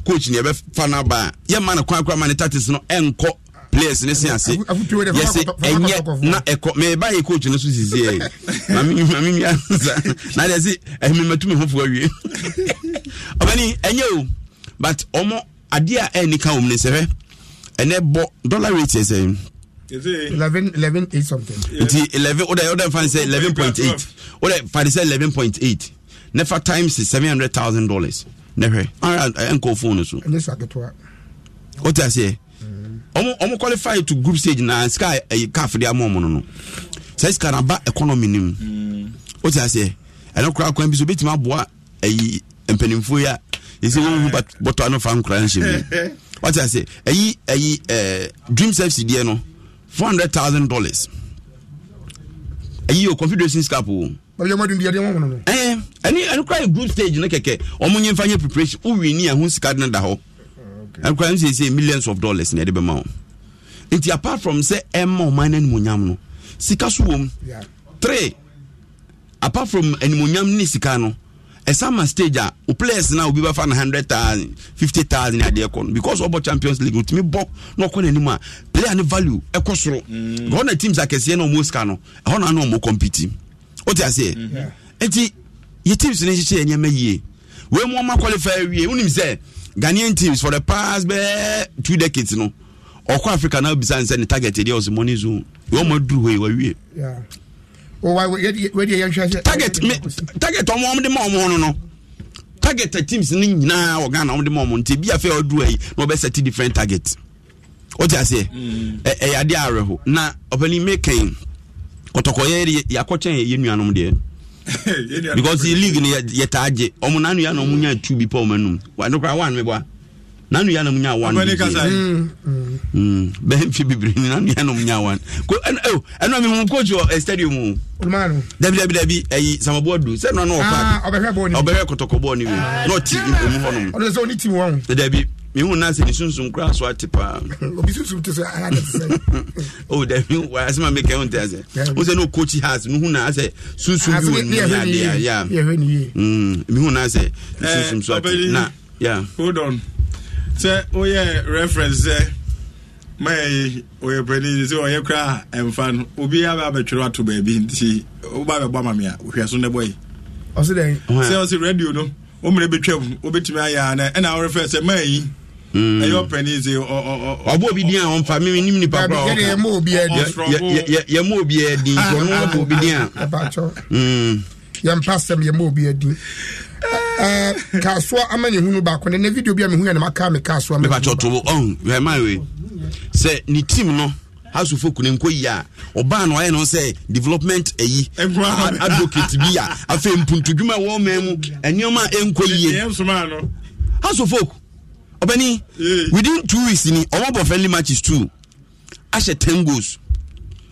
S7: coach ne yɛbɛfa no aba a yɛma no kwan kora ma ne tatis no ɛnkɔ players ne se ase yɛsɛ ɛnyɛ na ɛkɔ meba yɛ coach no so sisiɛ mamemiasa na deɛ se ɛmematumi hofoɔ awie ɔbani ɛnyɛ o but ɔmo adeɛ a ɛni ka wɔn ne sɛhɛ ɛnɛ bɔ dollar rate yɛ sɛ.
S6: eleven eleven eight something.
S7: nti eleven o de o de fa sɛ eleven point eight o de fa sɛ eleven point eight ne fa times seven hundred thousand dollars ne hwɛ an yɛrɛ nkɔ phone no so.
S6: ɛne saketewa.
S7: o ti a seɛ. ɔmo ɔmo qualify to group stage na sika ɛyɛ kaaf de ama ɔmo no no sɛ sika na ba economy ni mu mm. o ti a seɛ ɛnɛ kura kwan bi so bi tuma aboa ɛyi mpanimfoɔ yi a ɛsɛ wohu bɔtɔ no fa nkora nhyɛ mu wate ase ɛyi ɛyi dream service deɛ no four hundred thousand dollars ɛyi o confederation scap o ɛne ɛno kora yɛ group stage no kɛkɛ ɔmo nyɛ mfa nyɛ preparation wowie ni ɛho sika no da hɔ ɛno kora sɛsɛ millions of dollars na ɛde bɛma wo nti apart from sɛ ɛma ɔman no animonyam no sika so wɔ three apart from animonyam ne sika no ɛsama stage a o players na obi bɛfa na hundred thousand fifty thousand adeɛ kɔ no because ɔbɔ champions league o tumi bɔ na ɔkɔ n'anim a player ne value ɛkɔ soro ɛhɔ mm. na teams akɛseɛ na ɔmo sika no ɛhɔ na ano ɔmo compete o ti aseɛ mm-hmm. eti yɛ teams ne hyehyɛ yɛ nneɛma yie wei mu ɔma qualify wie wunim sɛ ghanaian teams for the past bɛɛ two decades no ɔkɔ africa na obisa nsɛ ne target yɛ deɛ ɔsɛ money zone wɔn mo aduru hɔ yi wɔ wie
S6: target
S7: ɔmo ɔmo de ma ɔmo no no target teams no nyinaa wɔ ghana ɔmo de ma ɔmo nti ebi afɛ ɔduru ayi na ɔbɛ sɛti different target ɔte aseɛ ɛyɛ adeɛ awerɛho na ɔpanin mekan kɔtɔkɔyɛ yɛ yakɔkyɛn yɛ nuanom deɛ. because league no yɛtaa gye ɔmo na nua na ɔmo nya tu bi pa ɔmo anum wa no kora wa anum bɔ a nanuanom nya bɛmfi bebree nanuanom nya wan ɛno me hom coach wɔ eh, stadium mu dabi dabi dabi ayi samaboa du sɛ nɔ no ɔbɛhwɛ kɔtɔkɔbɔɔ ne wei na ɔte mu
S6: hɔ nom
S7: dabi mehu na sɛ ne sunsum eh, kora so ate paa asɛma meka wo ntasɛ wo sɛ ne ɔkɔkyi has no hu na sɛ sunsum bi wɔ
S10: nmyadeɛ
S7: mehu na sɛ ne sunsum so ate na yeah.
S1: Hold on sɛ woyɛ reference sɛ mayɛ oyɛ pani sɛ ɔyɛ kora a ɛmfa no obiaa bɛabɛtwerɛ ato baabi nti woba bɛbɔ ama me a wohwɛ so nnɛbɔyi
S6: sɛ
S1: ɔse radio no wommerɛ bɛtwam wobɛtumi ayɛ a na ɛna worefɛ sɛ mayi hmm. ɛyɛ ɔpani sɛ ɔbɔ obi din a ɔmfa menim nipa
S6: korayɛma obiaa
S7: din ɔno ɔbɔ obi din a
S6: hmm. yɛmpa sɛm yɛma obiaa din kasoa eh, amanyehunu baako ne na video bi a mehu yɛ namaka me kasoa mepakyɛto
S7: wɛma wei sɛ ne team no house folk ne nkɔ yi a ɔbaa na ɔyɛ no sɛ development ayi advocate bi a afei mpuntudwuma ɛwɔ ma mu ɛnneɔma ɛnkɔ yie house ɔbɛni within two weeks ni ɔmo bɔ friendly matches two ahyɛ ten goals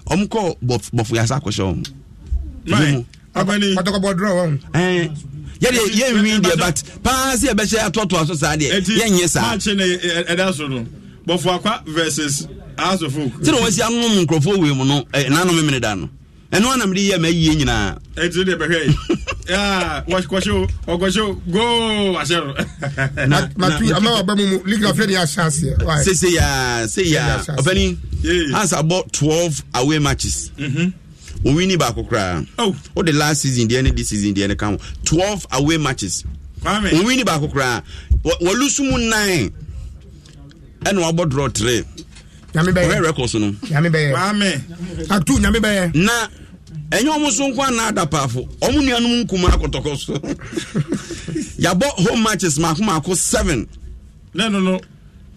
S7: ɔmo kɔ bɔfo yasa akɔhyɛ wɔn. ɔbɛni ɔtɔkɔ bɔ draw wɔn. yɛde yɛnwi deɛ but paa sɛ yɛbɛhyɛ atoatoa so saa deɛ
S1: yɛnyɛ saa bɔfoakwa versus asofo
S7: sɛ na wɔasi anom nkurɔfoɔ wei mu no nanom mene da no ɛno ana mede yɛ maayie nyinaa
S1: ɛtiri deɛ bɛhwɛ wɔkɔhyew ɔkɔhyew go ahyɛ no ama
S6: waba mu mu ligrafɛ ne ahyɛ aseɛ sɛsɛyaa sɛyaa ɔpani
S1: ansa
S7: bɔ twelve away matches mm -hmm win owini baako koraa oh. wode last season deɛ ne this season deɛ ne ka ho 12 away matches win owini baako koraa wɔlusu mu nan ɛna wabɔ draw three. tre ɔhɛ records no atu nyame bɛyɛ na ɛnyɛ ɔmo so nko ana adapaafo ɔmo nuanom nkuma akɔtɔkɔ so yɛabɔ home matches maako maako 7 ne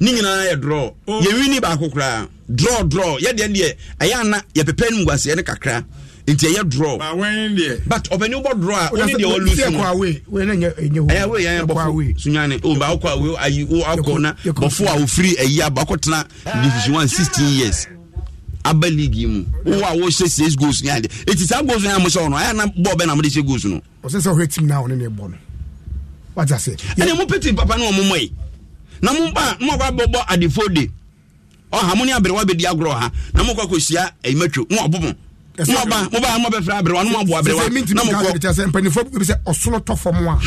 S7: nyinaa yɛ draw win oh. yɛwini baako koraa draw draw yɛ deɛ deɛ ɛyɛ ana yɛ pɛpɛ no nguaseɛ no kakra nti ɛyɛ draw but ɔpɛni wobɔ draw a wone deɛ eh,
S6: wɔlusu noɛyɛ bɔfo
S7: sunyane ba wokɔ awe ayi o akɔ na bɔfo a wofiri ayi aba akɔtena division ah, 1 16 years aba league yi mu oh, wo a wohyɛ six goals ne adeɛ ɛti saa goals no a no ɛyɛ na bɔɔ bɛ e. na mode hyɛ goals
S6: no ɔsɛ sɛ wohwɛ tim no a wone ne bɔ no wata sɛ ɛne mopɛti papa ne ɔmomɔe
S7: na momba na mɔba bɔbɔ adefoɔ de ɔha mo ne aberewa bɛdi agorɔ ha na mokɔ kɔhyia ayimatwo mo ɔbomo moba moba mo bɛfrɛ aberewa no moaboa aberewa na mokɔ
S6: mpanimfoɔ bi sɛ ɔsoro tɔ fam a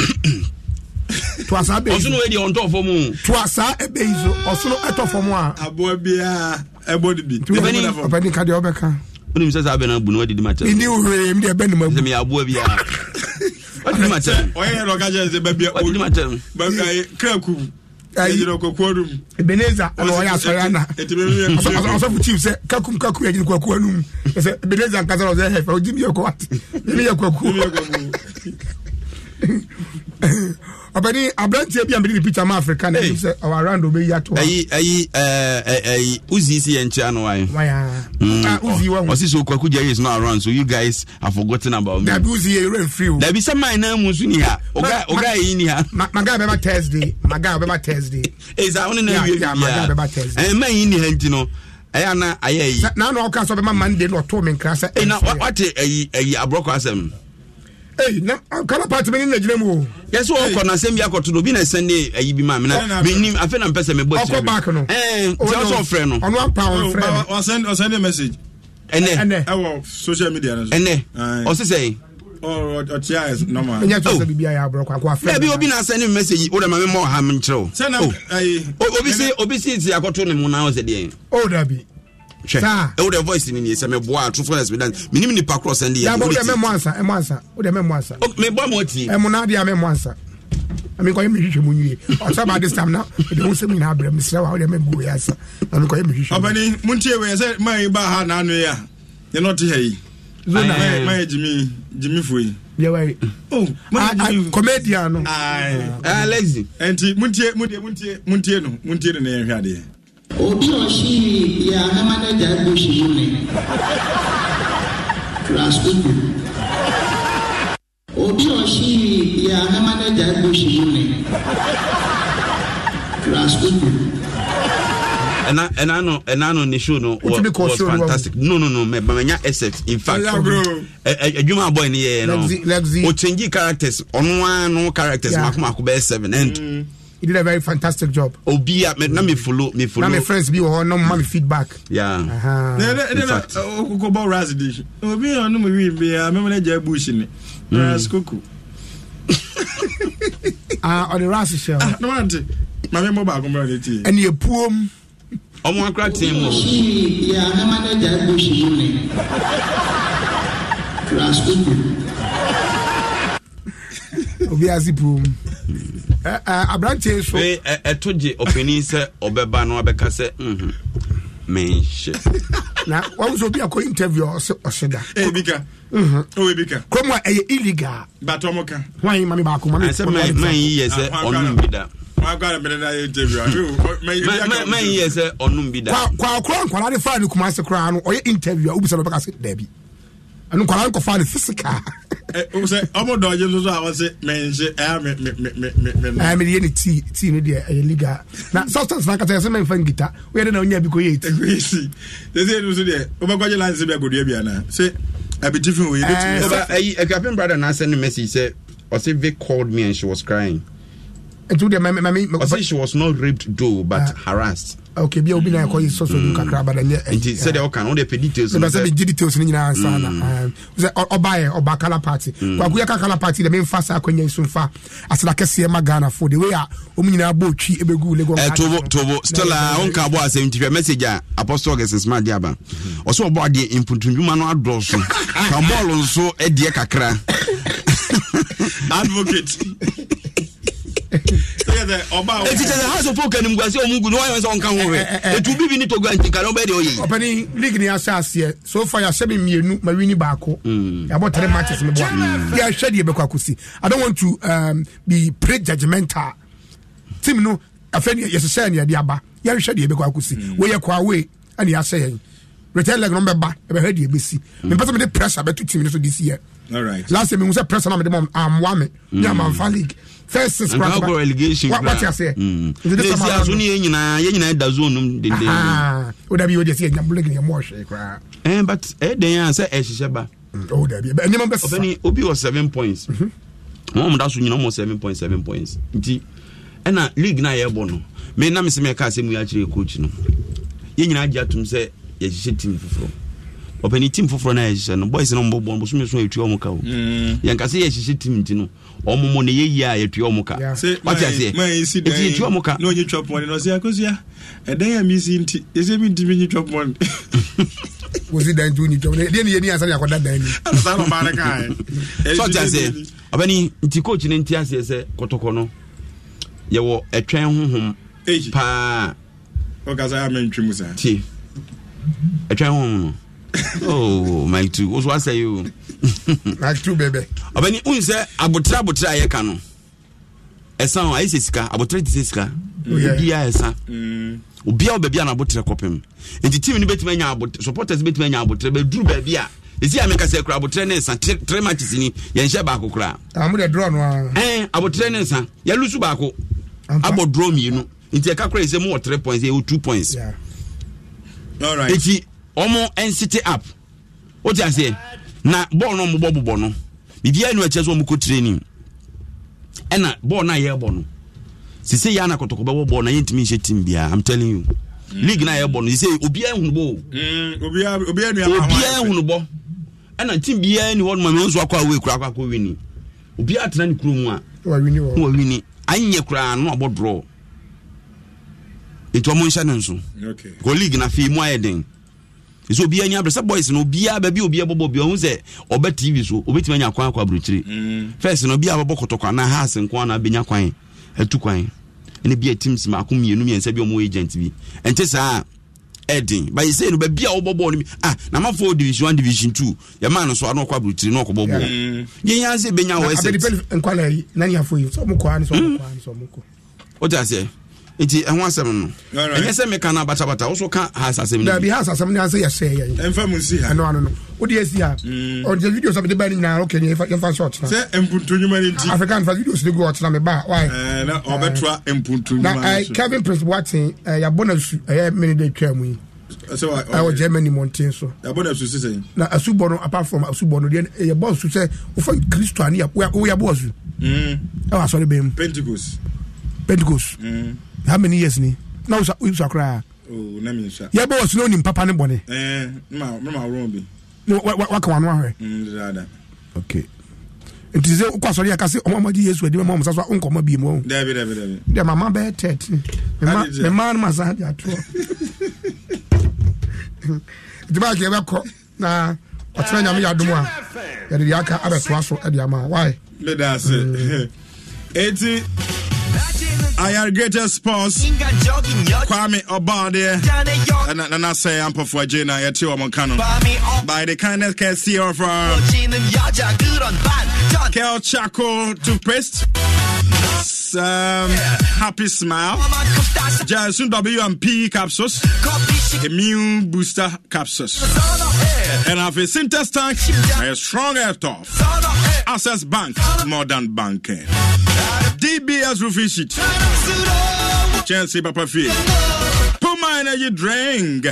S6: toasa bɛ yi ɔsoro yɛ deɛ ɔntɔ fam o toasa ɛbɛ yi so ɔsoro ɛtɔ fam a aboa biara ɛbɔ de bi ɔpɛni ɔpɛni kadeɛ ɔbɛka
S7: wonim sɛ saa bɛ na bu no wadidi ma kyɛ mini wuree mi deɛ ɛbɛ ne ma bu ɔyɛ yɛ ɔka kyɛ
S6: ɛyina kɔkɔɔ no mu ebeneza ɔna ɔyɛ asɔre ana ɔsɔfo chief sɛ kakum kakum yɛgyina kɔkɔɔ no mu sɛ ebeneza nkasa ɔsɛ hɛfɛ ɔgye mi yɛ ọbẹni abiranteɛ bi a mi di ni picture ma afirika na ebi sɛ ɔwɔ around o bɛ yi ato wa. ayi
S7: ayi ɛɛ ɛyi uzi si yɛn nkyɛn ano wa ye. waya mm. ah uzi wa hun. ɔsi so kwaku jerry is not around so you guys have forgotten about me. dabi uzi
S6: ye rain free o. dabi sɛ maa nan mu nso ni ha oga oga yi ni ha. maga bɛ ba thursday maga bɛ ba thursday.
S7: eza awo ni na wiye wiye ya ɛn mɛ yi ni ha nti no ɛyɛ ana ayɛ yi. na
S6: na ɔka sɔ bɛ ma mande na ɔtɔ mi nkira sɛ. ɛna
S7: wate ɛyi ɛyi aburɔkɔ asɛm. Hey, na ankara party mi ni Nigeria mu o. Yẹsi wọ́n kọ̀ n'asẹ́m bi akọ̀tọ̀ do obi na ẹsẹ̀ ndé ẹ̀yí bi maa mi na mi ni
S1: afẹ́ na mpẹ́sẹ̀ mi bọ̀ ẹ̀sẹ̀ mi. Ọkọ baako no. Ẹ̀ẹ́n tí wọ́n sọ fẹ́ no. Ọ̀nà apá wọn fẹ́ no. Ọ̀sẹ̀ ọ̀sẹ̀ ndé message. Ẹnẹ. Ẹwọ social media náà. Ẹnẹ. Ọ̀sísẹ̀ yìí. Ọ̀tíya ẹ̀ nọ́mà.
S7: Ẹ ǹyẹ́ tí ọ̀sẹ̀
S6: bíbí ayé àbúrò kọ́ afẹ́. Bẹ́ẹ̀ bí obi na sẹ́ni mẹ́sẹ̀gì o dẹ̀ ma mi oh. mọ o.
S7: Obi si obi si ti akọ́tọ̀ ni mu náà ọ̀sẹ̀ díẹ̀. O dàbí hwɛ ɛwɔ dɛ voice ni nin ye sɛ mɛ bɔ a true friends mi dan mi ni mi ni cross sɛn de yɛ o de ti. yabu o de mɛ mu
S6: ansa ɛ mu ansa o de mɛ mu ansa. mɛ bɔ mɔ ti. ɛ mun n'a di yan mɛ mu ansa ami kɔ ye mi hwehwɛ mu nwie ɔsaba de sam na ɛde wo sɛm nyinaa brɛ mesrɛ wa wode mabu wei asa ami kɔ ye mi hwehwɛ ɔpani montie wei sɛ ma yi ba ha
S1: na ano yi a ne no ɔte ha yi
S6: ma yɛ
S1: gyimi gyimi fo yi yɛwai oh, comedian no ah, lazy ɛnti montie montie montie montie no montie no na yɛhwɛ adeɛ obi ɔhyi yɛ ahama no agya bush mu
S3: ne rastuku obi ɔhyi yɛ ahama no agya bush mu ne rastuku
S7: ɛna ɛna no ɛna no ne show no was, was fantastic no no no mɛ manya except in fact adwuma abɔ ne yɛ no o change characters ɔno ara no characters mako mako bɛyɛ seven and.
S6: Mm he did a very fantastic job. Obi, oh, me, na me follow, me follow. Na me friends be wɔ hɔ, na mo feedback. Yeah. Uh-huh. Na na na
S1: koko bɔ ras di. Obi yɛ ah, ɔno mo wi bi a, ah, mɛmɛ na gya bush ni.
S6: Hmm. Ras koko. Ah, ɔde ras hyɛ. Ah, na wante. Maame mo baako mɛ ɔde tie. Ɛni epuom. Ɔmo akora tie mu. Bi a, mɛmɛ na gya bush mu ni. Ras koko obi ase pum aberanteɛ so ɛto
S7: gye ɔpanin sɛ ɔbɛba no abɛka sɛ menhyɛ
S6: na wawo sɛ obi akɔ interview ɔsɛ ɔhyɛ da kurom a ɛyɛ illegal hwan mame baako mameyiyɛ sɛ ɔnom bi da mayiyɛ sɛ
S1: ɔnom bi
S7: da kwaakora
S6: nkwala de faa ne kuma ase koraa no ɔyɛ interview a wobisa no bɛka sɛ daabi ɛnu nkɔla nkɔfa ne fisika. sɛ ɔmu
S1: dɔn soso a wɔsi mɛ n se ɛya mi mi mi mi mi mi. ɛya mi de yɛ
S6: ni tii tii ni deɛ ɛyɛ liga na substance n'akata yɛ sɛ mɛ n fɛn gita o yɛrɛ na o nya bi ko yɛ eti. ɛkò si
S1: sese yɛ nusu deɛ
S7: o bɛ kɔjɛ lansi bɛ gòdìyɛ bi ana se abiti fi wo yɛ. ɛɛ ɛyi ɛkapin brada n'asɛn ni message sɛ ɔsi vic called me and she was crying ɛtu she was not raped though but uh, harassed.
S6: okay bi a obi na ɛkɔ yi soso dun kakra but ɛnyɛ. nti sɛdeɛ ɔka no de pe details. ne ba sɛ mi di details ni nyinaa nsa mm. na sɛ ɔba yɛ ɔba kala party mm. kwaku yɛ ka kala party dɛ mi nfa sa akɔnya nso nfa asena kɛseɛ ma ghana fo de wei a ɔmu nyinaa bɔ otwi ebegu lagos. ɛ eh, tobo tobo stella uh,
S7: nka bɔ asɛm ti hwɛ message a apostol gɛsɛn sima di aba ɔsɛ ɔbɔ adeɛ mpuntundwuma no adɔɔso ka bɔɔlo nso ɛdeɛ kakra advocate
S1: eti
S8: sɛ sɛ
S7: house of
S6: folk anim guase ɔmu gu no wayɛ sɛ ɔnka ho rɛ ɛtu bibi ne tɔgu antinka no wobɛdeɛ ɔyɛ ɔpani league ne asɛ aseɛ so far yɛahyɛ me mmienu ma wini baako hmm. yɛabɔ tɛre matches no boa yɛahwɛ deɛ bɛkɔ akɔsi i don't want to um, be pre judgmental team no afei yɛhyehyɛ ne yɛde aba yɛhwehwɛ deɛ bɛkɔ akɔsi wɔyɛ kɔ away ɛne yɛahyɛ yɛn retail leg no bɛba ɛbɛhwɛ deɛ bɛsi hmm. mepɛ sɛ mede pressure be bɛto team no so this year last year mehu sɛ pressure no mede ma ammoa eh. me ne hmm. amamfa league first six rounds wa wa ti aseɛ nti de sama ano ah, yɛn
S7: nyinaa yɛn nyinaa da zone nom dende
S6: o dabi o de si yɛ nyambo league yɛ mɔ ɔhwɛ koraa
S7: ɛn but ɛyɛ eh, den yan sɛ ɛhyehyɛ ba hmm,
S6: o dabi ɛbɛ ɛnima bɛ sisan ɔbɛni
S7: obi wɔ seven points wɔn mhm. mo da so nyina wɔn seven point seven points nti ena eh, league na yɛ bɔ no mɛ nam sɛ mɛ kaa sɛ mu yɛ akyerɛ coach no yɛn nyinaa gye atum sɛ yɛhyehyɛ team foforɔ ɔpɛni team foforɔ na yɛhyehyɛ no boys no mbɔbɔ bosome so yɛtua ɔmo ka o mm. yɛnka sɛ yɛhyehyɛ team nti no ɔmo mo ne yɛyi a yɛtua ɔmo ka wate aseɛ ɛti yɛtua ɔmo
S1: ka na ɔnye twa pɔn no ɔsɛ akosua ɛdan a misi nti ɛsɛ mi ntimi nye twa pɔn
S6: wosi dan ti o ni twa pɔn deɛ ni yɛ ni asan yɛ akɔda dan ni. asan ɔba ne ka yɛ. sɔɔti
S1: aseɛ
S7: ɔpɛni nti coach ne nti aseɛ sɛ kɔtɔkɔ no yɛwɔ ɛtwɛn honhom paa. ɔkasa yɛ amɛntwi mu saa atwa ho no oh my two woso asɛ yi o. my two bɛbɛ. ɔbɛni n sɛ abotire abotire a yɛ ka no ɛsan o ayi sɛ sika abotire ti sɛ sika oh, obi a ɛsan mm. obi a ɔbɛbi a na abotire kɔpem nti tiimu ni bɛtumi anya supporters bɛtumi anya abotire bɛduru baabi a esi ame kasa kura abotire ne nsa three matches ni yɛn hyɛ baako kura.
S6: amu de draw no a. ɛn eh,
S7: abotire ne nsa yɛlusu baako
S6: abɔ draw mienu
S7: nti ɛka kura yi sɛ mu wɔ three points yɛ wɔ two points. Yeah. eti ɔmo nsete app wote na bɔɔl no ɔmo bɔ bobɔ no biribiara nu akyerɛ sɛ ɔmo kɔ training ɛna bɔɔl no a yɛrebɔ no sise yɛ ana kɔtɔkɔ bɔɔl na yɛntumi nhyɛ team biara i'm telling you mm. na yɛrebɔ no sise obiara ehunu bɔ o obiara bɔ ɛna ni tena ne a abɔ draw. nti ɔmo nhyɛ ne nso colleague na afei mu ayɛ den ɛsɛ obi anya abere sɛ boys no obiara baabi obi ɛbɔbɔ bi ɔmo sɛ ɔbɛ tv so obetumi anya kwan akɔ aburokyire mm. first no obi a ɔbɛbɔ kɔtɔkwa na ha ase nko ana abenya kwan ɛtu kwan ɛna bi a team si mako mmienu mmiɛnsa bi ɔmo agent bi ɛnte saa ɛden bayi sɛ no baabi a wɔbɔ bɔɔl no bi ah na ma fɔ division one division two yɛ maa no so ano kɔ aburokyire na ɔkɔ bɔ bɔɔl
S6: mm. yɛn yɛn ase benya wɔ ɛsɛ. abedipɛli nkwalɛ yi nani afɔ yi sɔmu kɔ ani sɔmu kɔ ani sɔmu
S7: o ti a nti ɛho asɛm no ɛnyɛ sɛ meka no abatabata woso ka has asɛm dabi has
S6: asɛm ne asɛ yɛhyɛ yɛmfa mu nsi ha ɛno ah, ano no wode asi ha ɔde video sɛ mede ba no nyinaa wokɛ yɛmfa sɛ ɔtena sɛ mpuntonwuma no nti african fa videos ne gu ɔtena me ba eh, na ɔbɛtoa
S1: eh, mpuntonwuma eh, kevin
S6: prince boaten yɛabɔ no su ɛyɛ mene da twa mu yi ɛwɔ germany mɔnten so na asubɔ no apart from asubɔ no deɛ yɛbɔ asu sɛ wofa kristo ane woyɛbɔ asu ɛwɔ mm. asɔre bɛn mu pentecost pentecost mm. how many years ni na wusa wusa koraa yɛ bɔ wɔsi n'onim papa ne bɔnɛ.
S1: papa n ma n ma wɔrɔn bi.
S6: ne wa wa ka wɔn ano ahwɛ. n
S1: dira da. ok
S6: nti sɛ kɔ asɔre yɛ kasi ọmọ ɔmɔdi yesu adi mɛ ɔmɔ sasɔ nkɔmɔ bi mu.
S1: dɛbi
S6: mama maa ma di ato. kọ na adumu a aka so e, ama eti. I greatest sports.
S1: Kwame Obade. And, and I say I'm for Jane. I too am on canon. By the kindness can see of uh, Kel Chaco to Paste. Um, happy smile. Jason WMP capsules. Immune booster capsules. Eh. And I've a Syntest tank. A strong air tough. Eh. Access bank. More than banking. TBS roofing sheet. Chelsea Papa Fee. Puma energy drink.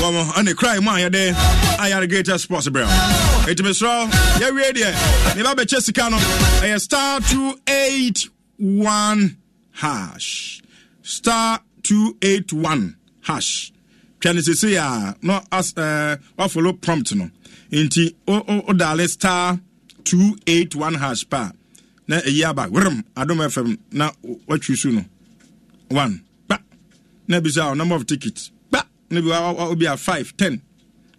S1: Wɔn ɛna kura mu a yɛde ayarigator sports brɛ ɛtumisoro yɛwie deɛ ne ba bɛkyɛ sika no ɛyɛ star two eight one hash star two eight one hash Can ne see a no as ɛɛ uh, follow prompt no nti o oh, o oh, o oh, daale star two eight one hash pa na ɛyi aba werem adom fm na watwi so no one gba na bi so a number of tickets gba na bi obi a five ten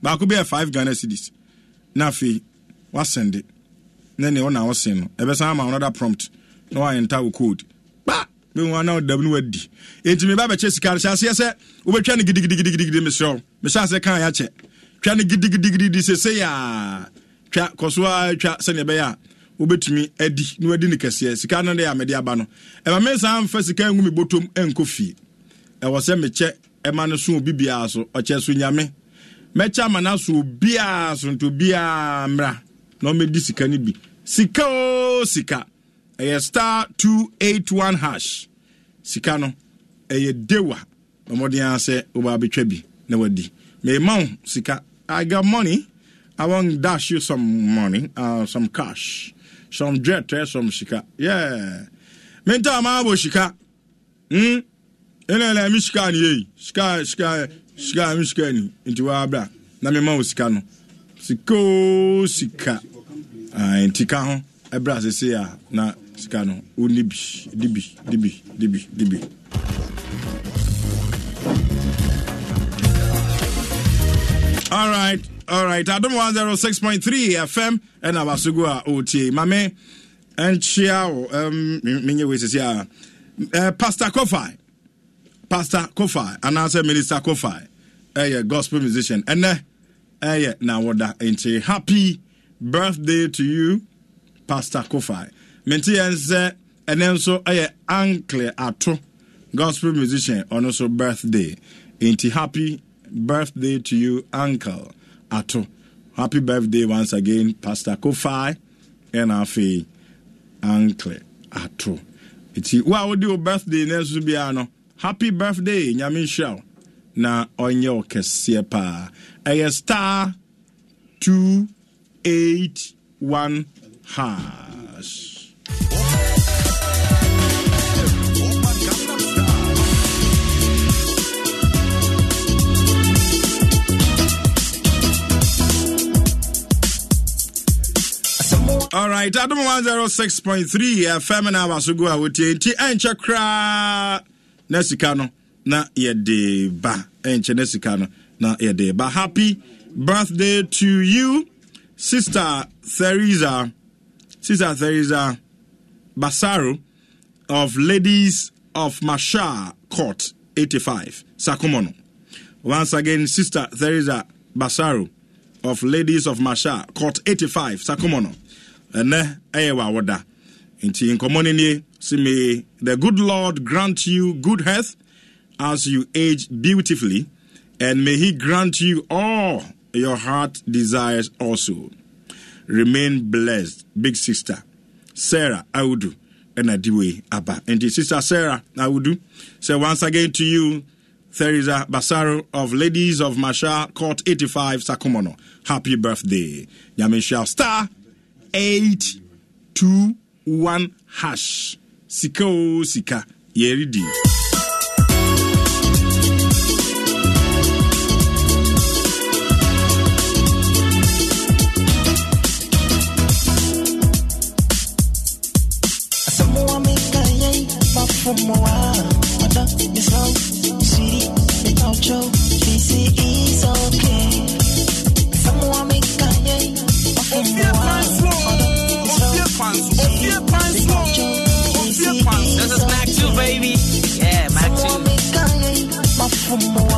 S1: baako bi a five ghana cities na afei wasɛnde na ne ɔna wɔsen no ɛbɛsan ama another prompt na wayɛ enter wo code gba bɛhu ana ɔdam no wadi enti meba bɛkyɛ sika no hyɛ aseɛ sɛ wobɛtwa no gidigidigidigidi meserɛ wo mehyɛ aseɛ kaa yɛakyɛ twa no gidigidigidi sesei a twa kɔ so a twa sɛneɛ ɛbɛyɛ a wobɛtumi adi na wadi ne kɛseɛ sika no deɛ a mede aba no ɛma me saa mfa sika ngu me bɔtom nkɔ fie ɛwɔ sɛ mekyɛ ɛma no so obi so ɔkyɛ so nyame mɛkyɛ ama no so obiara so nto obiara mmra na ɔmɛdi sika no bi sika o sika ɛyɛ star 281 hash sika no ɛyɛ dewa na mmɔden ara sɛ wobaa bɛtwa bi na wadi mema wo sika i got money i want dash you some money uh, some cash some jet some shika, yeah menta ama abo sika hmm ina na mi shika ni yi shika shika sika mi shika ni nti wa abra na me ma shika no sika shika. sika ah nti ka ho ebra sese a na sika no o ni bi dibi dibi dibi dibi all right all right Adam 106.3 fm ɛna wasogo a ɔtie mame and Chiao. Um, menyɛ wei sisi a uh, pastor kofi pastor kofi anaasɛ minister kofi eh, a gospel musician And ɛnɛ ɛyɛ nawoda nti happy birthday to you pastor kofi mente and and ɛnɛ nso ɛyɛ eh, ankle ato gospel musician ɔno also birthday nti happy birthday to you uncle ato happy birthday once again pastor kofi and afei ankle ato nti wo a wode wo birthday na happy birthday nyame na ɔnyɛ wo kɛseɛ paa star 281 ha all right adom 106.3 fm na aba so go a wotie na sika no na ba ɛnkyɛ na sika no na ba happy birthday to you sister theresa sister theresa basaro of ladies of masha court 85 sakumono once again sister theresa basaro of ladies of masha court 85 sakumono ɛnɛ ɛyɛ w'awoda nti nkɔmmɔ no nie May the good lord grant you good health as you age beautifully and may he grant you all your heart desires also remain blessed big sister sarah awudu ɛna diwe aba nti sister sarah awudu so once again to you Theresa Basaro of Ladies of Masha Court 85 Sakumono. Happy birthday. Yamisha Star 821 hash. Sika o sika. Yeridi.
S5: From a while, I thought you so, see, they all for more.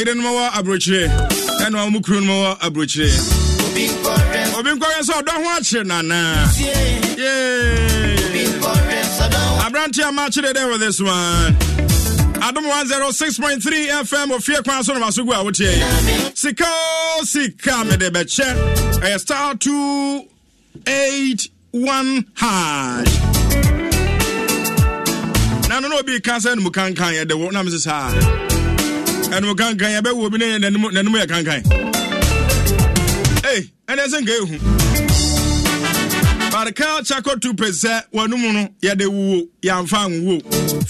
S1: amagede no ma wɔ aburokyire ɛna ɔmo kuro no aburokyire obi nkɔrɛ sɛ ɔdɔ ho akyere nana aberante a maakyere dɛ wɔ this one adom 106.3 fm ofie kwan so nomaso gu a woteɛ sika sika mede bɛkyɛ ɛyɛ star 281 hash na no na obi ka sɛ nomu yɛde wo na mese saa ɛnum kankan yɛ bɛ wo bi ne nanum nanum yɛ kankan ee ɛnɛ sɛ nka ehu barika chako toothpaste sɛ wɔnum no yɛde wuwo yɛnfa nwuwo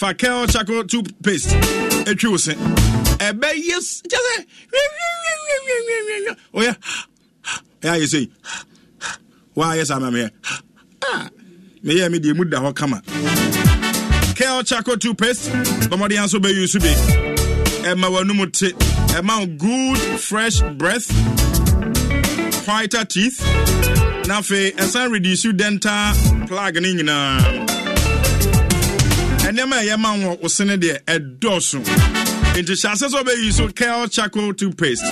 S1: fakel chako toothpaste etwi wosɛ
S8: ɛbɛ yɛ kyɛsɛ
S1: oyɛ ɛyɛ ayɛ sɛ yi wɔn ayɛ sɛ amamiyɛ meyɛ mi deɛ mu da hɔ kama kel chako toothpaste bɔmɔden nso bɛ yi so bi ɛma w'anum te ɛma wo good fresh breath whiter teeth e na afei ɛsan reduce dental plug ne nyinaa ɛnneɛma a ɛyɛ ma wɔ wo sene deɛ ɛdɔɔso nti hyɛ ase sɛ wobɛyi so cal chaco toothpaste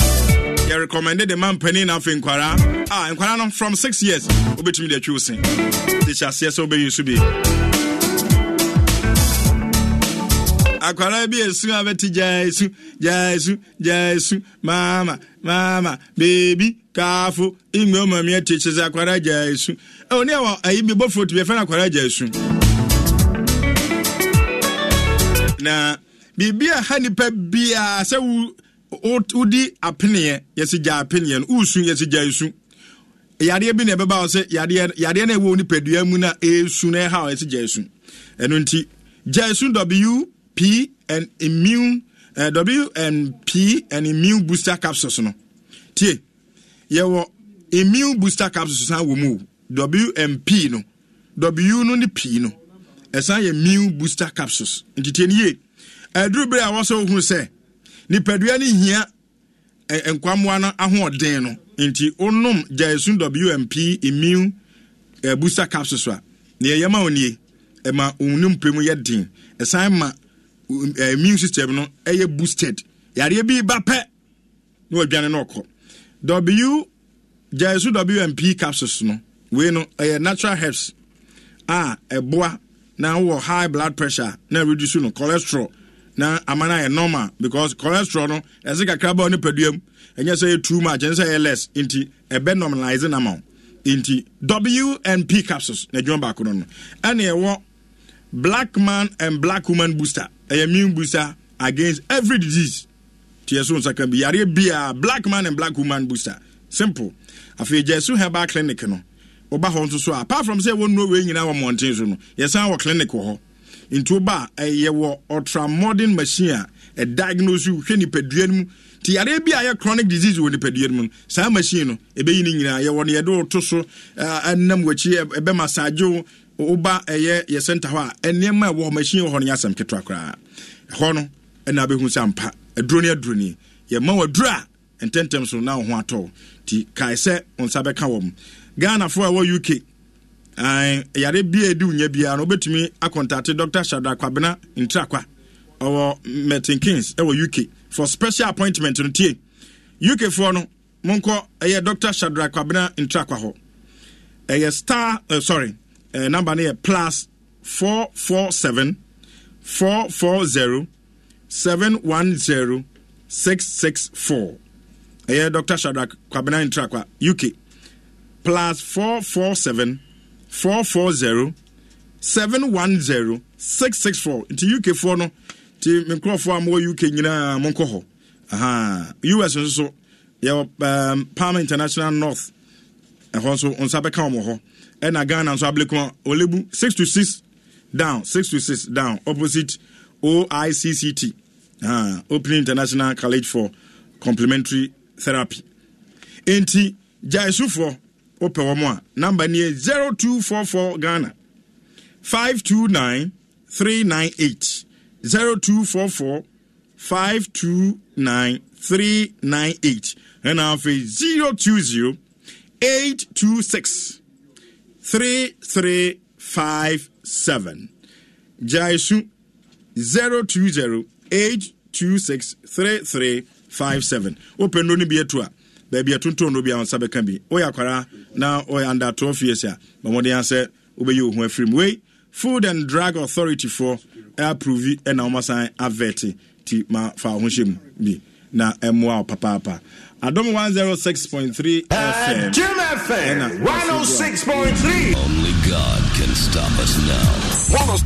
S1: yɛ recommend de ma mpanin na afei nkwara a ah, no from six years wobɛtumi de atwi wo se nti hyɛ aseɛ sɛ wobɛyi so bi akwara bi esu abɛti gyaa esu gyaa esu Mama esu maama maama beebi kaafo ingwe omami ati kyesɛ akwara gyaa esu ɛwɔ ne ɛwɔ ayi bi bɔ foto bi akwara gyaa na biribi a ha nipa biara sɛ wo wodi apeneɛ yɛsi gyaa apeneɛ no wusu yɛsi gyaa esu yadeɛ bi na ɛbɛba wɔ sɛ yadeɛ yadeɛ na ɛwɔ nipadua mu na esu na ɛha yɛsi gyaa esu ɛnu nti gyaa esu w p and immune uh, w and p and immune booster capsules no tie yɛwɔ immune booster capsules san wɔ mu w and p no w no ne p no ɛsan yɛ immune booster capsules nti tie ne yie aduru bere a wɔsɛ ohun sɛ nipadua ne hia eh, nkwamoa no ahoɔden no nti onom gyaesu wmp immune eh, booster capsules a ne yɛyɛ ma onie ɛma ohun ne mpɛ mu yɛ den ɛsan ma. Eh, immune system no ɛyɛ boosted yareɛ bi ba pɛ na wadwane no ɔkɔ w gyaeso wmp capsules no wei no ɛyɛ natural herbs a ɛboa na wowɔ high blood pressure na reduce no cholesterol na ama no normal because cholesterol no ɛsɛ kakra ba wo nipaduam ɛnyɛ sɛ yɛ too much ɛnyɛ sɛ yɛ less nti ɛbɛ normalise no ama wo nti wmp capsules na adwuma baako no no ɛne ɛwɔ black man and black woman booster ɛyɛ mean booster against every disease tiɛ so nsaka bi yareɛ bia black man and black woman booster simple afei gya so herbal clinic no woba hɔ nso so a apart from sɛ wɔnnuro wei nyinaa wɔ mmɔnten so no yɛsan wɔ clinic wɔ hɔ nti woba a ultra modern machine a ɛdiagnose hwɛ nipadua no mu nti yareɛ bi a yɛ chronic disease wɔ nipadua no mu saa machine no ɛbɛyi no nyinaa yɛwɔ no yɛde wo to so ɛnam wakyi ɛbɛma saagye wo woba ɛyɛ yɛ center hɔ a nneɛma ɛwɔ hɔ machine wɔ hɔ no yɛ asɛm ketewa koraa ɛhɔ no ɛna abɛhu sɛ ampa aduro ne aduro ni yɛma wɔ aduro a ntɛntɛm so na wo ho atɔ nti kae sɛ wo nsa bɛka wɔ m ghanafoɔ a ɛwɔ uk yare bia ɛdi wonya biara no wobɛtumi akɔntate dr shadra kwabena ntrakwa ɔwɔ mertin kings ɛwɔ uk for special appointment no tie uk no monkɔ ɛyɛ dr shadra kwabena ntrakwa hɔ ɛyɛ star uh, sorry uh, number no yɛ plus 447 440 710 664 ɛyɛ dr shadrack kwabena intrakwa uk plus 447 440 710 664 nti uk for no nti me nkurɔfoɔ a uk you know, hɔ aha us also. so um, palm international north ɛhɔ nso on. bɛka wɔn wɔ hɔ ɛna ghana nso ablekuma olebu six to six down six to six down opposite oicct uh, ah, opening international college for complementary therapy nti gyaesufoɔ wopɛ wɔ mo a namba four four ghana five five two two nine nine three eight zero four four 529 398 0244 529 398 ɛna afei two six. 3357 Jaisu 020 8263357 open no bi eto a baabi atonton no bi a nsa bɛka bi woyɛ akwara na woyɛ under 12 years a ma mmɔden a sɛ wobɛyɛ wo ho afiri mu wei food and drug authority foɔ approve ɛna wɔmasan avɛte nti ma fa wo ho hyɛ mu bi na ɛmmoa wo papaapa adom 106.3 fm jim fm 106.3 only god can stop us now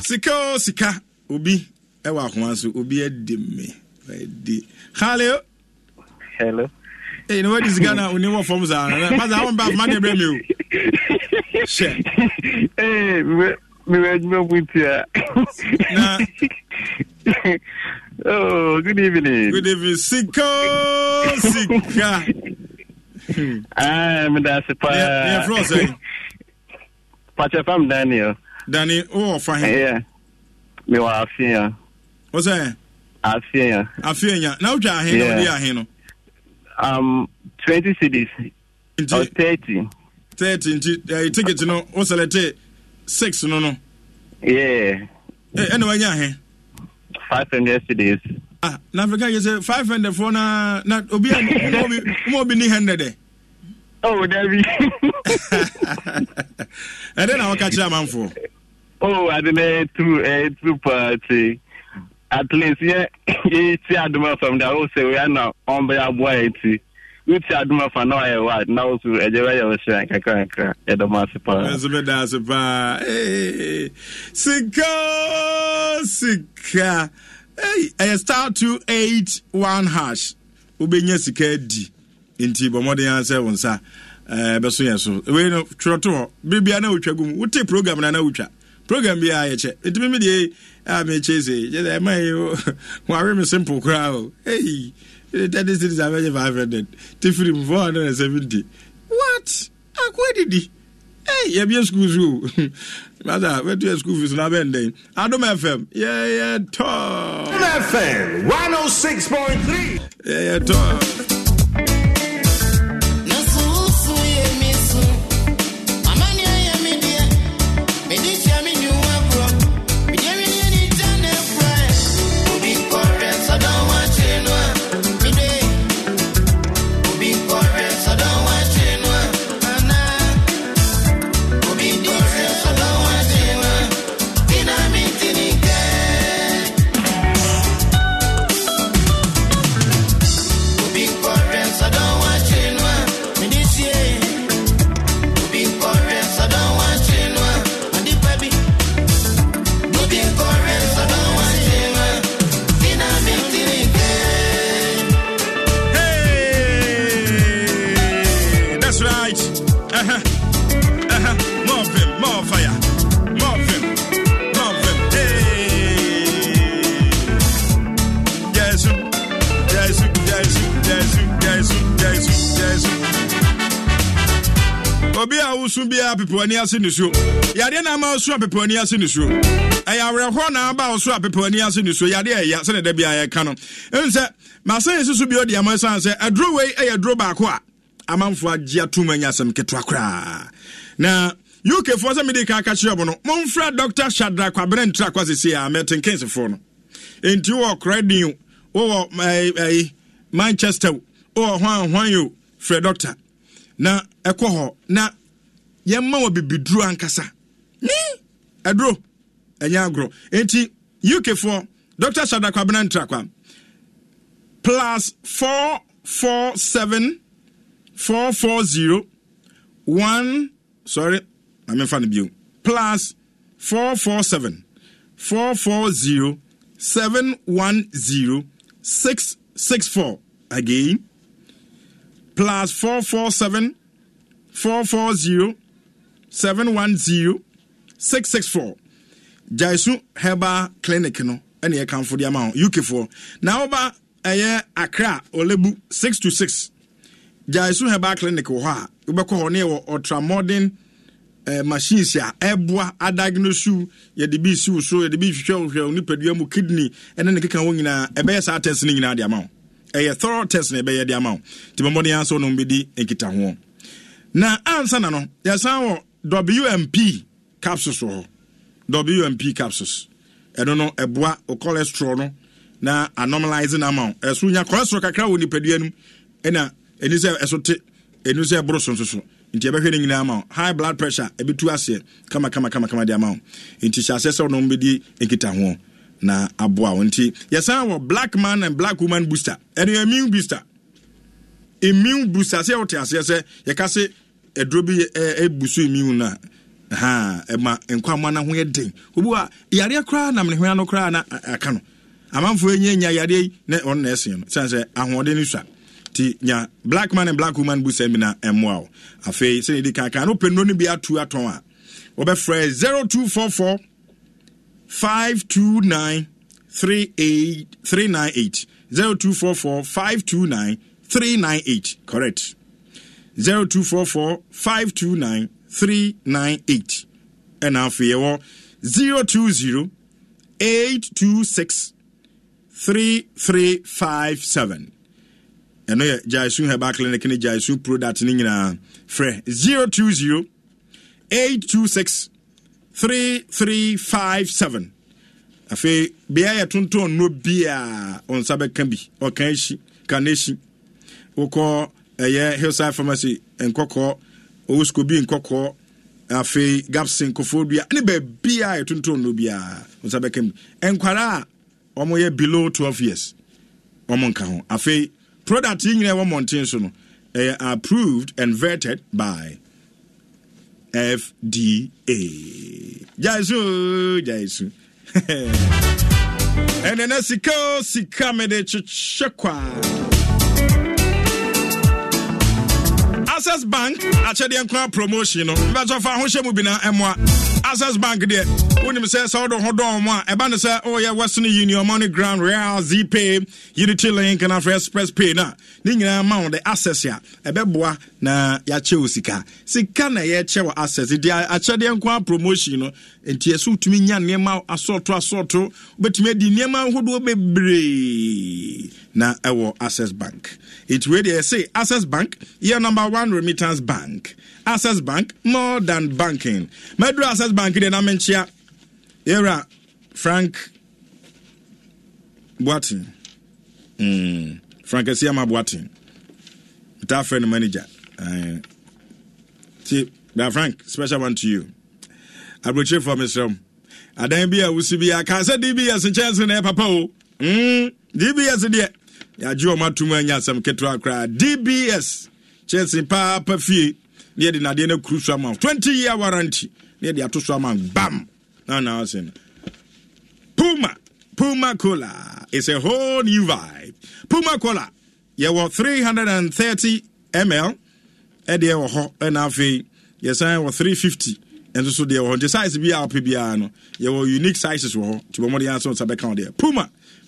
S1: sika sika Ubi. Ewa akoma Ubi obi adi me adi hello hello ee hey, na wadi sika na oni wɔ fam saa na masa awon ba afuma de ebire mi o hyɛ. ee mi wɛ adwuma
S3: oh, good evening. Good
S1: evening. Sika, Sika.
S3: I'm Dasi super. Yeah, from say. Pacha from Daniel.
S1: Daniel. oh, for him. Yeah. Me wa here. What's that?
S3: Afia.
S1: Afia. Now you are Yeah. You are here. Um, 20 cities. Inti, or 30. 30. Inti, take it you know, what's that? Six, no, no. Yeah. Hey, eh, anyway, you here five hundred cedis. ah n'afrika yẹ sẹ five hundred fọ na na obi a mo obi ni hundred ẹ. Eh? oh dabi. ẹdẹ na ọka kyerẹ amanfo. oh adinẹ true ẹ two eh, party eh. at least yẹ
S4: yẹ ti adumọ from the whole say we are na ọmọbìnrin abúlé ẹ ti wotu aduma fa na wayɛ wa na wo so agya wayɛ wo hyerɛn kakrankra yɛdɔ m ase paaɛso
S1: meda ase paa sika sika ɛyɛ star one hash wobɛnya sika adi nti bɔ mmɔden a wo nsa bɛso yɛ so wei no twerɛ to hɔ biribia na wotwa gu mu wote program na na wotwa program bi a yɛkyɛ ɛtumi me deɛ a mekyɛ sɛ ɛma yi ware me simple koraa o ei hey. thirty cities abɛnyɛ five hundred tifirim four hundred and seventy what akɔ ah, edidi ɛy yɛbie school so masa wɛtu yɛ school fees na bɛn dɛn adum fm yeah, tɔɔ adum fm one oh six point three yeah, tɔɔ. a wosu biara pepɛwani ase ne suo yadeɛ na ama wosu a pepɛwani ase ne suo ɛyɛ awerɛhoɔ na aba wosu a pepɛwani ase ne suo yadeɛ ɛya sɛdeɛ da biara yɛka no ɛhu sɛ maasɛn yɛ susu biara ama san sɛ aduro wei ɛyɛ aduro baako a amanfoɔ agye atum anya asɛm ketewa koraa na uk foɔ sɛ mede ka ka kyerɛ mo no momfra dr shadra kwabrɛ ntra kwa sesie a mɛten kensefoɔ no enti wowɔ kradin manchester o frɛ na ɛkɔ hɔ na yɛmma wɔ bibiduro ankasa ɛduro ɛnyɛ agorɔ nti uk foɔ dr shadrack abena ntrakwa plus four four seven four four zero one sorry i mean fan bio plus four four seven four four zero seven one zero six six four again plus four four seven four four zero 710 664 jaisu herbal clinic no ɛna yɛkamfo de ama ho uk foɔ na woba ɛyɛ accra olebu 6 to 6 jaisu herbal clinic wɔ hɔ a wobɛkɔ hɔ ne yɛwɔ ultramodern uh, machines a ɛboa adiagnose wo yɛde bi si wo so yɛde bi hwehwɛ wohwɛ wo nipadua mu kidney ɛne ne keka ho nyinaa ɛbɛyɛ saa test no nyinaa de ama wo ɛyɛ thorough test na ɛbɛyɛ de ama wo nti mɔmmɔden a sɛ wonom bɛdi nkitahoɔ na ansa na no yɛsan wɔ wmp capsules wɔ hɔ wmp capsules ɛno no ɛboa o cholesterol no na anomalize no ama wo ɛso nya cholesterol kakra wɔ nipadua no ɛna ɛni sɛ ɛso te ɛni sɛ ɛboro so nso so nti ɛbɛhwɛ no nyinaa ama wo high blood pressure ɛbɛtu aseɛ kama kama kama kama de ama wo nti hyɛ aseɛ sɛ wonom bɛdi nkitahoɔ na aboa wo nti yɛsan wɔ black man and black woman booster ɛne immune booster immune booster sɛ wote aseɛ sɛ yɛka se ɛduro bi ɛbu eh, so mi hu na ha ɛma nkwamma no ho yɛ den obi a yareɛ koraa nam ne hwea no koraa na aka no amanfoɔ ɛnya nya yareɛ yi na ɔno na ɛsen no sane sɛ ahoɔden no sua nti nya black man and black woman bu sɛ bi na ɛmmoa wo afei sɛne ɛdi kankan no pɛnuro no bi atu atɔn a wɔbɛfrɛ 0244 529 398 0244 529 398 correct 0244 529 398 ɛna afei yɛwɔ 020 826 3357 ɛno I gyaesu heba clinic ne gyaesu product no nyinaa frɛ 020 826 3357 afei bea yɛ tontɔn no bi a ɔnsa bɛka bi ɔka hyi ka no hyi wokɔ ɛyɛ hillside pharmacy nkɔkɔɔ owo school bi nkɔkɔɔ afei gapsin kofoɔ dua ne baabia a yɛtontɔn no biara nsa bɛka mu nkwara a wɔyɛ below twelve years wɔn nka ho afei product yi nyinaa ɛwɔ mmɔnten so no ɛyɛ approved and vetted by fda gyaisu gyaisu ɛnɛ na sika o sika mede kyekyɛ kwaa access bank akyɛdeɛ nkora promotion no mbɛtɔ fa ahohyɛ mu bi na ɛmoa access bank deɛ wonim sɛ sɛ wode ho dɔn mo a ɛba ne sɛ woyɛ western union money ground real zpay unity link na afrɛ express pay no ne nyinaa ma wo de access a ɛbɛboa na yɛakyɛ wo sika sika na yɛkyɛ wɔ access de akyɛdeɛ nko a promotion no nti ɛsɛ wotumi nya nneɛma asɔɔto asɔɔto wobɛtumi adi nneɛma ahodoɔ bebree na ɛwɔ access bank nti wei deɛ yɛse access bank yɛ number one remittance bank access bank more than banking maduro access bank deɛ na menkyea yɛwura frank boatin mm. frankasi amaboaten metaa frɛ friend manager eh. nti bra frank special one to you aburokyerefo mesrɛ m adan bi a wosi bi aka sɛ dbs nkyɛnse na ɛpapa o dbs deɛ yɛagye ɔma atom anya asɛm ketewa akra dbs chance paapa fie ne yɛde nadeɛ no akuru so 20 year warranty ne yɛde ato so ama bam na na ase puma puma cola is a whole new vibe puma cola yɛwɔ 330 ml ɛdeɛ wɔ hɔ ɛna afei yɛsan wɔ 350 nso so deɛ wɔ hɔ nti size bi a wopɛ biara no yɛwɔ unique sizes wɔ hɔ nti bɔ mmɔden asɛ nsa bɛka wo deɛ puma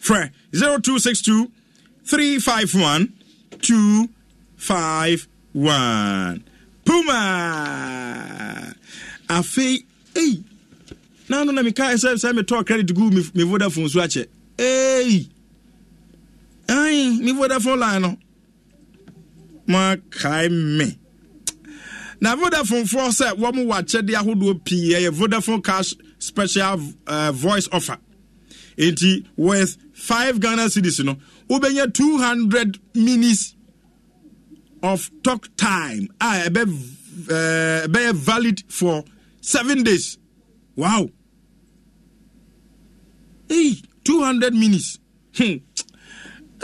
S1: frɛ 0262351251. 351 251 puma afei ei na mi ka meka sɛ mi metɔɔ credit gu me vodafone so akyɛ ei hey me Vodafone line no ma kae me na Vodafone foɔ sɛ wɔn mu wɔ akyɛde ahodoɔ pii ɛyɛ Vodafone cash special eh, voice offer eti worth five Ghana cedis no wobɛnya two hundred minutes of talk time a ɛbɛ ɛɛ ɛbɛyɛ valid for seven days wow. Hey, hundred minutes. Hmm.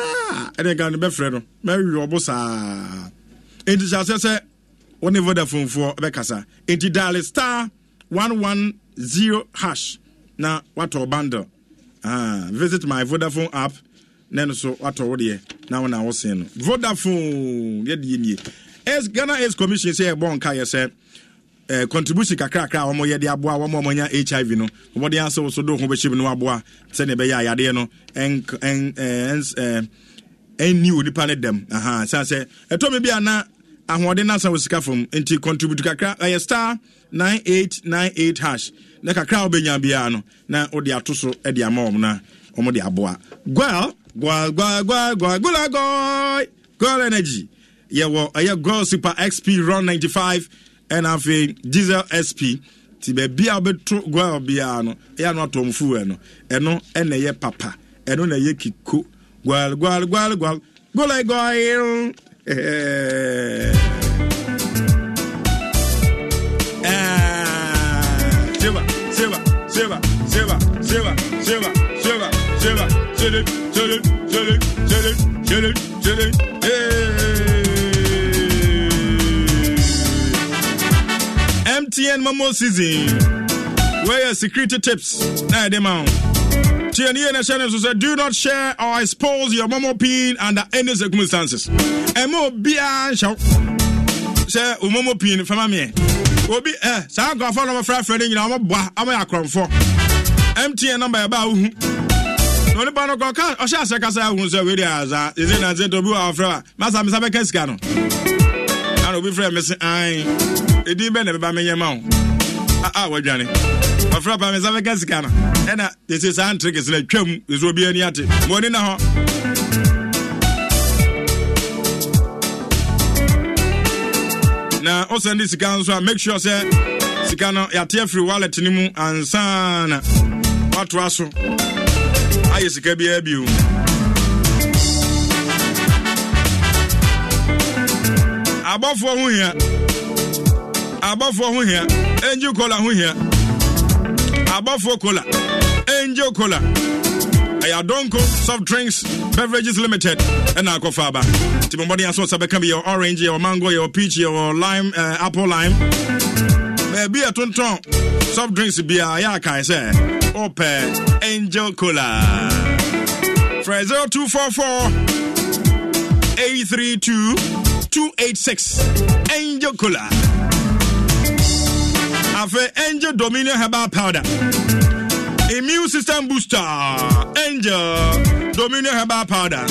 S1: Ah, ɛne ɛka no bɛfrɛ no mɛwe ɔbo saa enti hyɛ aseɛ sɛ wone vodafonefoɔ bɛkasa enti dale star zero hash na watɔ bundle ah, visit my vodafone app na no so watɔ wo deɛ na wona wo sen no vodafone yɛdeɛ nie ghana ace commission sɛ yɛbɔ nka yɛ sɛ eh, contribution kakrakra a wɔyɛ de aboa wɔn a wɔnya hiv no wɔde asɛ wɔ so do ho bɛhyɛ mu no aboa sɛdeɛ ɛbɛyɛ a no ɛn ɛn ɛn eh, ɛnni eh, onipa ne dɛm ahan san sɛ ɛtɔmi bi a ahoɔden na san wɔ sika fam nti contribute kakra ɛyɛ star nine eight nine eight hash na kakra a wɔbɛnya biara no na wɔde ato so ɛde ama wɔn na wɔn de aboa gwal gwal gwal gwal gwal gulagoy gwal energy yɛwɔ ɛyɛ gwal super xp run ninety five ɛna afei diesel sp ti baabi a wobɛto goil biara no ɛyɛ no atɔm fuwɛ no ɛno ɛna ɛyɛ papa ɛno na ɛyɛ kiko goil goil goil goil goil goil Silver, silver, silver, silver, silver, silver, silver, silver, silver, silver, silver, silver, silver, silver, silver, silver, MTN Momo season. Where your security tips? Nah, them out. TNE e National said, do not share or expose your Momo pin under any circumstances. Emo bia show say oh, Momo pin from me. Obi eh, saa nkɔfɔ na ɔmɔfra follow my friend Freddy you know I'm mtn nɔmba yɛba wohu na onipa no kɔ ka ɔhyɛ asɛ kasa ahu sɛ wei de asa ɛsɛ na sɛ dɔbi wɔ afra a masa mesa bɛka sika obi frɛ me se an ɛdin bɛ na ɛbɛba menyɛ ma wo a wadwane ɔfrɛ pa me sa mɛka sika no ɛna ɛsɛ saa ntere kɛse no atwam ɛsɛ obi ani ate ma ɔni na hɔ na wosan de sika nso a make sure sɛ sika no yɛate afiri wallet no mu ansana na woatoa so ayɛ sika biara bio abɔfoɔ ho hia abɔfoɔ ho hia Angel kola ho hia abɔfoɔ kola angel kola ɛyɛ adonko soft drinks beverages limited ɛna akɔfa aba nti mɔmmɔden aso sɛ bɛka bi yɛwɔ orange yɛwɔ mango yɛwɔ peach yɛwɔ lime uh, apple lime baabi eh, yɛ tontɔn soft drinks biara yɛ akae sɛ wopɛ angel cola frɛ 0244 832 286 Angel Cola. Afe Angel Dominion Herbal Powder. Immune System Booster. Angel Dominion Herbal Powder.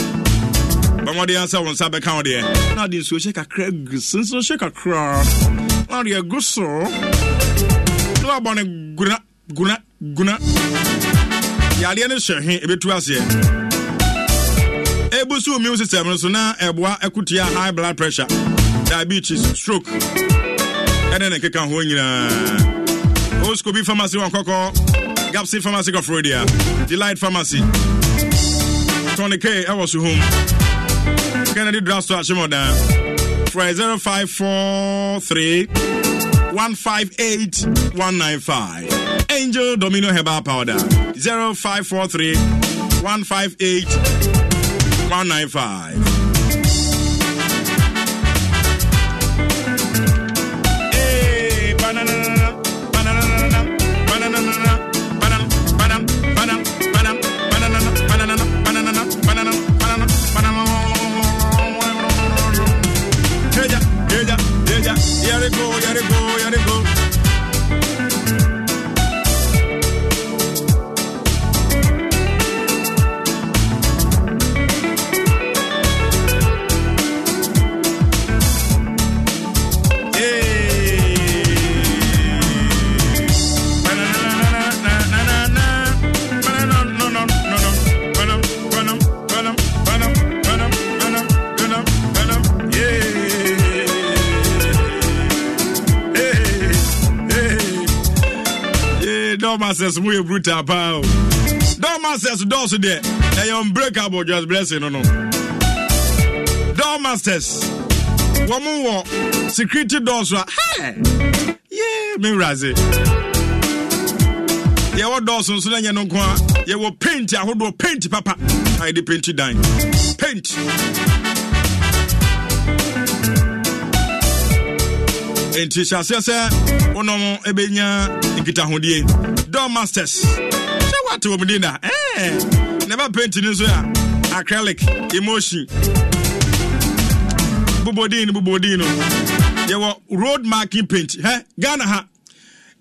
S1: bamɔde ansa wo nsa bɛka wo deɛ na ade nsuo hyɛ kakra gu nsuo hyɛ kakra na ade agu so na wabɔ ne guna guna guna yadeɛ no hyɛ he ɛbɛtu aseɛ boost your immune system no so na ɛboa ɛkotia high blood pressure diabetes stroke ɛne ne keka ho nyinaa oscobi pharmacy wankɔkɔ gapsi pharmacy kɔforodia delight pharmacy tony k ɛwɔ so hom kennedy drasto ahyemɔdaa fry 0543 158 195 angel domino herbal powder 0543 158 195. masters mu yɛ brutal paa o dɔw dɔɔso deɛ ɛyɛ unbreakable just blessing no no dɔw masters wɔn wɔ security dɔɔso a hɛɛ yee mi wura ase yɛwɔ dɔɔso nso na no nko a yɛwɔ paint ahodoɔ paint papa a yɛde paint dan paint. enti hyɛ aseɛ sɛ wonom ɛbɛnya nkitahodie dɔ masters hyɛ woate wɔ mdin da ne ba penti no nso a acrylic emotion bobodin no bobodin no yɛwɔ road marking paint hɛ ghana ha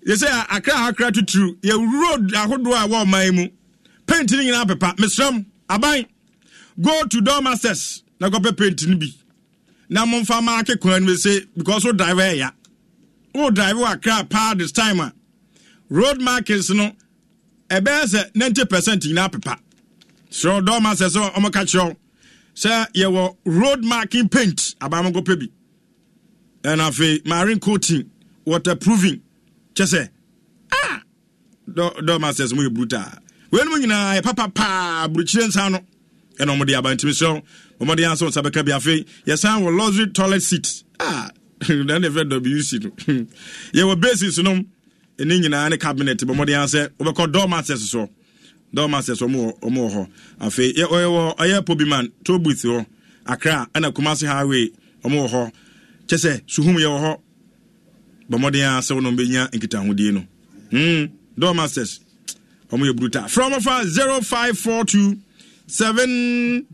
S1: yɛ sɛ akra ha akra tuturu yɛ road ahodoɔ a ɛwɔ ɔman mu paint no nyinaa pepa mesrɛm aban go to dormasters na kɔpɛ paint no bi na momfa maake kwan no bɛse because wo driver ɛya wo drive wakra paa this time a road markings no ɛbɛyɛ sɛ 90 percent nyinaa pepa sɛ dɔma sɛ sɛ ɔmɔka kyerɛ sɛ yɛwɔ road marking paint abamɔkɔ pɛ bi ɛna afei marine coating waterproofing kyɛ sɛ ah! dɔma sɛ sɛ moyɛ brutaa weinom nyinaa yɛ papa paa burukyire nsa no ɛna ɔmɔde abantimi sɛ ɔmɔde ansa wo nsa bɛka bi afei yɛsan wɔ luxury toilet seat ah na ne fɛ wc no yɛwɔ basis no ɛne nyinaa ne cabinet bɔ mmɔden sɛ wobɛkɔ dormases soɔ dormases ɔmwɔ hɔ afei yɛwɔ ɛyɛ pobiman tobooth hɔ akra ɛna kumase highway ɔmwɔ hɔ kyɛ sɛ suhum yɛwɔ hɔ bɔ mmɔden a sɛ wonom bɛnya nkitahodie no hmm, bruta from 0542 7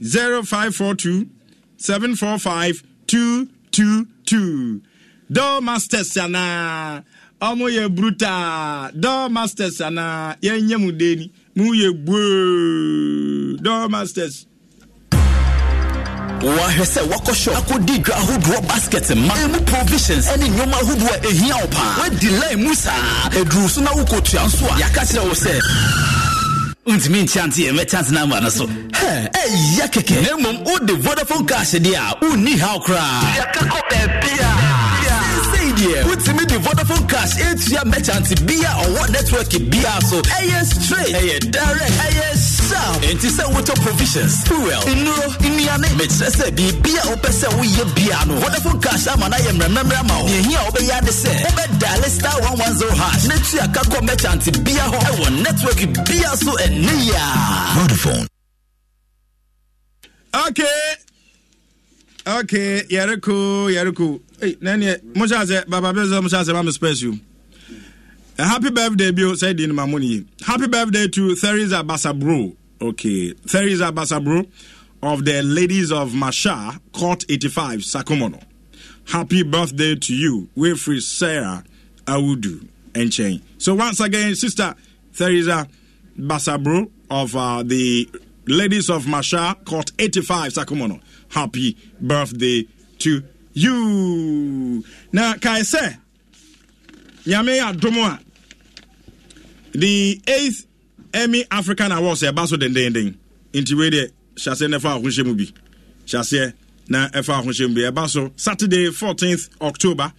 S1: 0542 745 222. Door Masters anaa ɔmo yɛ brutaa Door Masters anaa yɛn nyɛ mu deni gbuo Door Masters. wɔahwɛ sɛ wakɔ shop akɔdi dwa ahodoɔ basket ma ɛmu provisions ne
S10: nneɔma ahodoɔ a ɛhia wo paa woadi line mu saa aduru so na wokɔtua nso a yɛaka kyerɛ wo sɛ wontumi nkyanteɛ mɛkyante namba no so ɛya kɛkɛ na mmom wode vodafone cash deɛ a wonni haw koraa yɛkakɔ
S5: baabi a
S7: deɛ wotumi de vodafone cash etua merchant bi a ɔwɔ network bi a so ɛyɛ
S10: straight ɛyɛ direct
S5: ɛyɛ sharp
S10: nti sɛ wotɔ provisions fuel nnuro nnuane mekyerɛ sɛ biribi a wopɛ sɛ woyɛ bia no vodafone cash ama no ayɛ mmerɛmmerɛmmerɛ ama wo yɛhi a wobɛyɛ ade sɛ wobɛdaale star 110 hash na tua ka kɔ merchant bia hɔ ɛwɔ network bia so ɛne yɛ a vodafone
S1: okay okay yereko yereko hey nani mo sha se baba be so ma happy birthday bio say din ma mo ni happy birthday to Theresa Basabro okay Theresa Basabro of the ladies of Masha court 85 Sakomono happy birthday to you Wilfrey Sarah Awudu and Chain so once again sister Theresa Basabro of uh, the ladies of Masha court 85 Sakomono happy birthday to you. Na kae sɛ nyame adom a the eighth Emmy African Awards ɛba so dendenden nti wei deɛ hyɛaseɛ na ɛfa ahohyɛ mu bi hyɛaseɛ na ɛfa ahohyɛ mu bi ɛba so Saturday 14th October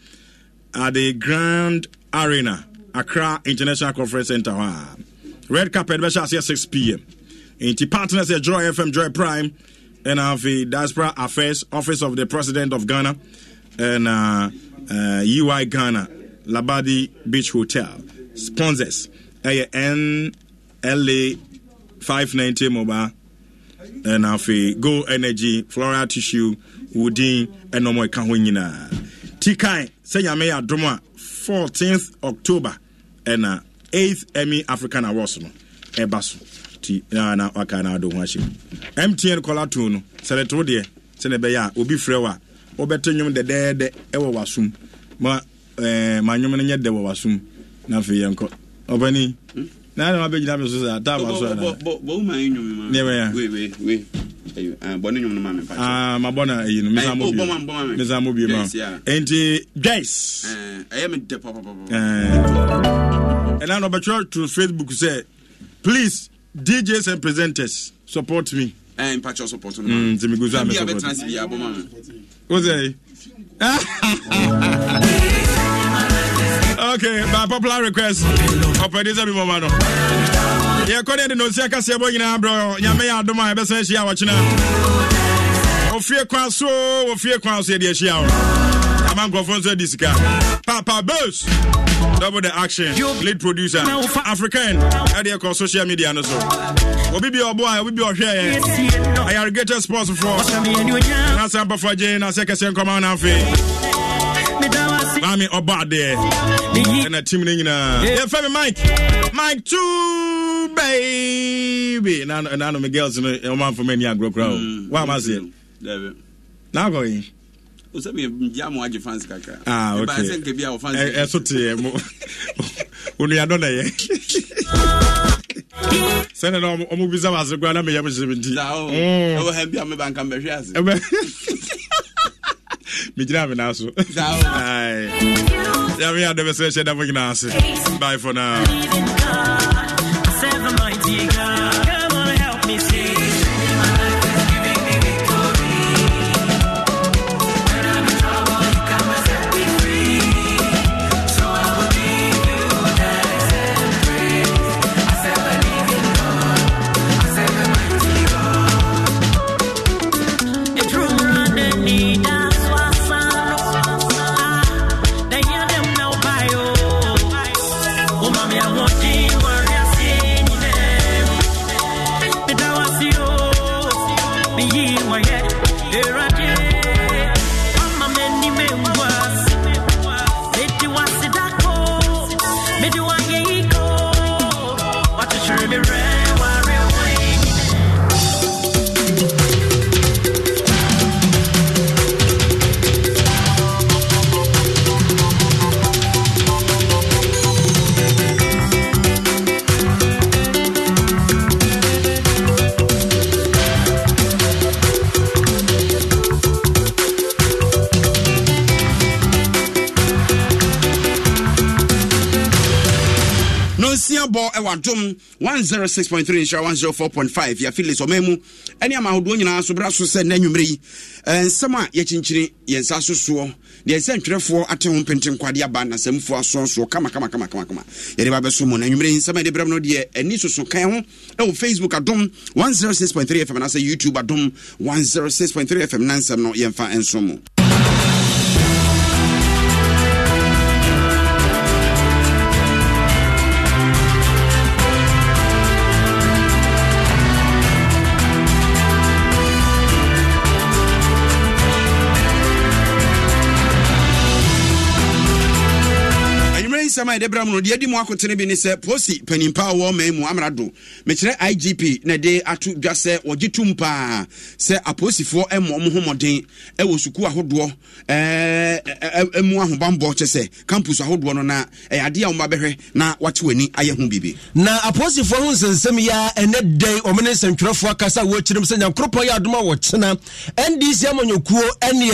S1: at the Grand Arena Accra International Conference Center hɔ a red carpet bɛhyɛ aseɛ 6 pm nti partners yɛ Joy FM Joy Prime ɛna afei diaspora affairs office of the president of ghana and uh, uh, ui ghana labadi beach hotel sponsors ɛyɛ nla 590 mobile ɛna afei go energy floral tissue wodin and ɔmo ɛka ho nyinaa ti kan sɛ nyame yɛ 14th october ɛna 8th emmy african awards no ɛba so ti na waka na adɔ ho ahyɛ mtn kɔla to no sɛde to deɛ sɛde ɛbɛyɛ a obi frɛ w a wobɛto nwom dɛdɛɛdɛ ɛwɔ wasom ma ɛɛ eh, ma nwom no nyɛ dɛ wɔ wasom na afei yɛn kɔ ɔbɛni na yɛn ma bɛgyina bɛ so sɛ ata aba so ana
S7: bɔn
S1: mu ayi nwom ma ne bɛyɛ
S7: wei wei ah, bɔn ne nwom no ma
S1: mi pa aa ah, ma bɔ na eyi no misan eh, mo oh, bie misan mo bie ma nti guys eh, ɛyɛ mi dɛ pɔpɔpɔpɔ ɛɛ ɛnna na ɔbɛtwerɛ to facebook sɛ please djs and presenters support me. ẹ eh, mpatsọ support nù. ǹtí mi gbèsè
S8: àmì sọpọtù. bí abẹ́tàn sí ibi àbọ̀
S1: máa mi. ó sẹ́ yìí. okay by popular request ọ̀pẹ̀dé sẹ́mi mọ̀ máa nọ. yɛkɔ ne de no nsia kaseɛ bɔ nyinaa brɛ nyame yɛ adom a ɛbɛsa ahyia wɔkyena ɔfie kwa so wɔfie kwa so yɛde ahyia wo ama nkurɔfoɔ nso adi sika papa bos double the action lead producer african ɛdeɛ kɔ social media no so obi bi ɔbo a obi bi ɔhwɛ yɛ ayarigate sports foɔ nasa mpafa gye na sɛ kɛsɛ nkɔma no afei maame ɔbɔ adeɛ ɛna tim no nyinaa yɛfɛ
S8: me mike mike two
S1: baby nanom girls no ɔmamfo ma ani agorɔ koraa o woama seɛ naakɔyi
S7: sɛbi ah, bia ah, okay. ba sɛ nkɛ
S1: bia wɔ fans ɛso eh, eh, eh, na yɛ sɛne na so yame bɛ sɛ hyɛ da oh. mm. nyinaa oh. ase bye for now
S7: ɛbɔ ɛwɔ oh point three nhyira 104.5 yɛafilis ɔma mu ɛne ama ahodoɔ nyinaa so berɛ so sɛ nna nnwumerɛ yi nsɛm a yɛkyinkyini yɛnsa sosoɔ deɛ sɛ ntwerɛfoɔ ate ho mpenten kwadeɛ aba nasɛmfoɔ asoɔsoɔ kamakamakamakama yɛde ba bɛso mu na nnwumerɛ yi nsɛm a yɛde brɛ m no deɛ ani soso kan ho ɛwɔ facebook oh point three fm Na anasɛ youtube adum adom 106.3 fm na nsɛm no yɛmfa nso mu nsɛm a yɛde bra mu no deɛ di mu akotene bi ne sɛ posi panimpa a wɔwɔ man mu amrado mekyerɛ igp na de ato dwa sɛ wɔgye tom paa sɛ aposifoɔ ma ɔmo homɔden wɔ sukuu ahodoɔ mu ahobanbɔ kyɛ sɛ campus ahodoɔ no na ɛyɛ adeɛ a woma bɛhwɛ na wate w'ani ayɛ ho biribi
S8: na aposifoɔ ho nsɛnsɛm yi a ɛnɛ dɛn ɔmo ne nsɛntwerɛfoɔ akasa wɔkyerɛm sɛ nyankoropɔn yɛ adoma wɔkyena ndc amanyɔkuo ɛneɛ